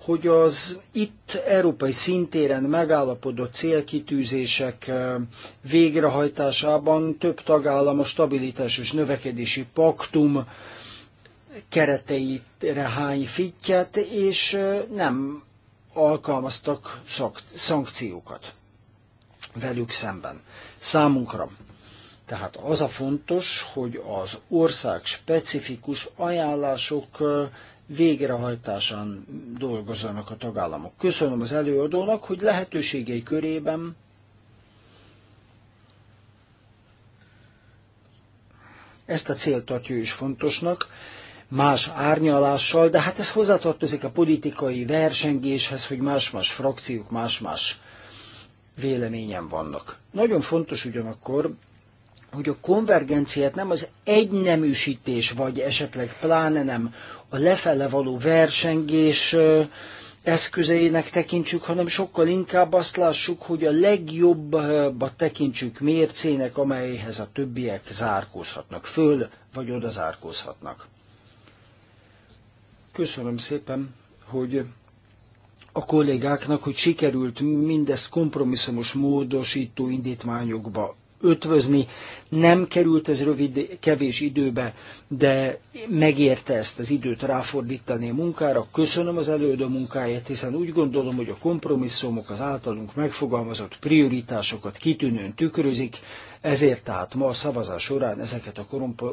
hogy az itt európai szintéren megállapodott célkitűzések eh, végrehajtásában több tagállam a stabilitás és növekedési paktum kereteire hány fittyet, és nem alkalmaztak szankciókat velük szemben. Számunkra. Tehát az a fontos, hogy az ország specifikus ajánlások végrehajtásán dolgozzanak a tagállamok. Köszönöm az előadónak, hogy lehetőségei körében ezt a célt tartja is fontosnak, más árnyalással, de hát ez hozzátartozik a politikai versengéshez, hogy más-más frakciók, más-más véleményen vannak. Nagyon fontos ugyanakkor, hogy a konvergenciát nem az egyneműsítés, vagy esetleg pláne nem a lefele való versengés eszközeinek tekintsük, hanem sokkal inkább azt lássuk, hogy a legjobbba tekintsük mércének, amelyhez a többiek zárkózhatnak föl, vagy oda zárkózhatnak. Köszönöm szépen, hogy a kollégáknak, hogy sikerült mindezt kompromisszumos módosító indítványokba ötvözni. Nem került ez rövid, kevés időbe, de megérte ezt az időt ráfordítani a munkára. Köszönöm az elődő munkáját, hiszen úgy gondolom, hogy a kompromisszumok az általunk megfogalmazott prioritásokat kitűnően tükrözik, ezért tehát ma a szavazás során ezeket a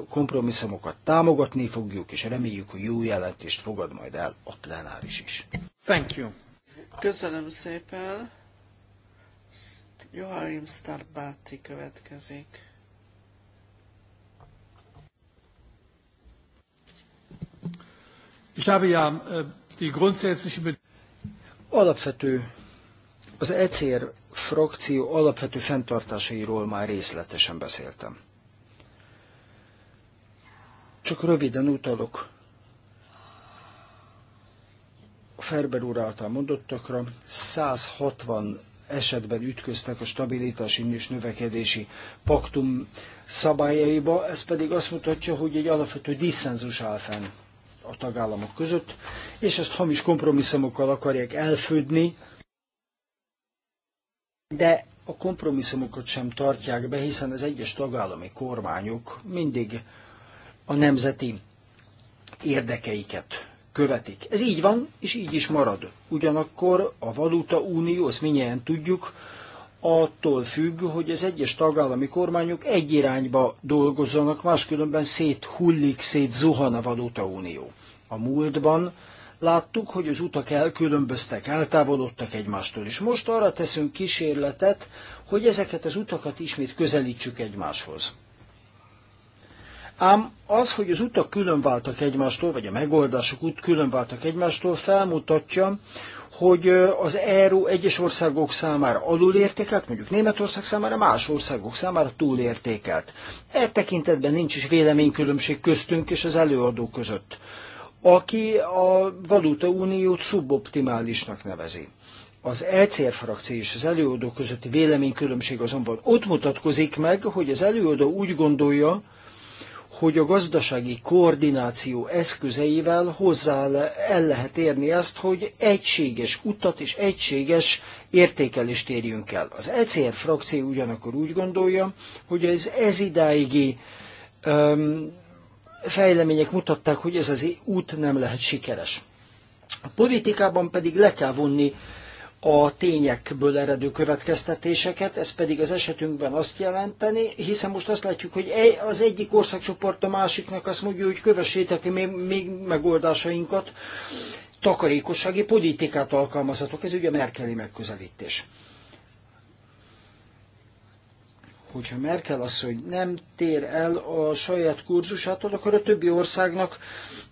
kompromisszumokat támogatni fogjuk, és reméljük, hogy jó jelentést fogad majd el a plenáris is. Thank you. Köszönöm szépen. Joachim Starbáti következik. Ich habe ja äh, die grundsätzliche Alapvető, az ECR frakció alapvető fenntartásairól már részletesen beszéltem. Csak röviden utalok Ferber úr által mondottakra. 160 esetben ütköztek a stabilitási és növekedési paktum szabályaiba, ez pedig azt mutatja, hogy egy alapvető diszenzus áll fenn a tagállamok között, és ezt hamis kompromisszumokkal akarják elfődni, de a kompromisszumokat sem tartják be, hiszen az egyes tagállami kormányok mindig a nemzeti érdekeiket követik. Ez így van, és így is marad. Ugyanakkor a valuta unió, azt minnyien tudjuk, attól függ, hogy az egyes tagállami kormányok egy irányba dolgozzanak, máskülönben széthullik, szétzuhan a valuta unió. A múltban láttuk, hogy az utak elkülönböztek, eltávolodtak egymástól, és most arra teszünk kísérletet, hogy ezeket az utakat ismét közelítsük egymáshoz. Ám az, hogy az utak külön váltak egymástól, vagy a megoldások út külön váltak egymástól, felmutatja, hogy az ERU egyes országok számára alulértékelt, mondjuk Németország számára, más országok számára túlértékelt. E tekintetben nincs is véleménykülönbség köztünk és az előadó között, aki a valuta uniót szuboptimálisnak nevezi. Az ECR frakció és az előadó közötti véleménykülönbség azonban ott mutatkozik meg, hogy az előadó úgy gondolja, hogy a gazdasági koordináció eszközeivel hozzá el lehet érni azt, hogy egységes utat és egységes értékelést érjünk el. Az ECR frakció ugyanakkor úgy gondolja, hogy ez ez idáigi um, fejlemények mutatták, hogy ez az út nem lehet sikeres. A politikában pedig le kell vonni a tényekből eredő következtetéseket, ez pedig az esetünkben azt jelenteni, hiszen most azt látjuk, hogy az egyik országcsoport a másiknak azt mondja, hogy kövessétek még, még megoldásainkat, takarékossági politikát alkalmazhatok. Ez ugye Merkeli megközelítés. Hogyha Merkel azt, hogy nem tér el a saját kurzusától, akkor a többi országnak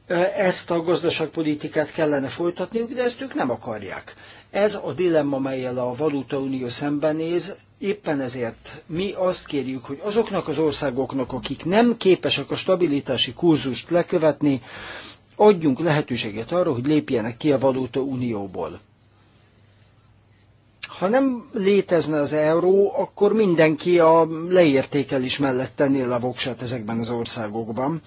eh, ezt a gazdaságpolitikát kellene folytatniuk, de ezt ők nem akarják. Ez a dilemma, melyel a valutaunió szembenéz, éppen ezért mi azt kérjük, hogy azoknak az országoknak, akik nem képesek a stabilitási kurzust lekövetni, adjunk lehetőséget arra, hogy lépjenek ki a valutaunióból. Ha nem létezne az euró, akkor mindenki a leértékelés mellett tenné le voksát ezekben az országokban.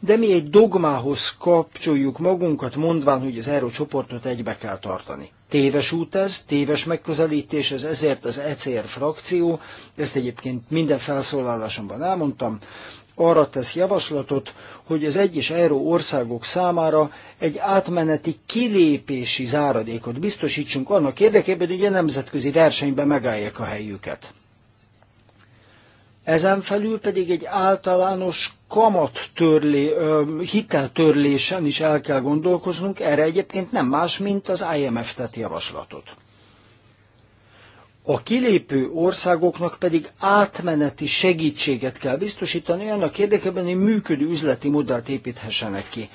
De mi egy dogmához kapcsoljuk magunkat, mondván, hogy az euró csoportot egybe kell tartani. Téves út ez, téves megközelítés, ez ezért az ECR frakció, ezt egyébként minden felszólalásomban elmondtam, arra tesz javaslatot, hogy az egyes euró országok számára egy átmeneti kilépési záradékot biztosítsunk annak érdekében, hogy a nemzetközi versenyben megállják a helyüket. Ezen felül pedig egy általános kamattörlé, hiteltörlésen is el kell gondolkoznunk, erre egyébként nem más, mint az IMF tett javaslatot a kilépő országoknak pedig átmeneti segítséget kell biztosítani annak érdekében, hogy működő üzleti modellt építhessenek ki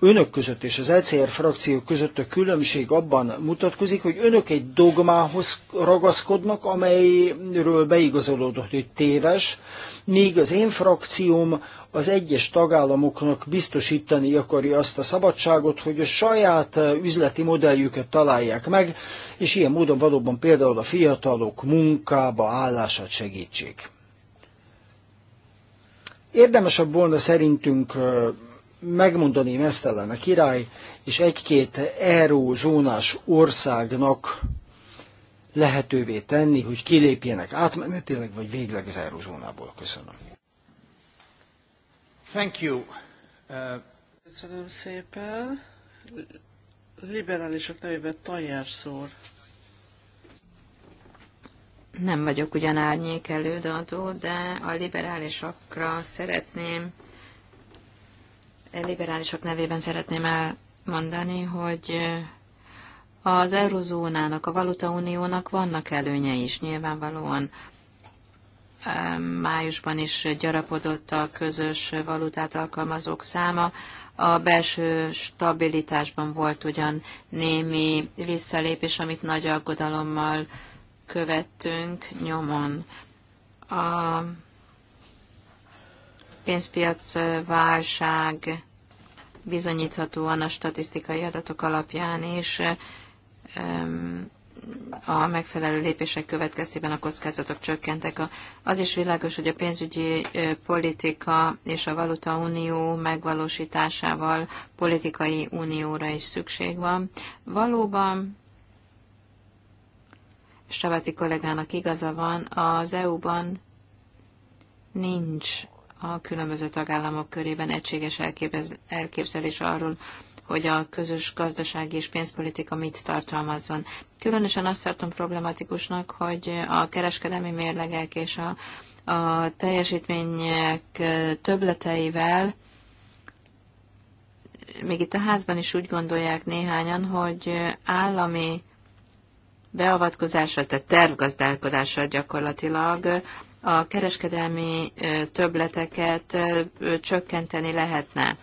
önök között és az ECR frakció között a különbség abban mutatkozik, hogy önök egy dogmához ragaszkodnak, amelyről beigazolódott, hogy téves, míg az én frakcióm az egyes tagállamoknak biztosítani akarja azt a szabadságot, hogy a saját üzleti modelljüket találják meg, és ilyen módon valóban például a fiatalok munkába állását segítsék. Érdemesebb volna szerintünk megmondaném ezt ellen a király, és egy-két eurózónás országnak lehetővé tenni, hogy kilépjenek átmenetileg vagy végleg az eurózónából. Köszönöm. Thank you. Uh... Köszönöm szépen. Liberálisok nevében Tajás szór. Nem vagyok ugyan árnyék elődadó, de a liberálisokra szeretném liberálisok nevében szeretném elmondani, hogy eh, az eurozónának, a valutauniónak vannak előnyei is. Nyilvánvalóan májusban is gyarapodott a közös valutát alkalmazók száma. A belső stabilitásban volt ugyan némi visszalépés, amit nagy aggodalommal követtünk nyomon. A pénzpiac válság bizonyíthatóan a statisztikai adatok alapján is a megfelelő lépések következtében a kockázatok csökkentek. Az is világos, hogy a pénzügyi politika és a valuta unió megvalósításával politikai unióra is szükség van. Valóban Stavati kollégának igaza van, az EU-ban nincs a különböző tagállamok körében egységes elképzelés arról, hogy a közös gazdasági és pénzpolitika mit tartalmazzon. Különösen azt tartom problematikusnak, hogy a kereskedelmi mérlegek és a, a teljesítmények töbleteivel, még itt a házban is úgy gondolják néhányan, hogy állami beavatkozással, tehát tervgazdálkodással gyakorlatilag a kereskedelmi töbleteket csökkenteni lehetne.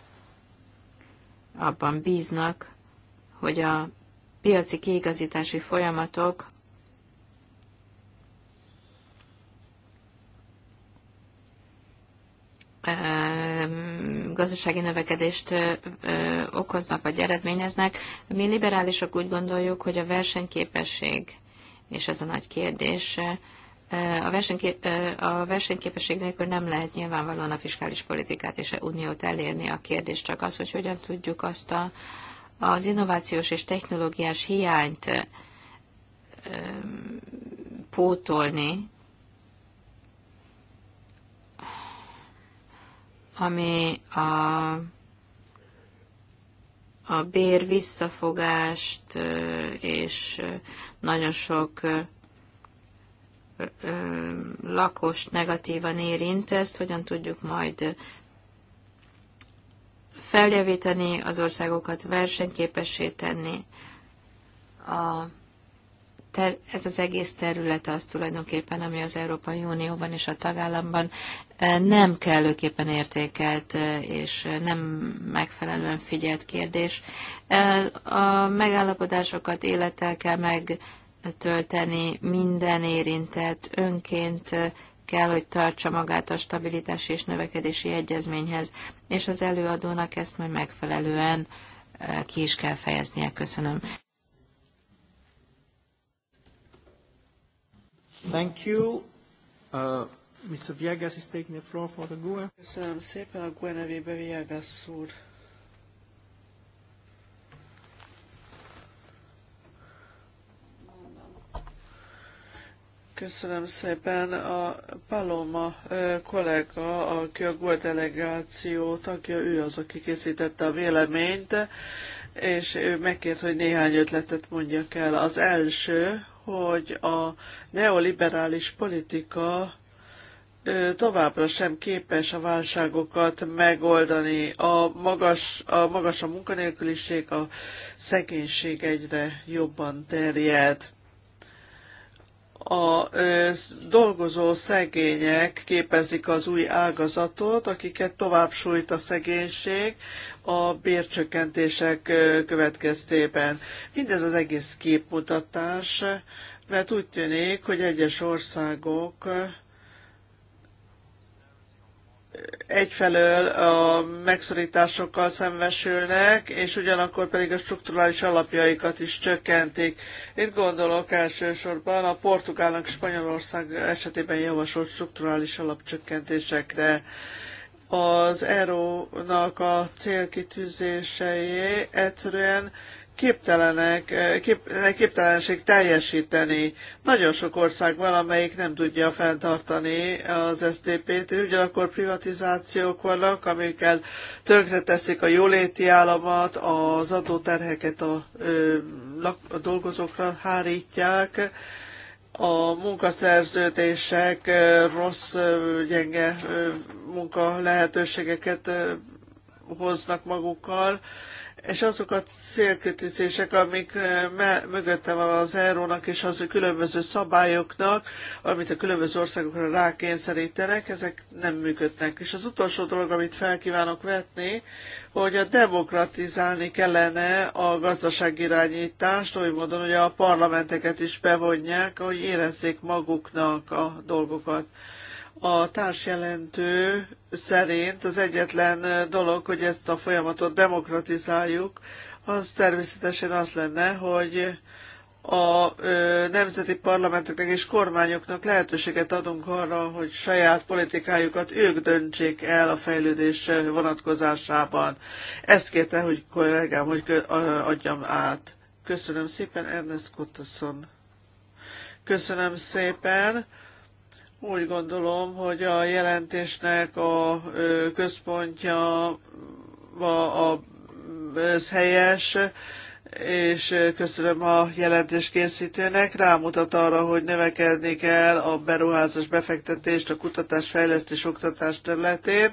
Abban bíznak, hogy a piaci kiigazítási folyamatok gazdasági növekedést okoznak vagy eredményeznek. Mi liberálisok úgy gondoljuk, hogy a versenyképesség, és ez a nagy kérdés, a, versenykép, a versenyképesség nélkül nem lehet nyilvánvalóan a fiskális politikát és a uniót elérni. A kérdés csak az, hogy hogyan tudjuk azt a, az innovációs és technológiás hiányt pótolni, ami a, a bér visszafogást és nagyon sok lakost negatívan érint, ezt hogyan tudjuk majd feljavítani, az országokat versenyképessé tenni. A ter- ez az egész terület az tulajdonképpen, ami az Európai Unióban és a tagállamban nem kellőképpen értékelt és nem megfelelően figyelt kérdés. A megállapodásokat élettel kell meg tölteni, minden érintett önként kell, hogy tartsa magát a stabilitási és növekedési egyezményhez, és az előadónak ezt majd megfelelően eh, ki is kell fejeznie. Köszönöm. Thank you. Uh, Mr. Viegas is taking the floor for the GUE. Köszönöm szépen a GUE nevébe Viegas úr. Köszönöm szépen. A Paloma kollega, aki a GUE delegáció tagja, ő az, aki készítette a véleményt, és ő megkért, hogy néhány ötletet mondjak el. Az első, hogy a neoliberális politika továbbra sem képes a válságokat megoldani. A magas a, magas a munkanélküliség, a szegénység egyre jobban terjed a dolgozó szegények képezik az új ágazatot, akiket tovább sújt a szegénység a bércsökkentések következtében. Mindez az egész képmutatás, mert úgy tűnik, hogy egyes országok egyfelől a megszorításokkal szembesülnek, és ugyanakkor pedig a strukturális alapjaikat is csökkentik. Itt gondolok elsősorban a portugálnak Spanyolország esetében javasolt strukturális alapcsökkentésekre. Az ERO-nak a célkitűzései egyszerűen képtelenek, eh, kép, eh, képtelenség teljesíteni. Nagyon sok ország valamelyik nem tudja fenntartani az SZDP-t, ugyanakkor privatizációk vannak, amikkel tönkreteszik a jóléti államat, az adóterheket a, a dolgozókra hárítják, a munkaszerződések rossz, gyenge munka lehetőségeket hoznak magukkal, és azok a célkötőzések, amik mögötte van az eurónak és az a különböző szabályoknak, amit a különböző országokra rákényszerítenek, ezek nem működnek. És az utolsó dolog, amit felkívánok vetni, hogy a demokratizálni kellene a gazdaságirányítást, oly módon, hogy a parlamenteket is bevonják, hogy érezzék maguknak a dolgokat. A társjelentő szerint az egyetlen dolog, hogy ezt a folyamatot demokratizáljuk, az természetesen az lenne, hogy a nemzeti parlamenteknek és kormányoknak lehetőséget adunk arra, hogy saját politikájukat ők döntsék el a fejlődés vonatkozásában. Ezt kérte, hogy kollégám, hogy adjam át. Köszönöm szépen, Ernest Kottasson. Köszönöm szépen. Úgy gondolom, hogy a jelentésnek a központja a az helyes, és köszönöm a jelentés készítőnek. Rámutat arra, hogy növekedni kell a beruházás befektetést a kutatás, fejlesztés, oktatás területén,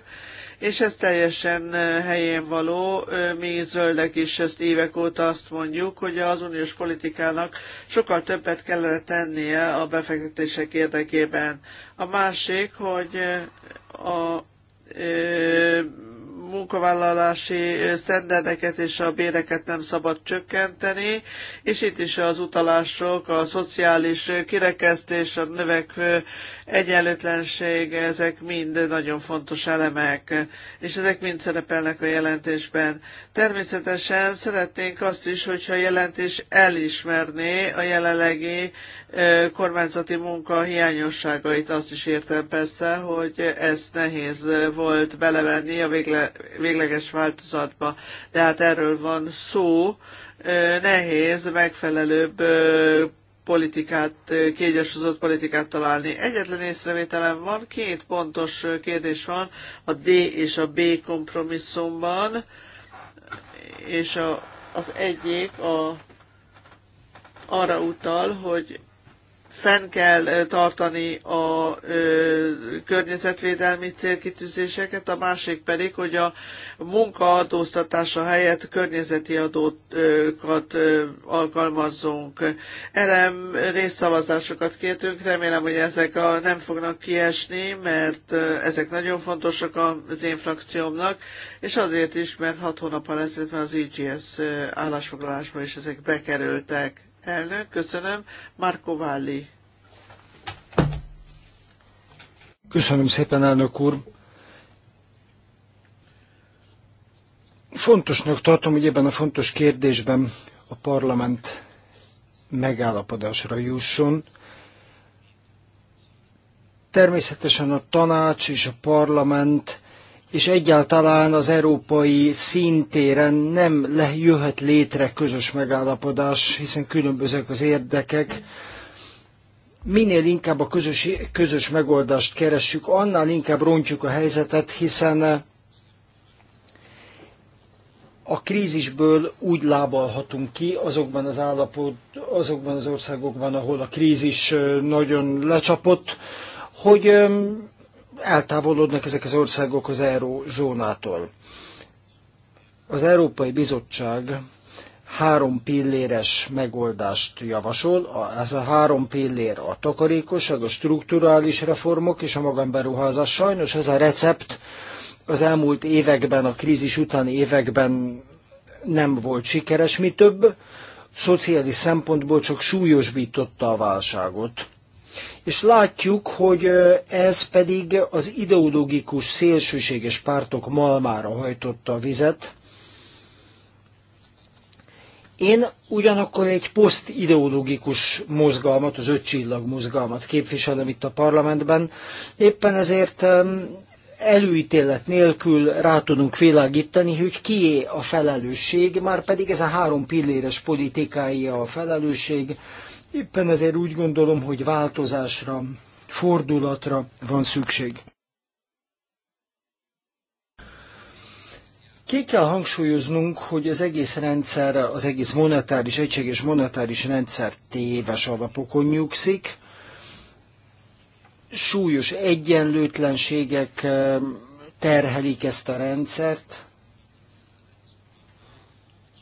és ez teljesen helyén való. Mi zöldek is ezt évek óta azt mondjuk, hogy az uniós politikának sokkal többet kellene tennie a befektetések érdekében. A másik, hogy a munkavállalási sztenderdeket és a béreket nem szabad csökkenteni, és itt is az utalások, a szociális kirekesztés, a növekvő egyenlőtlenség, ezek mind nagyon fontos elemek, és ezek mind szerepelnek a jelentésben. Természetesen szeretnénk azt is, hogyha a jelentés elismerné a jelenlegi kormányzati munka hiányosságait. Azt is értem persze, hogy ez nehéz volt belevenni a végle, végleges változatba, de hát erről van szó, nehéz megfelelőbb politikát, kiegyensúlyozott politikát találni. Egyetlen észrevételem van, két pontos kérdés van a D és a B kompromisszumban, és a, az egyik a, arra utal, hogy fenn kell tartani a környezetvédelmi célkitűzéseket, a másik pedig, hogy a munkaadóztatása helyett környezeti adókat alkalmazzunk. Erre részszavazásokat kértünk, remélem, hogy ezek a, nem fognak kiesni, mert ezek nagyon fontosak az én frakciómnak, és azért is, mert hat hónap ezelőtt az IGS állásfoglalásba is ezek bekerültek. Elnök, köszönöm. Marco Valli. Köszönöm szépen, elnök úr. Fontosnak tartom, hogy ebben a fontos kérdésben a parlament megállapodásra jusson. Természetesen a tanács és a parlament és egyáltalán az európai szintéren nem jöhet létre közös megállapodás, hiszen különbözők az érdekek. Minél inkább a közös, közös megoldást keressük, annál inkább rontjuk a helyzetet, hiszen a krízisből úgy lábalhatunk ki azokban az állapot, azokban az országokban, ahol a krízis nagyon lecsapott, hogy eltávolodnak ezek az országok az eurózónától. Az Európai Bizottság három pilléres megoldást javasol. Ez a három pillér a takarékosság, a strukturális reformok és a magánberuházás. Sajnos ez a recept az elmúlt években, a krízis utáni években nem volt sikeres, mi több. Szociális szempontból csak súlyosbította a válságot és látjuk, hogy ez pedig az ideológikus szélsőséges pártok malmára hajtotta a vizet. Én ugyanakkor egy posztideológikus mozgalmat, az öt csillag mozgalmat képviselem itt a parlamentben. Éppen ezért előítélet nélkül rá tudunk világítani, hogy kié a felelősség, már pedig ez a három pilléres politikája a felelősség, Éppen ezért úgy gondolom, hogy változásra, fordulatra van szükség. Ki kell hangsúlyoznunk, hogy az egész rendszer, az egész monetáris, egységes monetáris rendszer téves alapokon nyugszik. Súlyos egyenlőtlenségek eh, terhelik ezt a rendszert,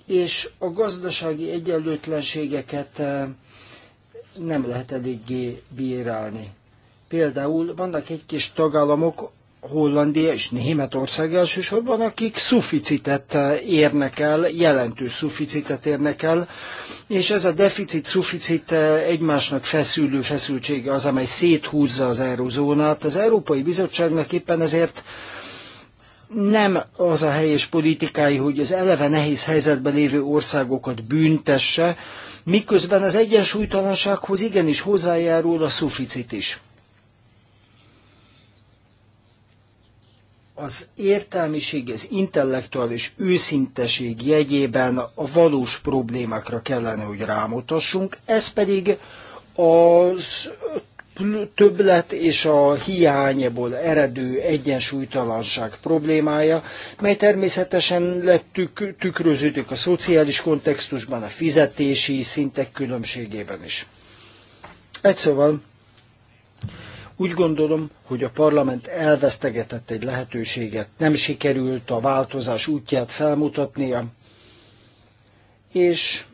és a gazdasági egyenlőtlenségeket eh, nem lehet eléggé bírálni. Például vannak egy kis tagállamok, Hollandia és Németország elsősorban, akik szuficitet eh, érnek el, jelentős szuficitet érnek el, és ez a deficit-szuficit eh, egymásnak feszülő feszültsége az, amely széthúzza az eurozónát. Az Európai Bizottságnak éppen ezért nem az a helyes politikái, hogy az eleve nehéz helyzetben lévő országokat büntesse, miközben az egyensúlytalansághoz igenis hozzájárul a szuficit is. az értelmiség, az intellektuális őszinteség jegyében a valós problémákra kellene, hogy rámutassunk, ez pedig a többlet és a hiányból eredő egyensúlytalanság problémája, mely természetesen lettük, tükröződik a szociális kontextusban, a fizetési szintek különbségében is. Egy van. Szóval, úgy gondolom, hogy a parlament elvesztegetett egy lehetőséget, nem sikerült a változás útját felmutatnia, és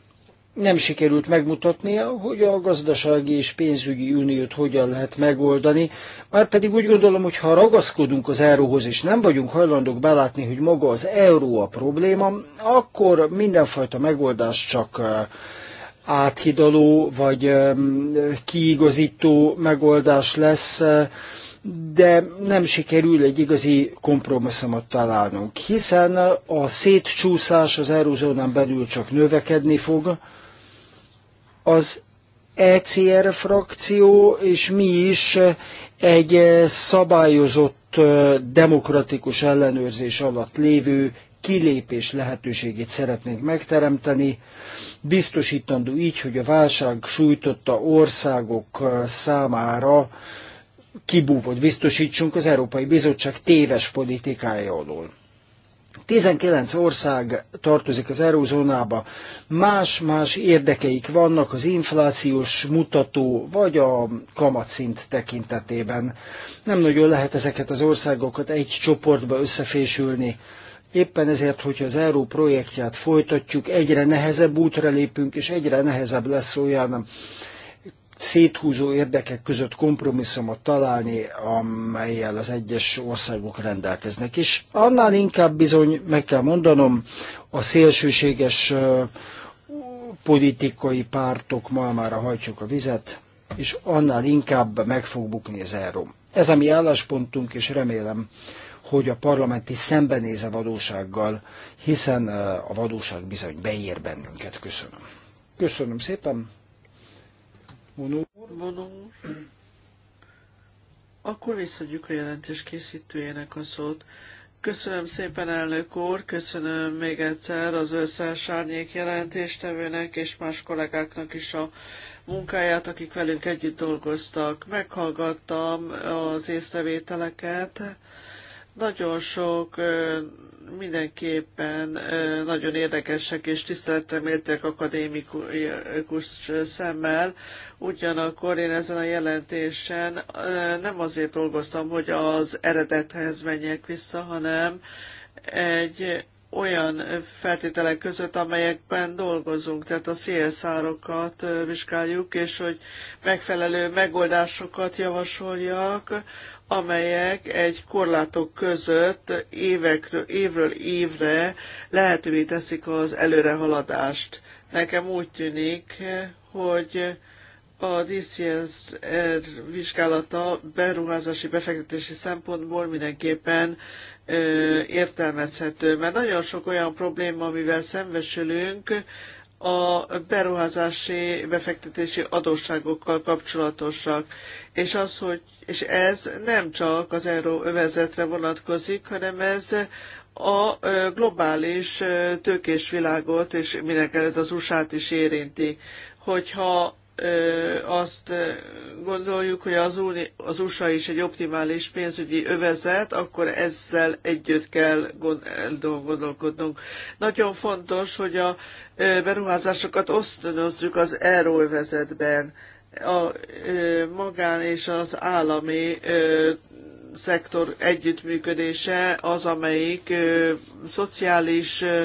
nem sikerült megmutatnia, hogy a gazdasági és pénzügyi uniót hogyan lehet megoldani, már pedig úgy gondolom, hogy ha ragaszkodunk az euróhoz, és nem vagyunk hajlandók belátni, hogy maga az euró a probléma, akkor mindenfajta megoldás csak áthidaló vagy kiigazító megoldás lesz, de nem sikerül egy igazi kompromisszumot találnunk, hiszen a szétcsúszás az eurózónán belül csak növekedni fog, az ECR frakció és mi is egy szabályozott demokratikus ellenőrzés alatt lévő kilépés lehetőségét szeretnénk megteremteni, biztosítandó így, hogy a válság sújtotta országok számára kibúvott biztosítsunk az Európai Bizottság téves politikája alól. 19 ország tartozik az eurozónába, más-más érdekeik vannak az inflációs mutató vagy a kamatszint tekintetében. Nem nagyon lehet ezeket az országokat egy csoportba összefésülni. Éppen ezért, hogyha az Euró projektját folytatjuk, egyre nehezebb útra lépünk, és egyre nehezebb lesz olyan széthúzó érdekek között kompromisszumot találni, amelyel az egyes országok rendelkeznek. És annál inkább bizony, meg kell mondanom, a szélsőséges politikai pártok ma már a hajtjuk a vizet, és annál inkább meg fog bukni az euró. Ez a mi álláspontunk, és remélem, hogy a parlamenti szembenéz a vadósággal, hiszen a vadóság bizony beír bennünket. Köszönöm. Köszönöm szépen. Monó. Monó. Akkor visszadjuk a jelentés készítőjének a szót. Köszönöm szépen, elnök úr, köszönöm még egyszer az összes árnyék jelentéstevőnek és más kollégáknak is a munkáját, akik velünk együtt dolgoztak. Meghallgattam az észrevételeket. Nagyon sok mindenképpen nagyon érdekesek és tiszteletre méltek akadémikus szemmel Ugyanakkor én ezen a jelentésen nem azért dolgoztam, hogy az eredethez menjek vissza, hanem egy olyan feltételek között, amelyekben dolgozunk, tehát a CSR-okat vizsgáljuk, és hogy megfelelő megoldásokat javasoljak, amelyek egy korlátok között évekről, évről évre lehetővé teszik az előrehaladást. Nekem úgy tűnik, hogy a DCS vizsgálata beruházási befektetési szempontból mindenképpen ö, értelmezhető, mert nagyon sok olyan probléma, amivel szembesülünk, a beruházási befektetési adósságokkal kapcsolatosak, és, az, hogy, és ez nem csak az euróövezetre vonatkozik, hanem ez a globális tőkés világot, és mindenkel ez az USA-t is érinti. Hogyha azt gondoljuk, hogy az, Uni, az USA is egy optimális pénzügyi övezet, akkor ezzel együtt kell gondolkodnunk. Nagyon fontos, hogy a beruházásokat osztonozzuk az euróövezetben. A magán és az állami szektor együttműködése az, amelyik ö, szociális, ö,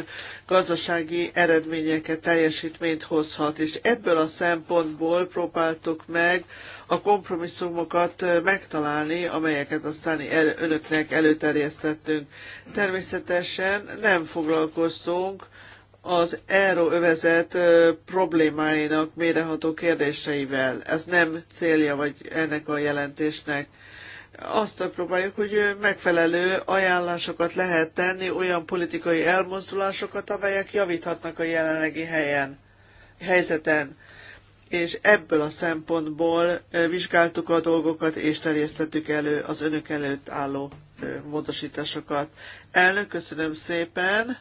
gazdasági eredményeket, teljesítményt hozhat. És ebből a szempontból próbáltuk meg a kompromisszumokat megtalálni, amelyeket aztán el, önöknek előterjesztettünk. Természetesen nem foglalkoztunk az euróövezet problémáinak méreható kérdéseivel. Ez nem célja vagy ennek a jelentésnek azt próbáljuk, hogy megfelelő ajánlásokat lehet tenni, olyan politikai elmozdulásokat, amelyek javíthatnak a jelenlegi helyen, helyzeten. És ebből a szempontból vizsgáltuk a dolgokat, és terjesztettük elő az önök előtt álló módosításokat. Elnök, köszönöm szépen!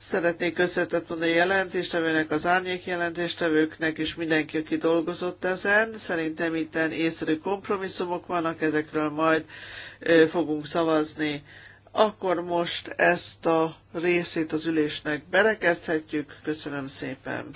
Szeretnék köszönetet mondani a jelentéstevőnek, az árnyék jelentéstevőknek és mindenki, aki dolgozott ezen. Szerintem itt észre kompromisszumok vannak, ezekről majd fogunk szavazni. Akkor most ezt a részét az ülésnek berekezthetjük. Köszönöm szépen!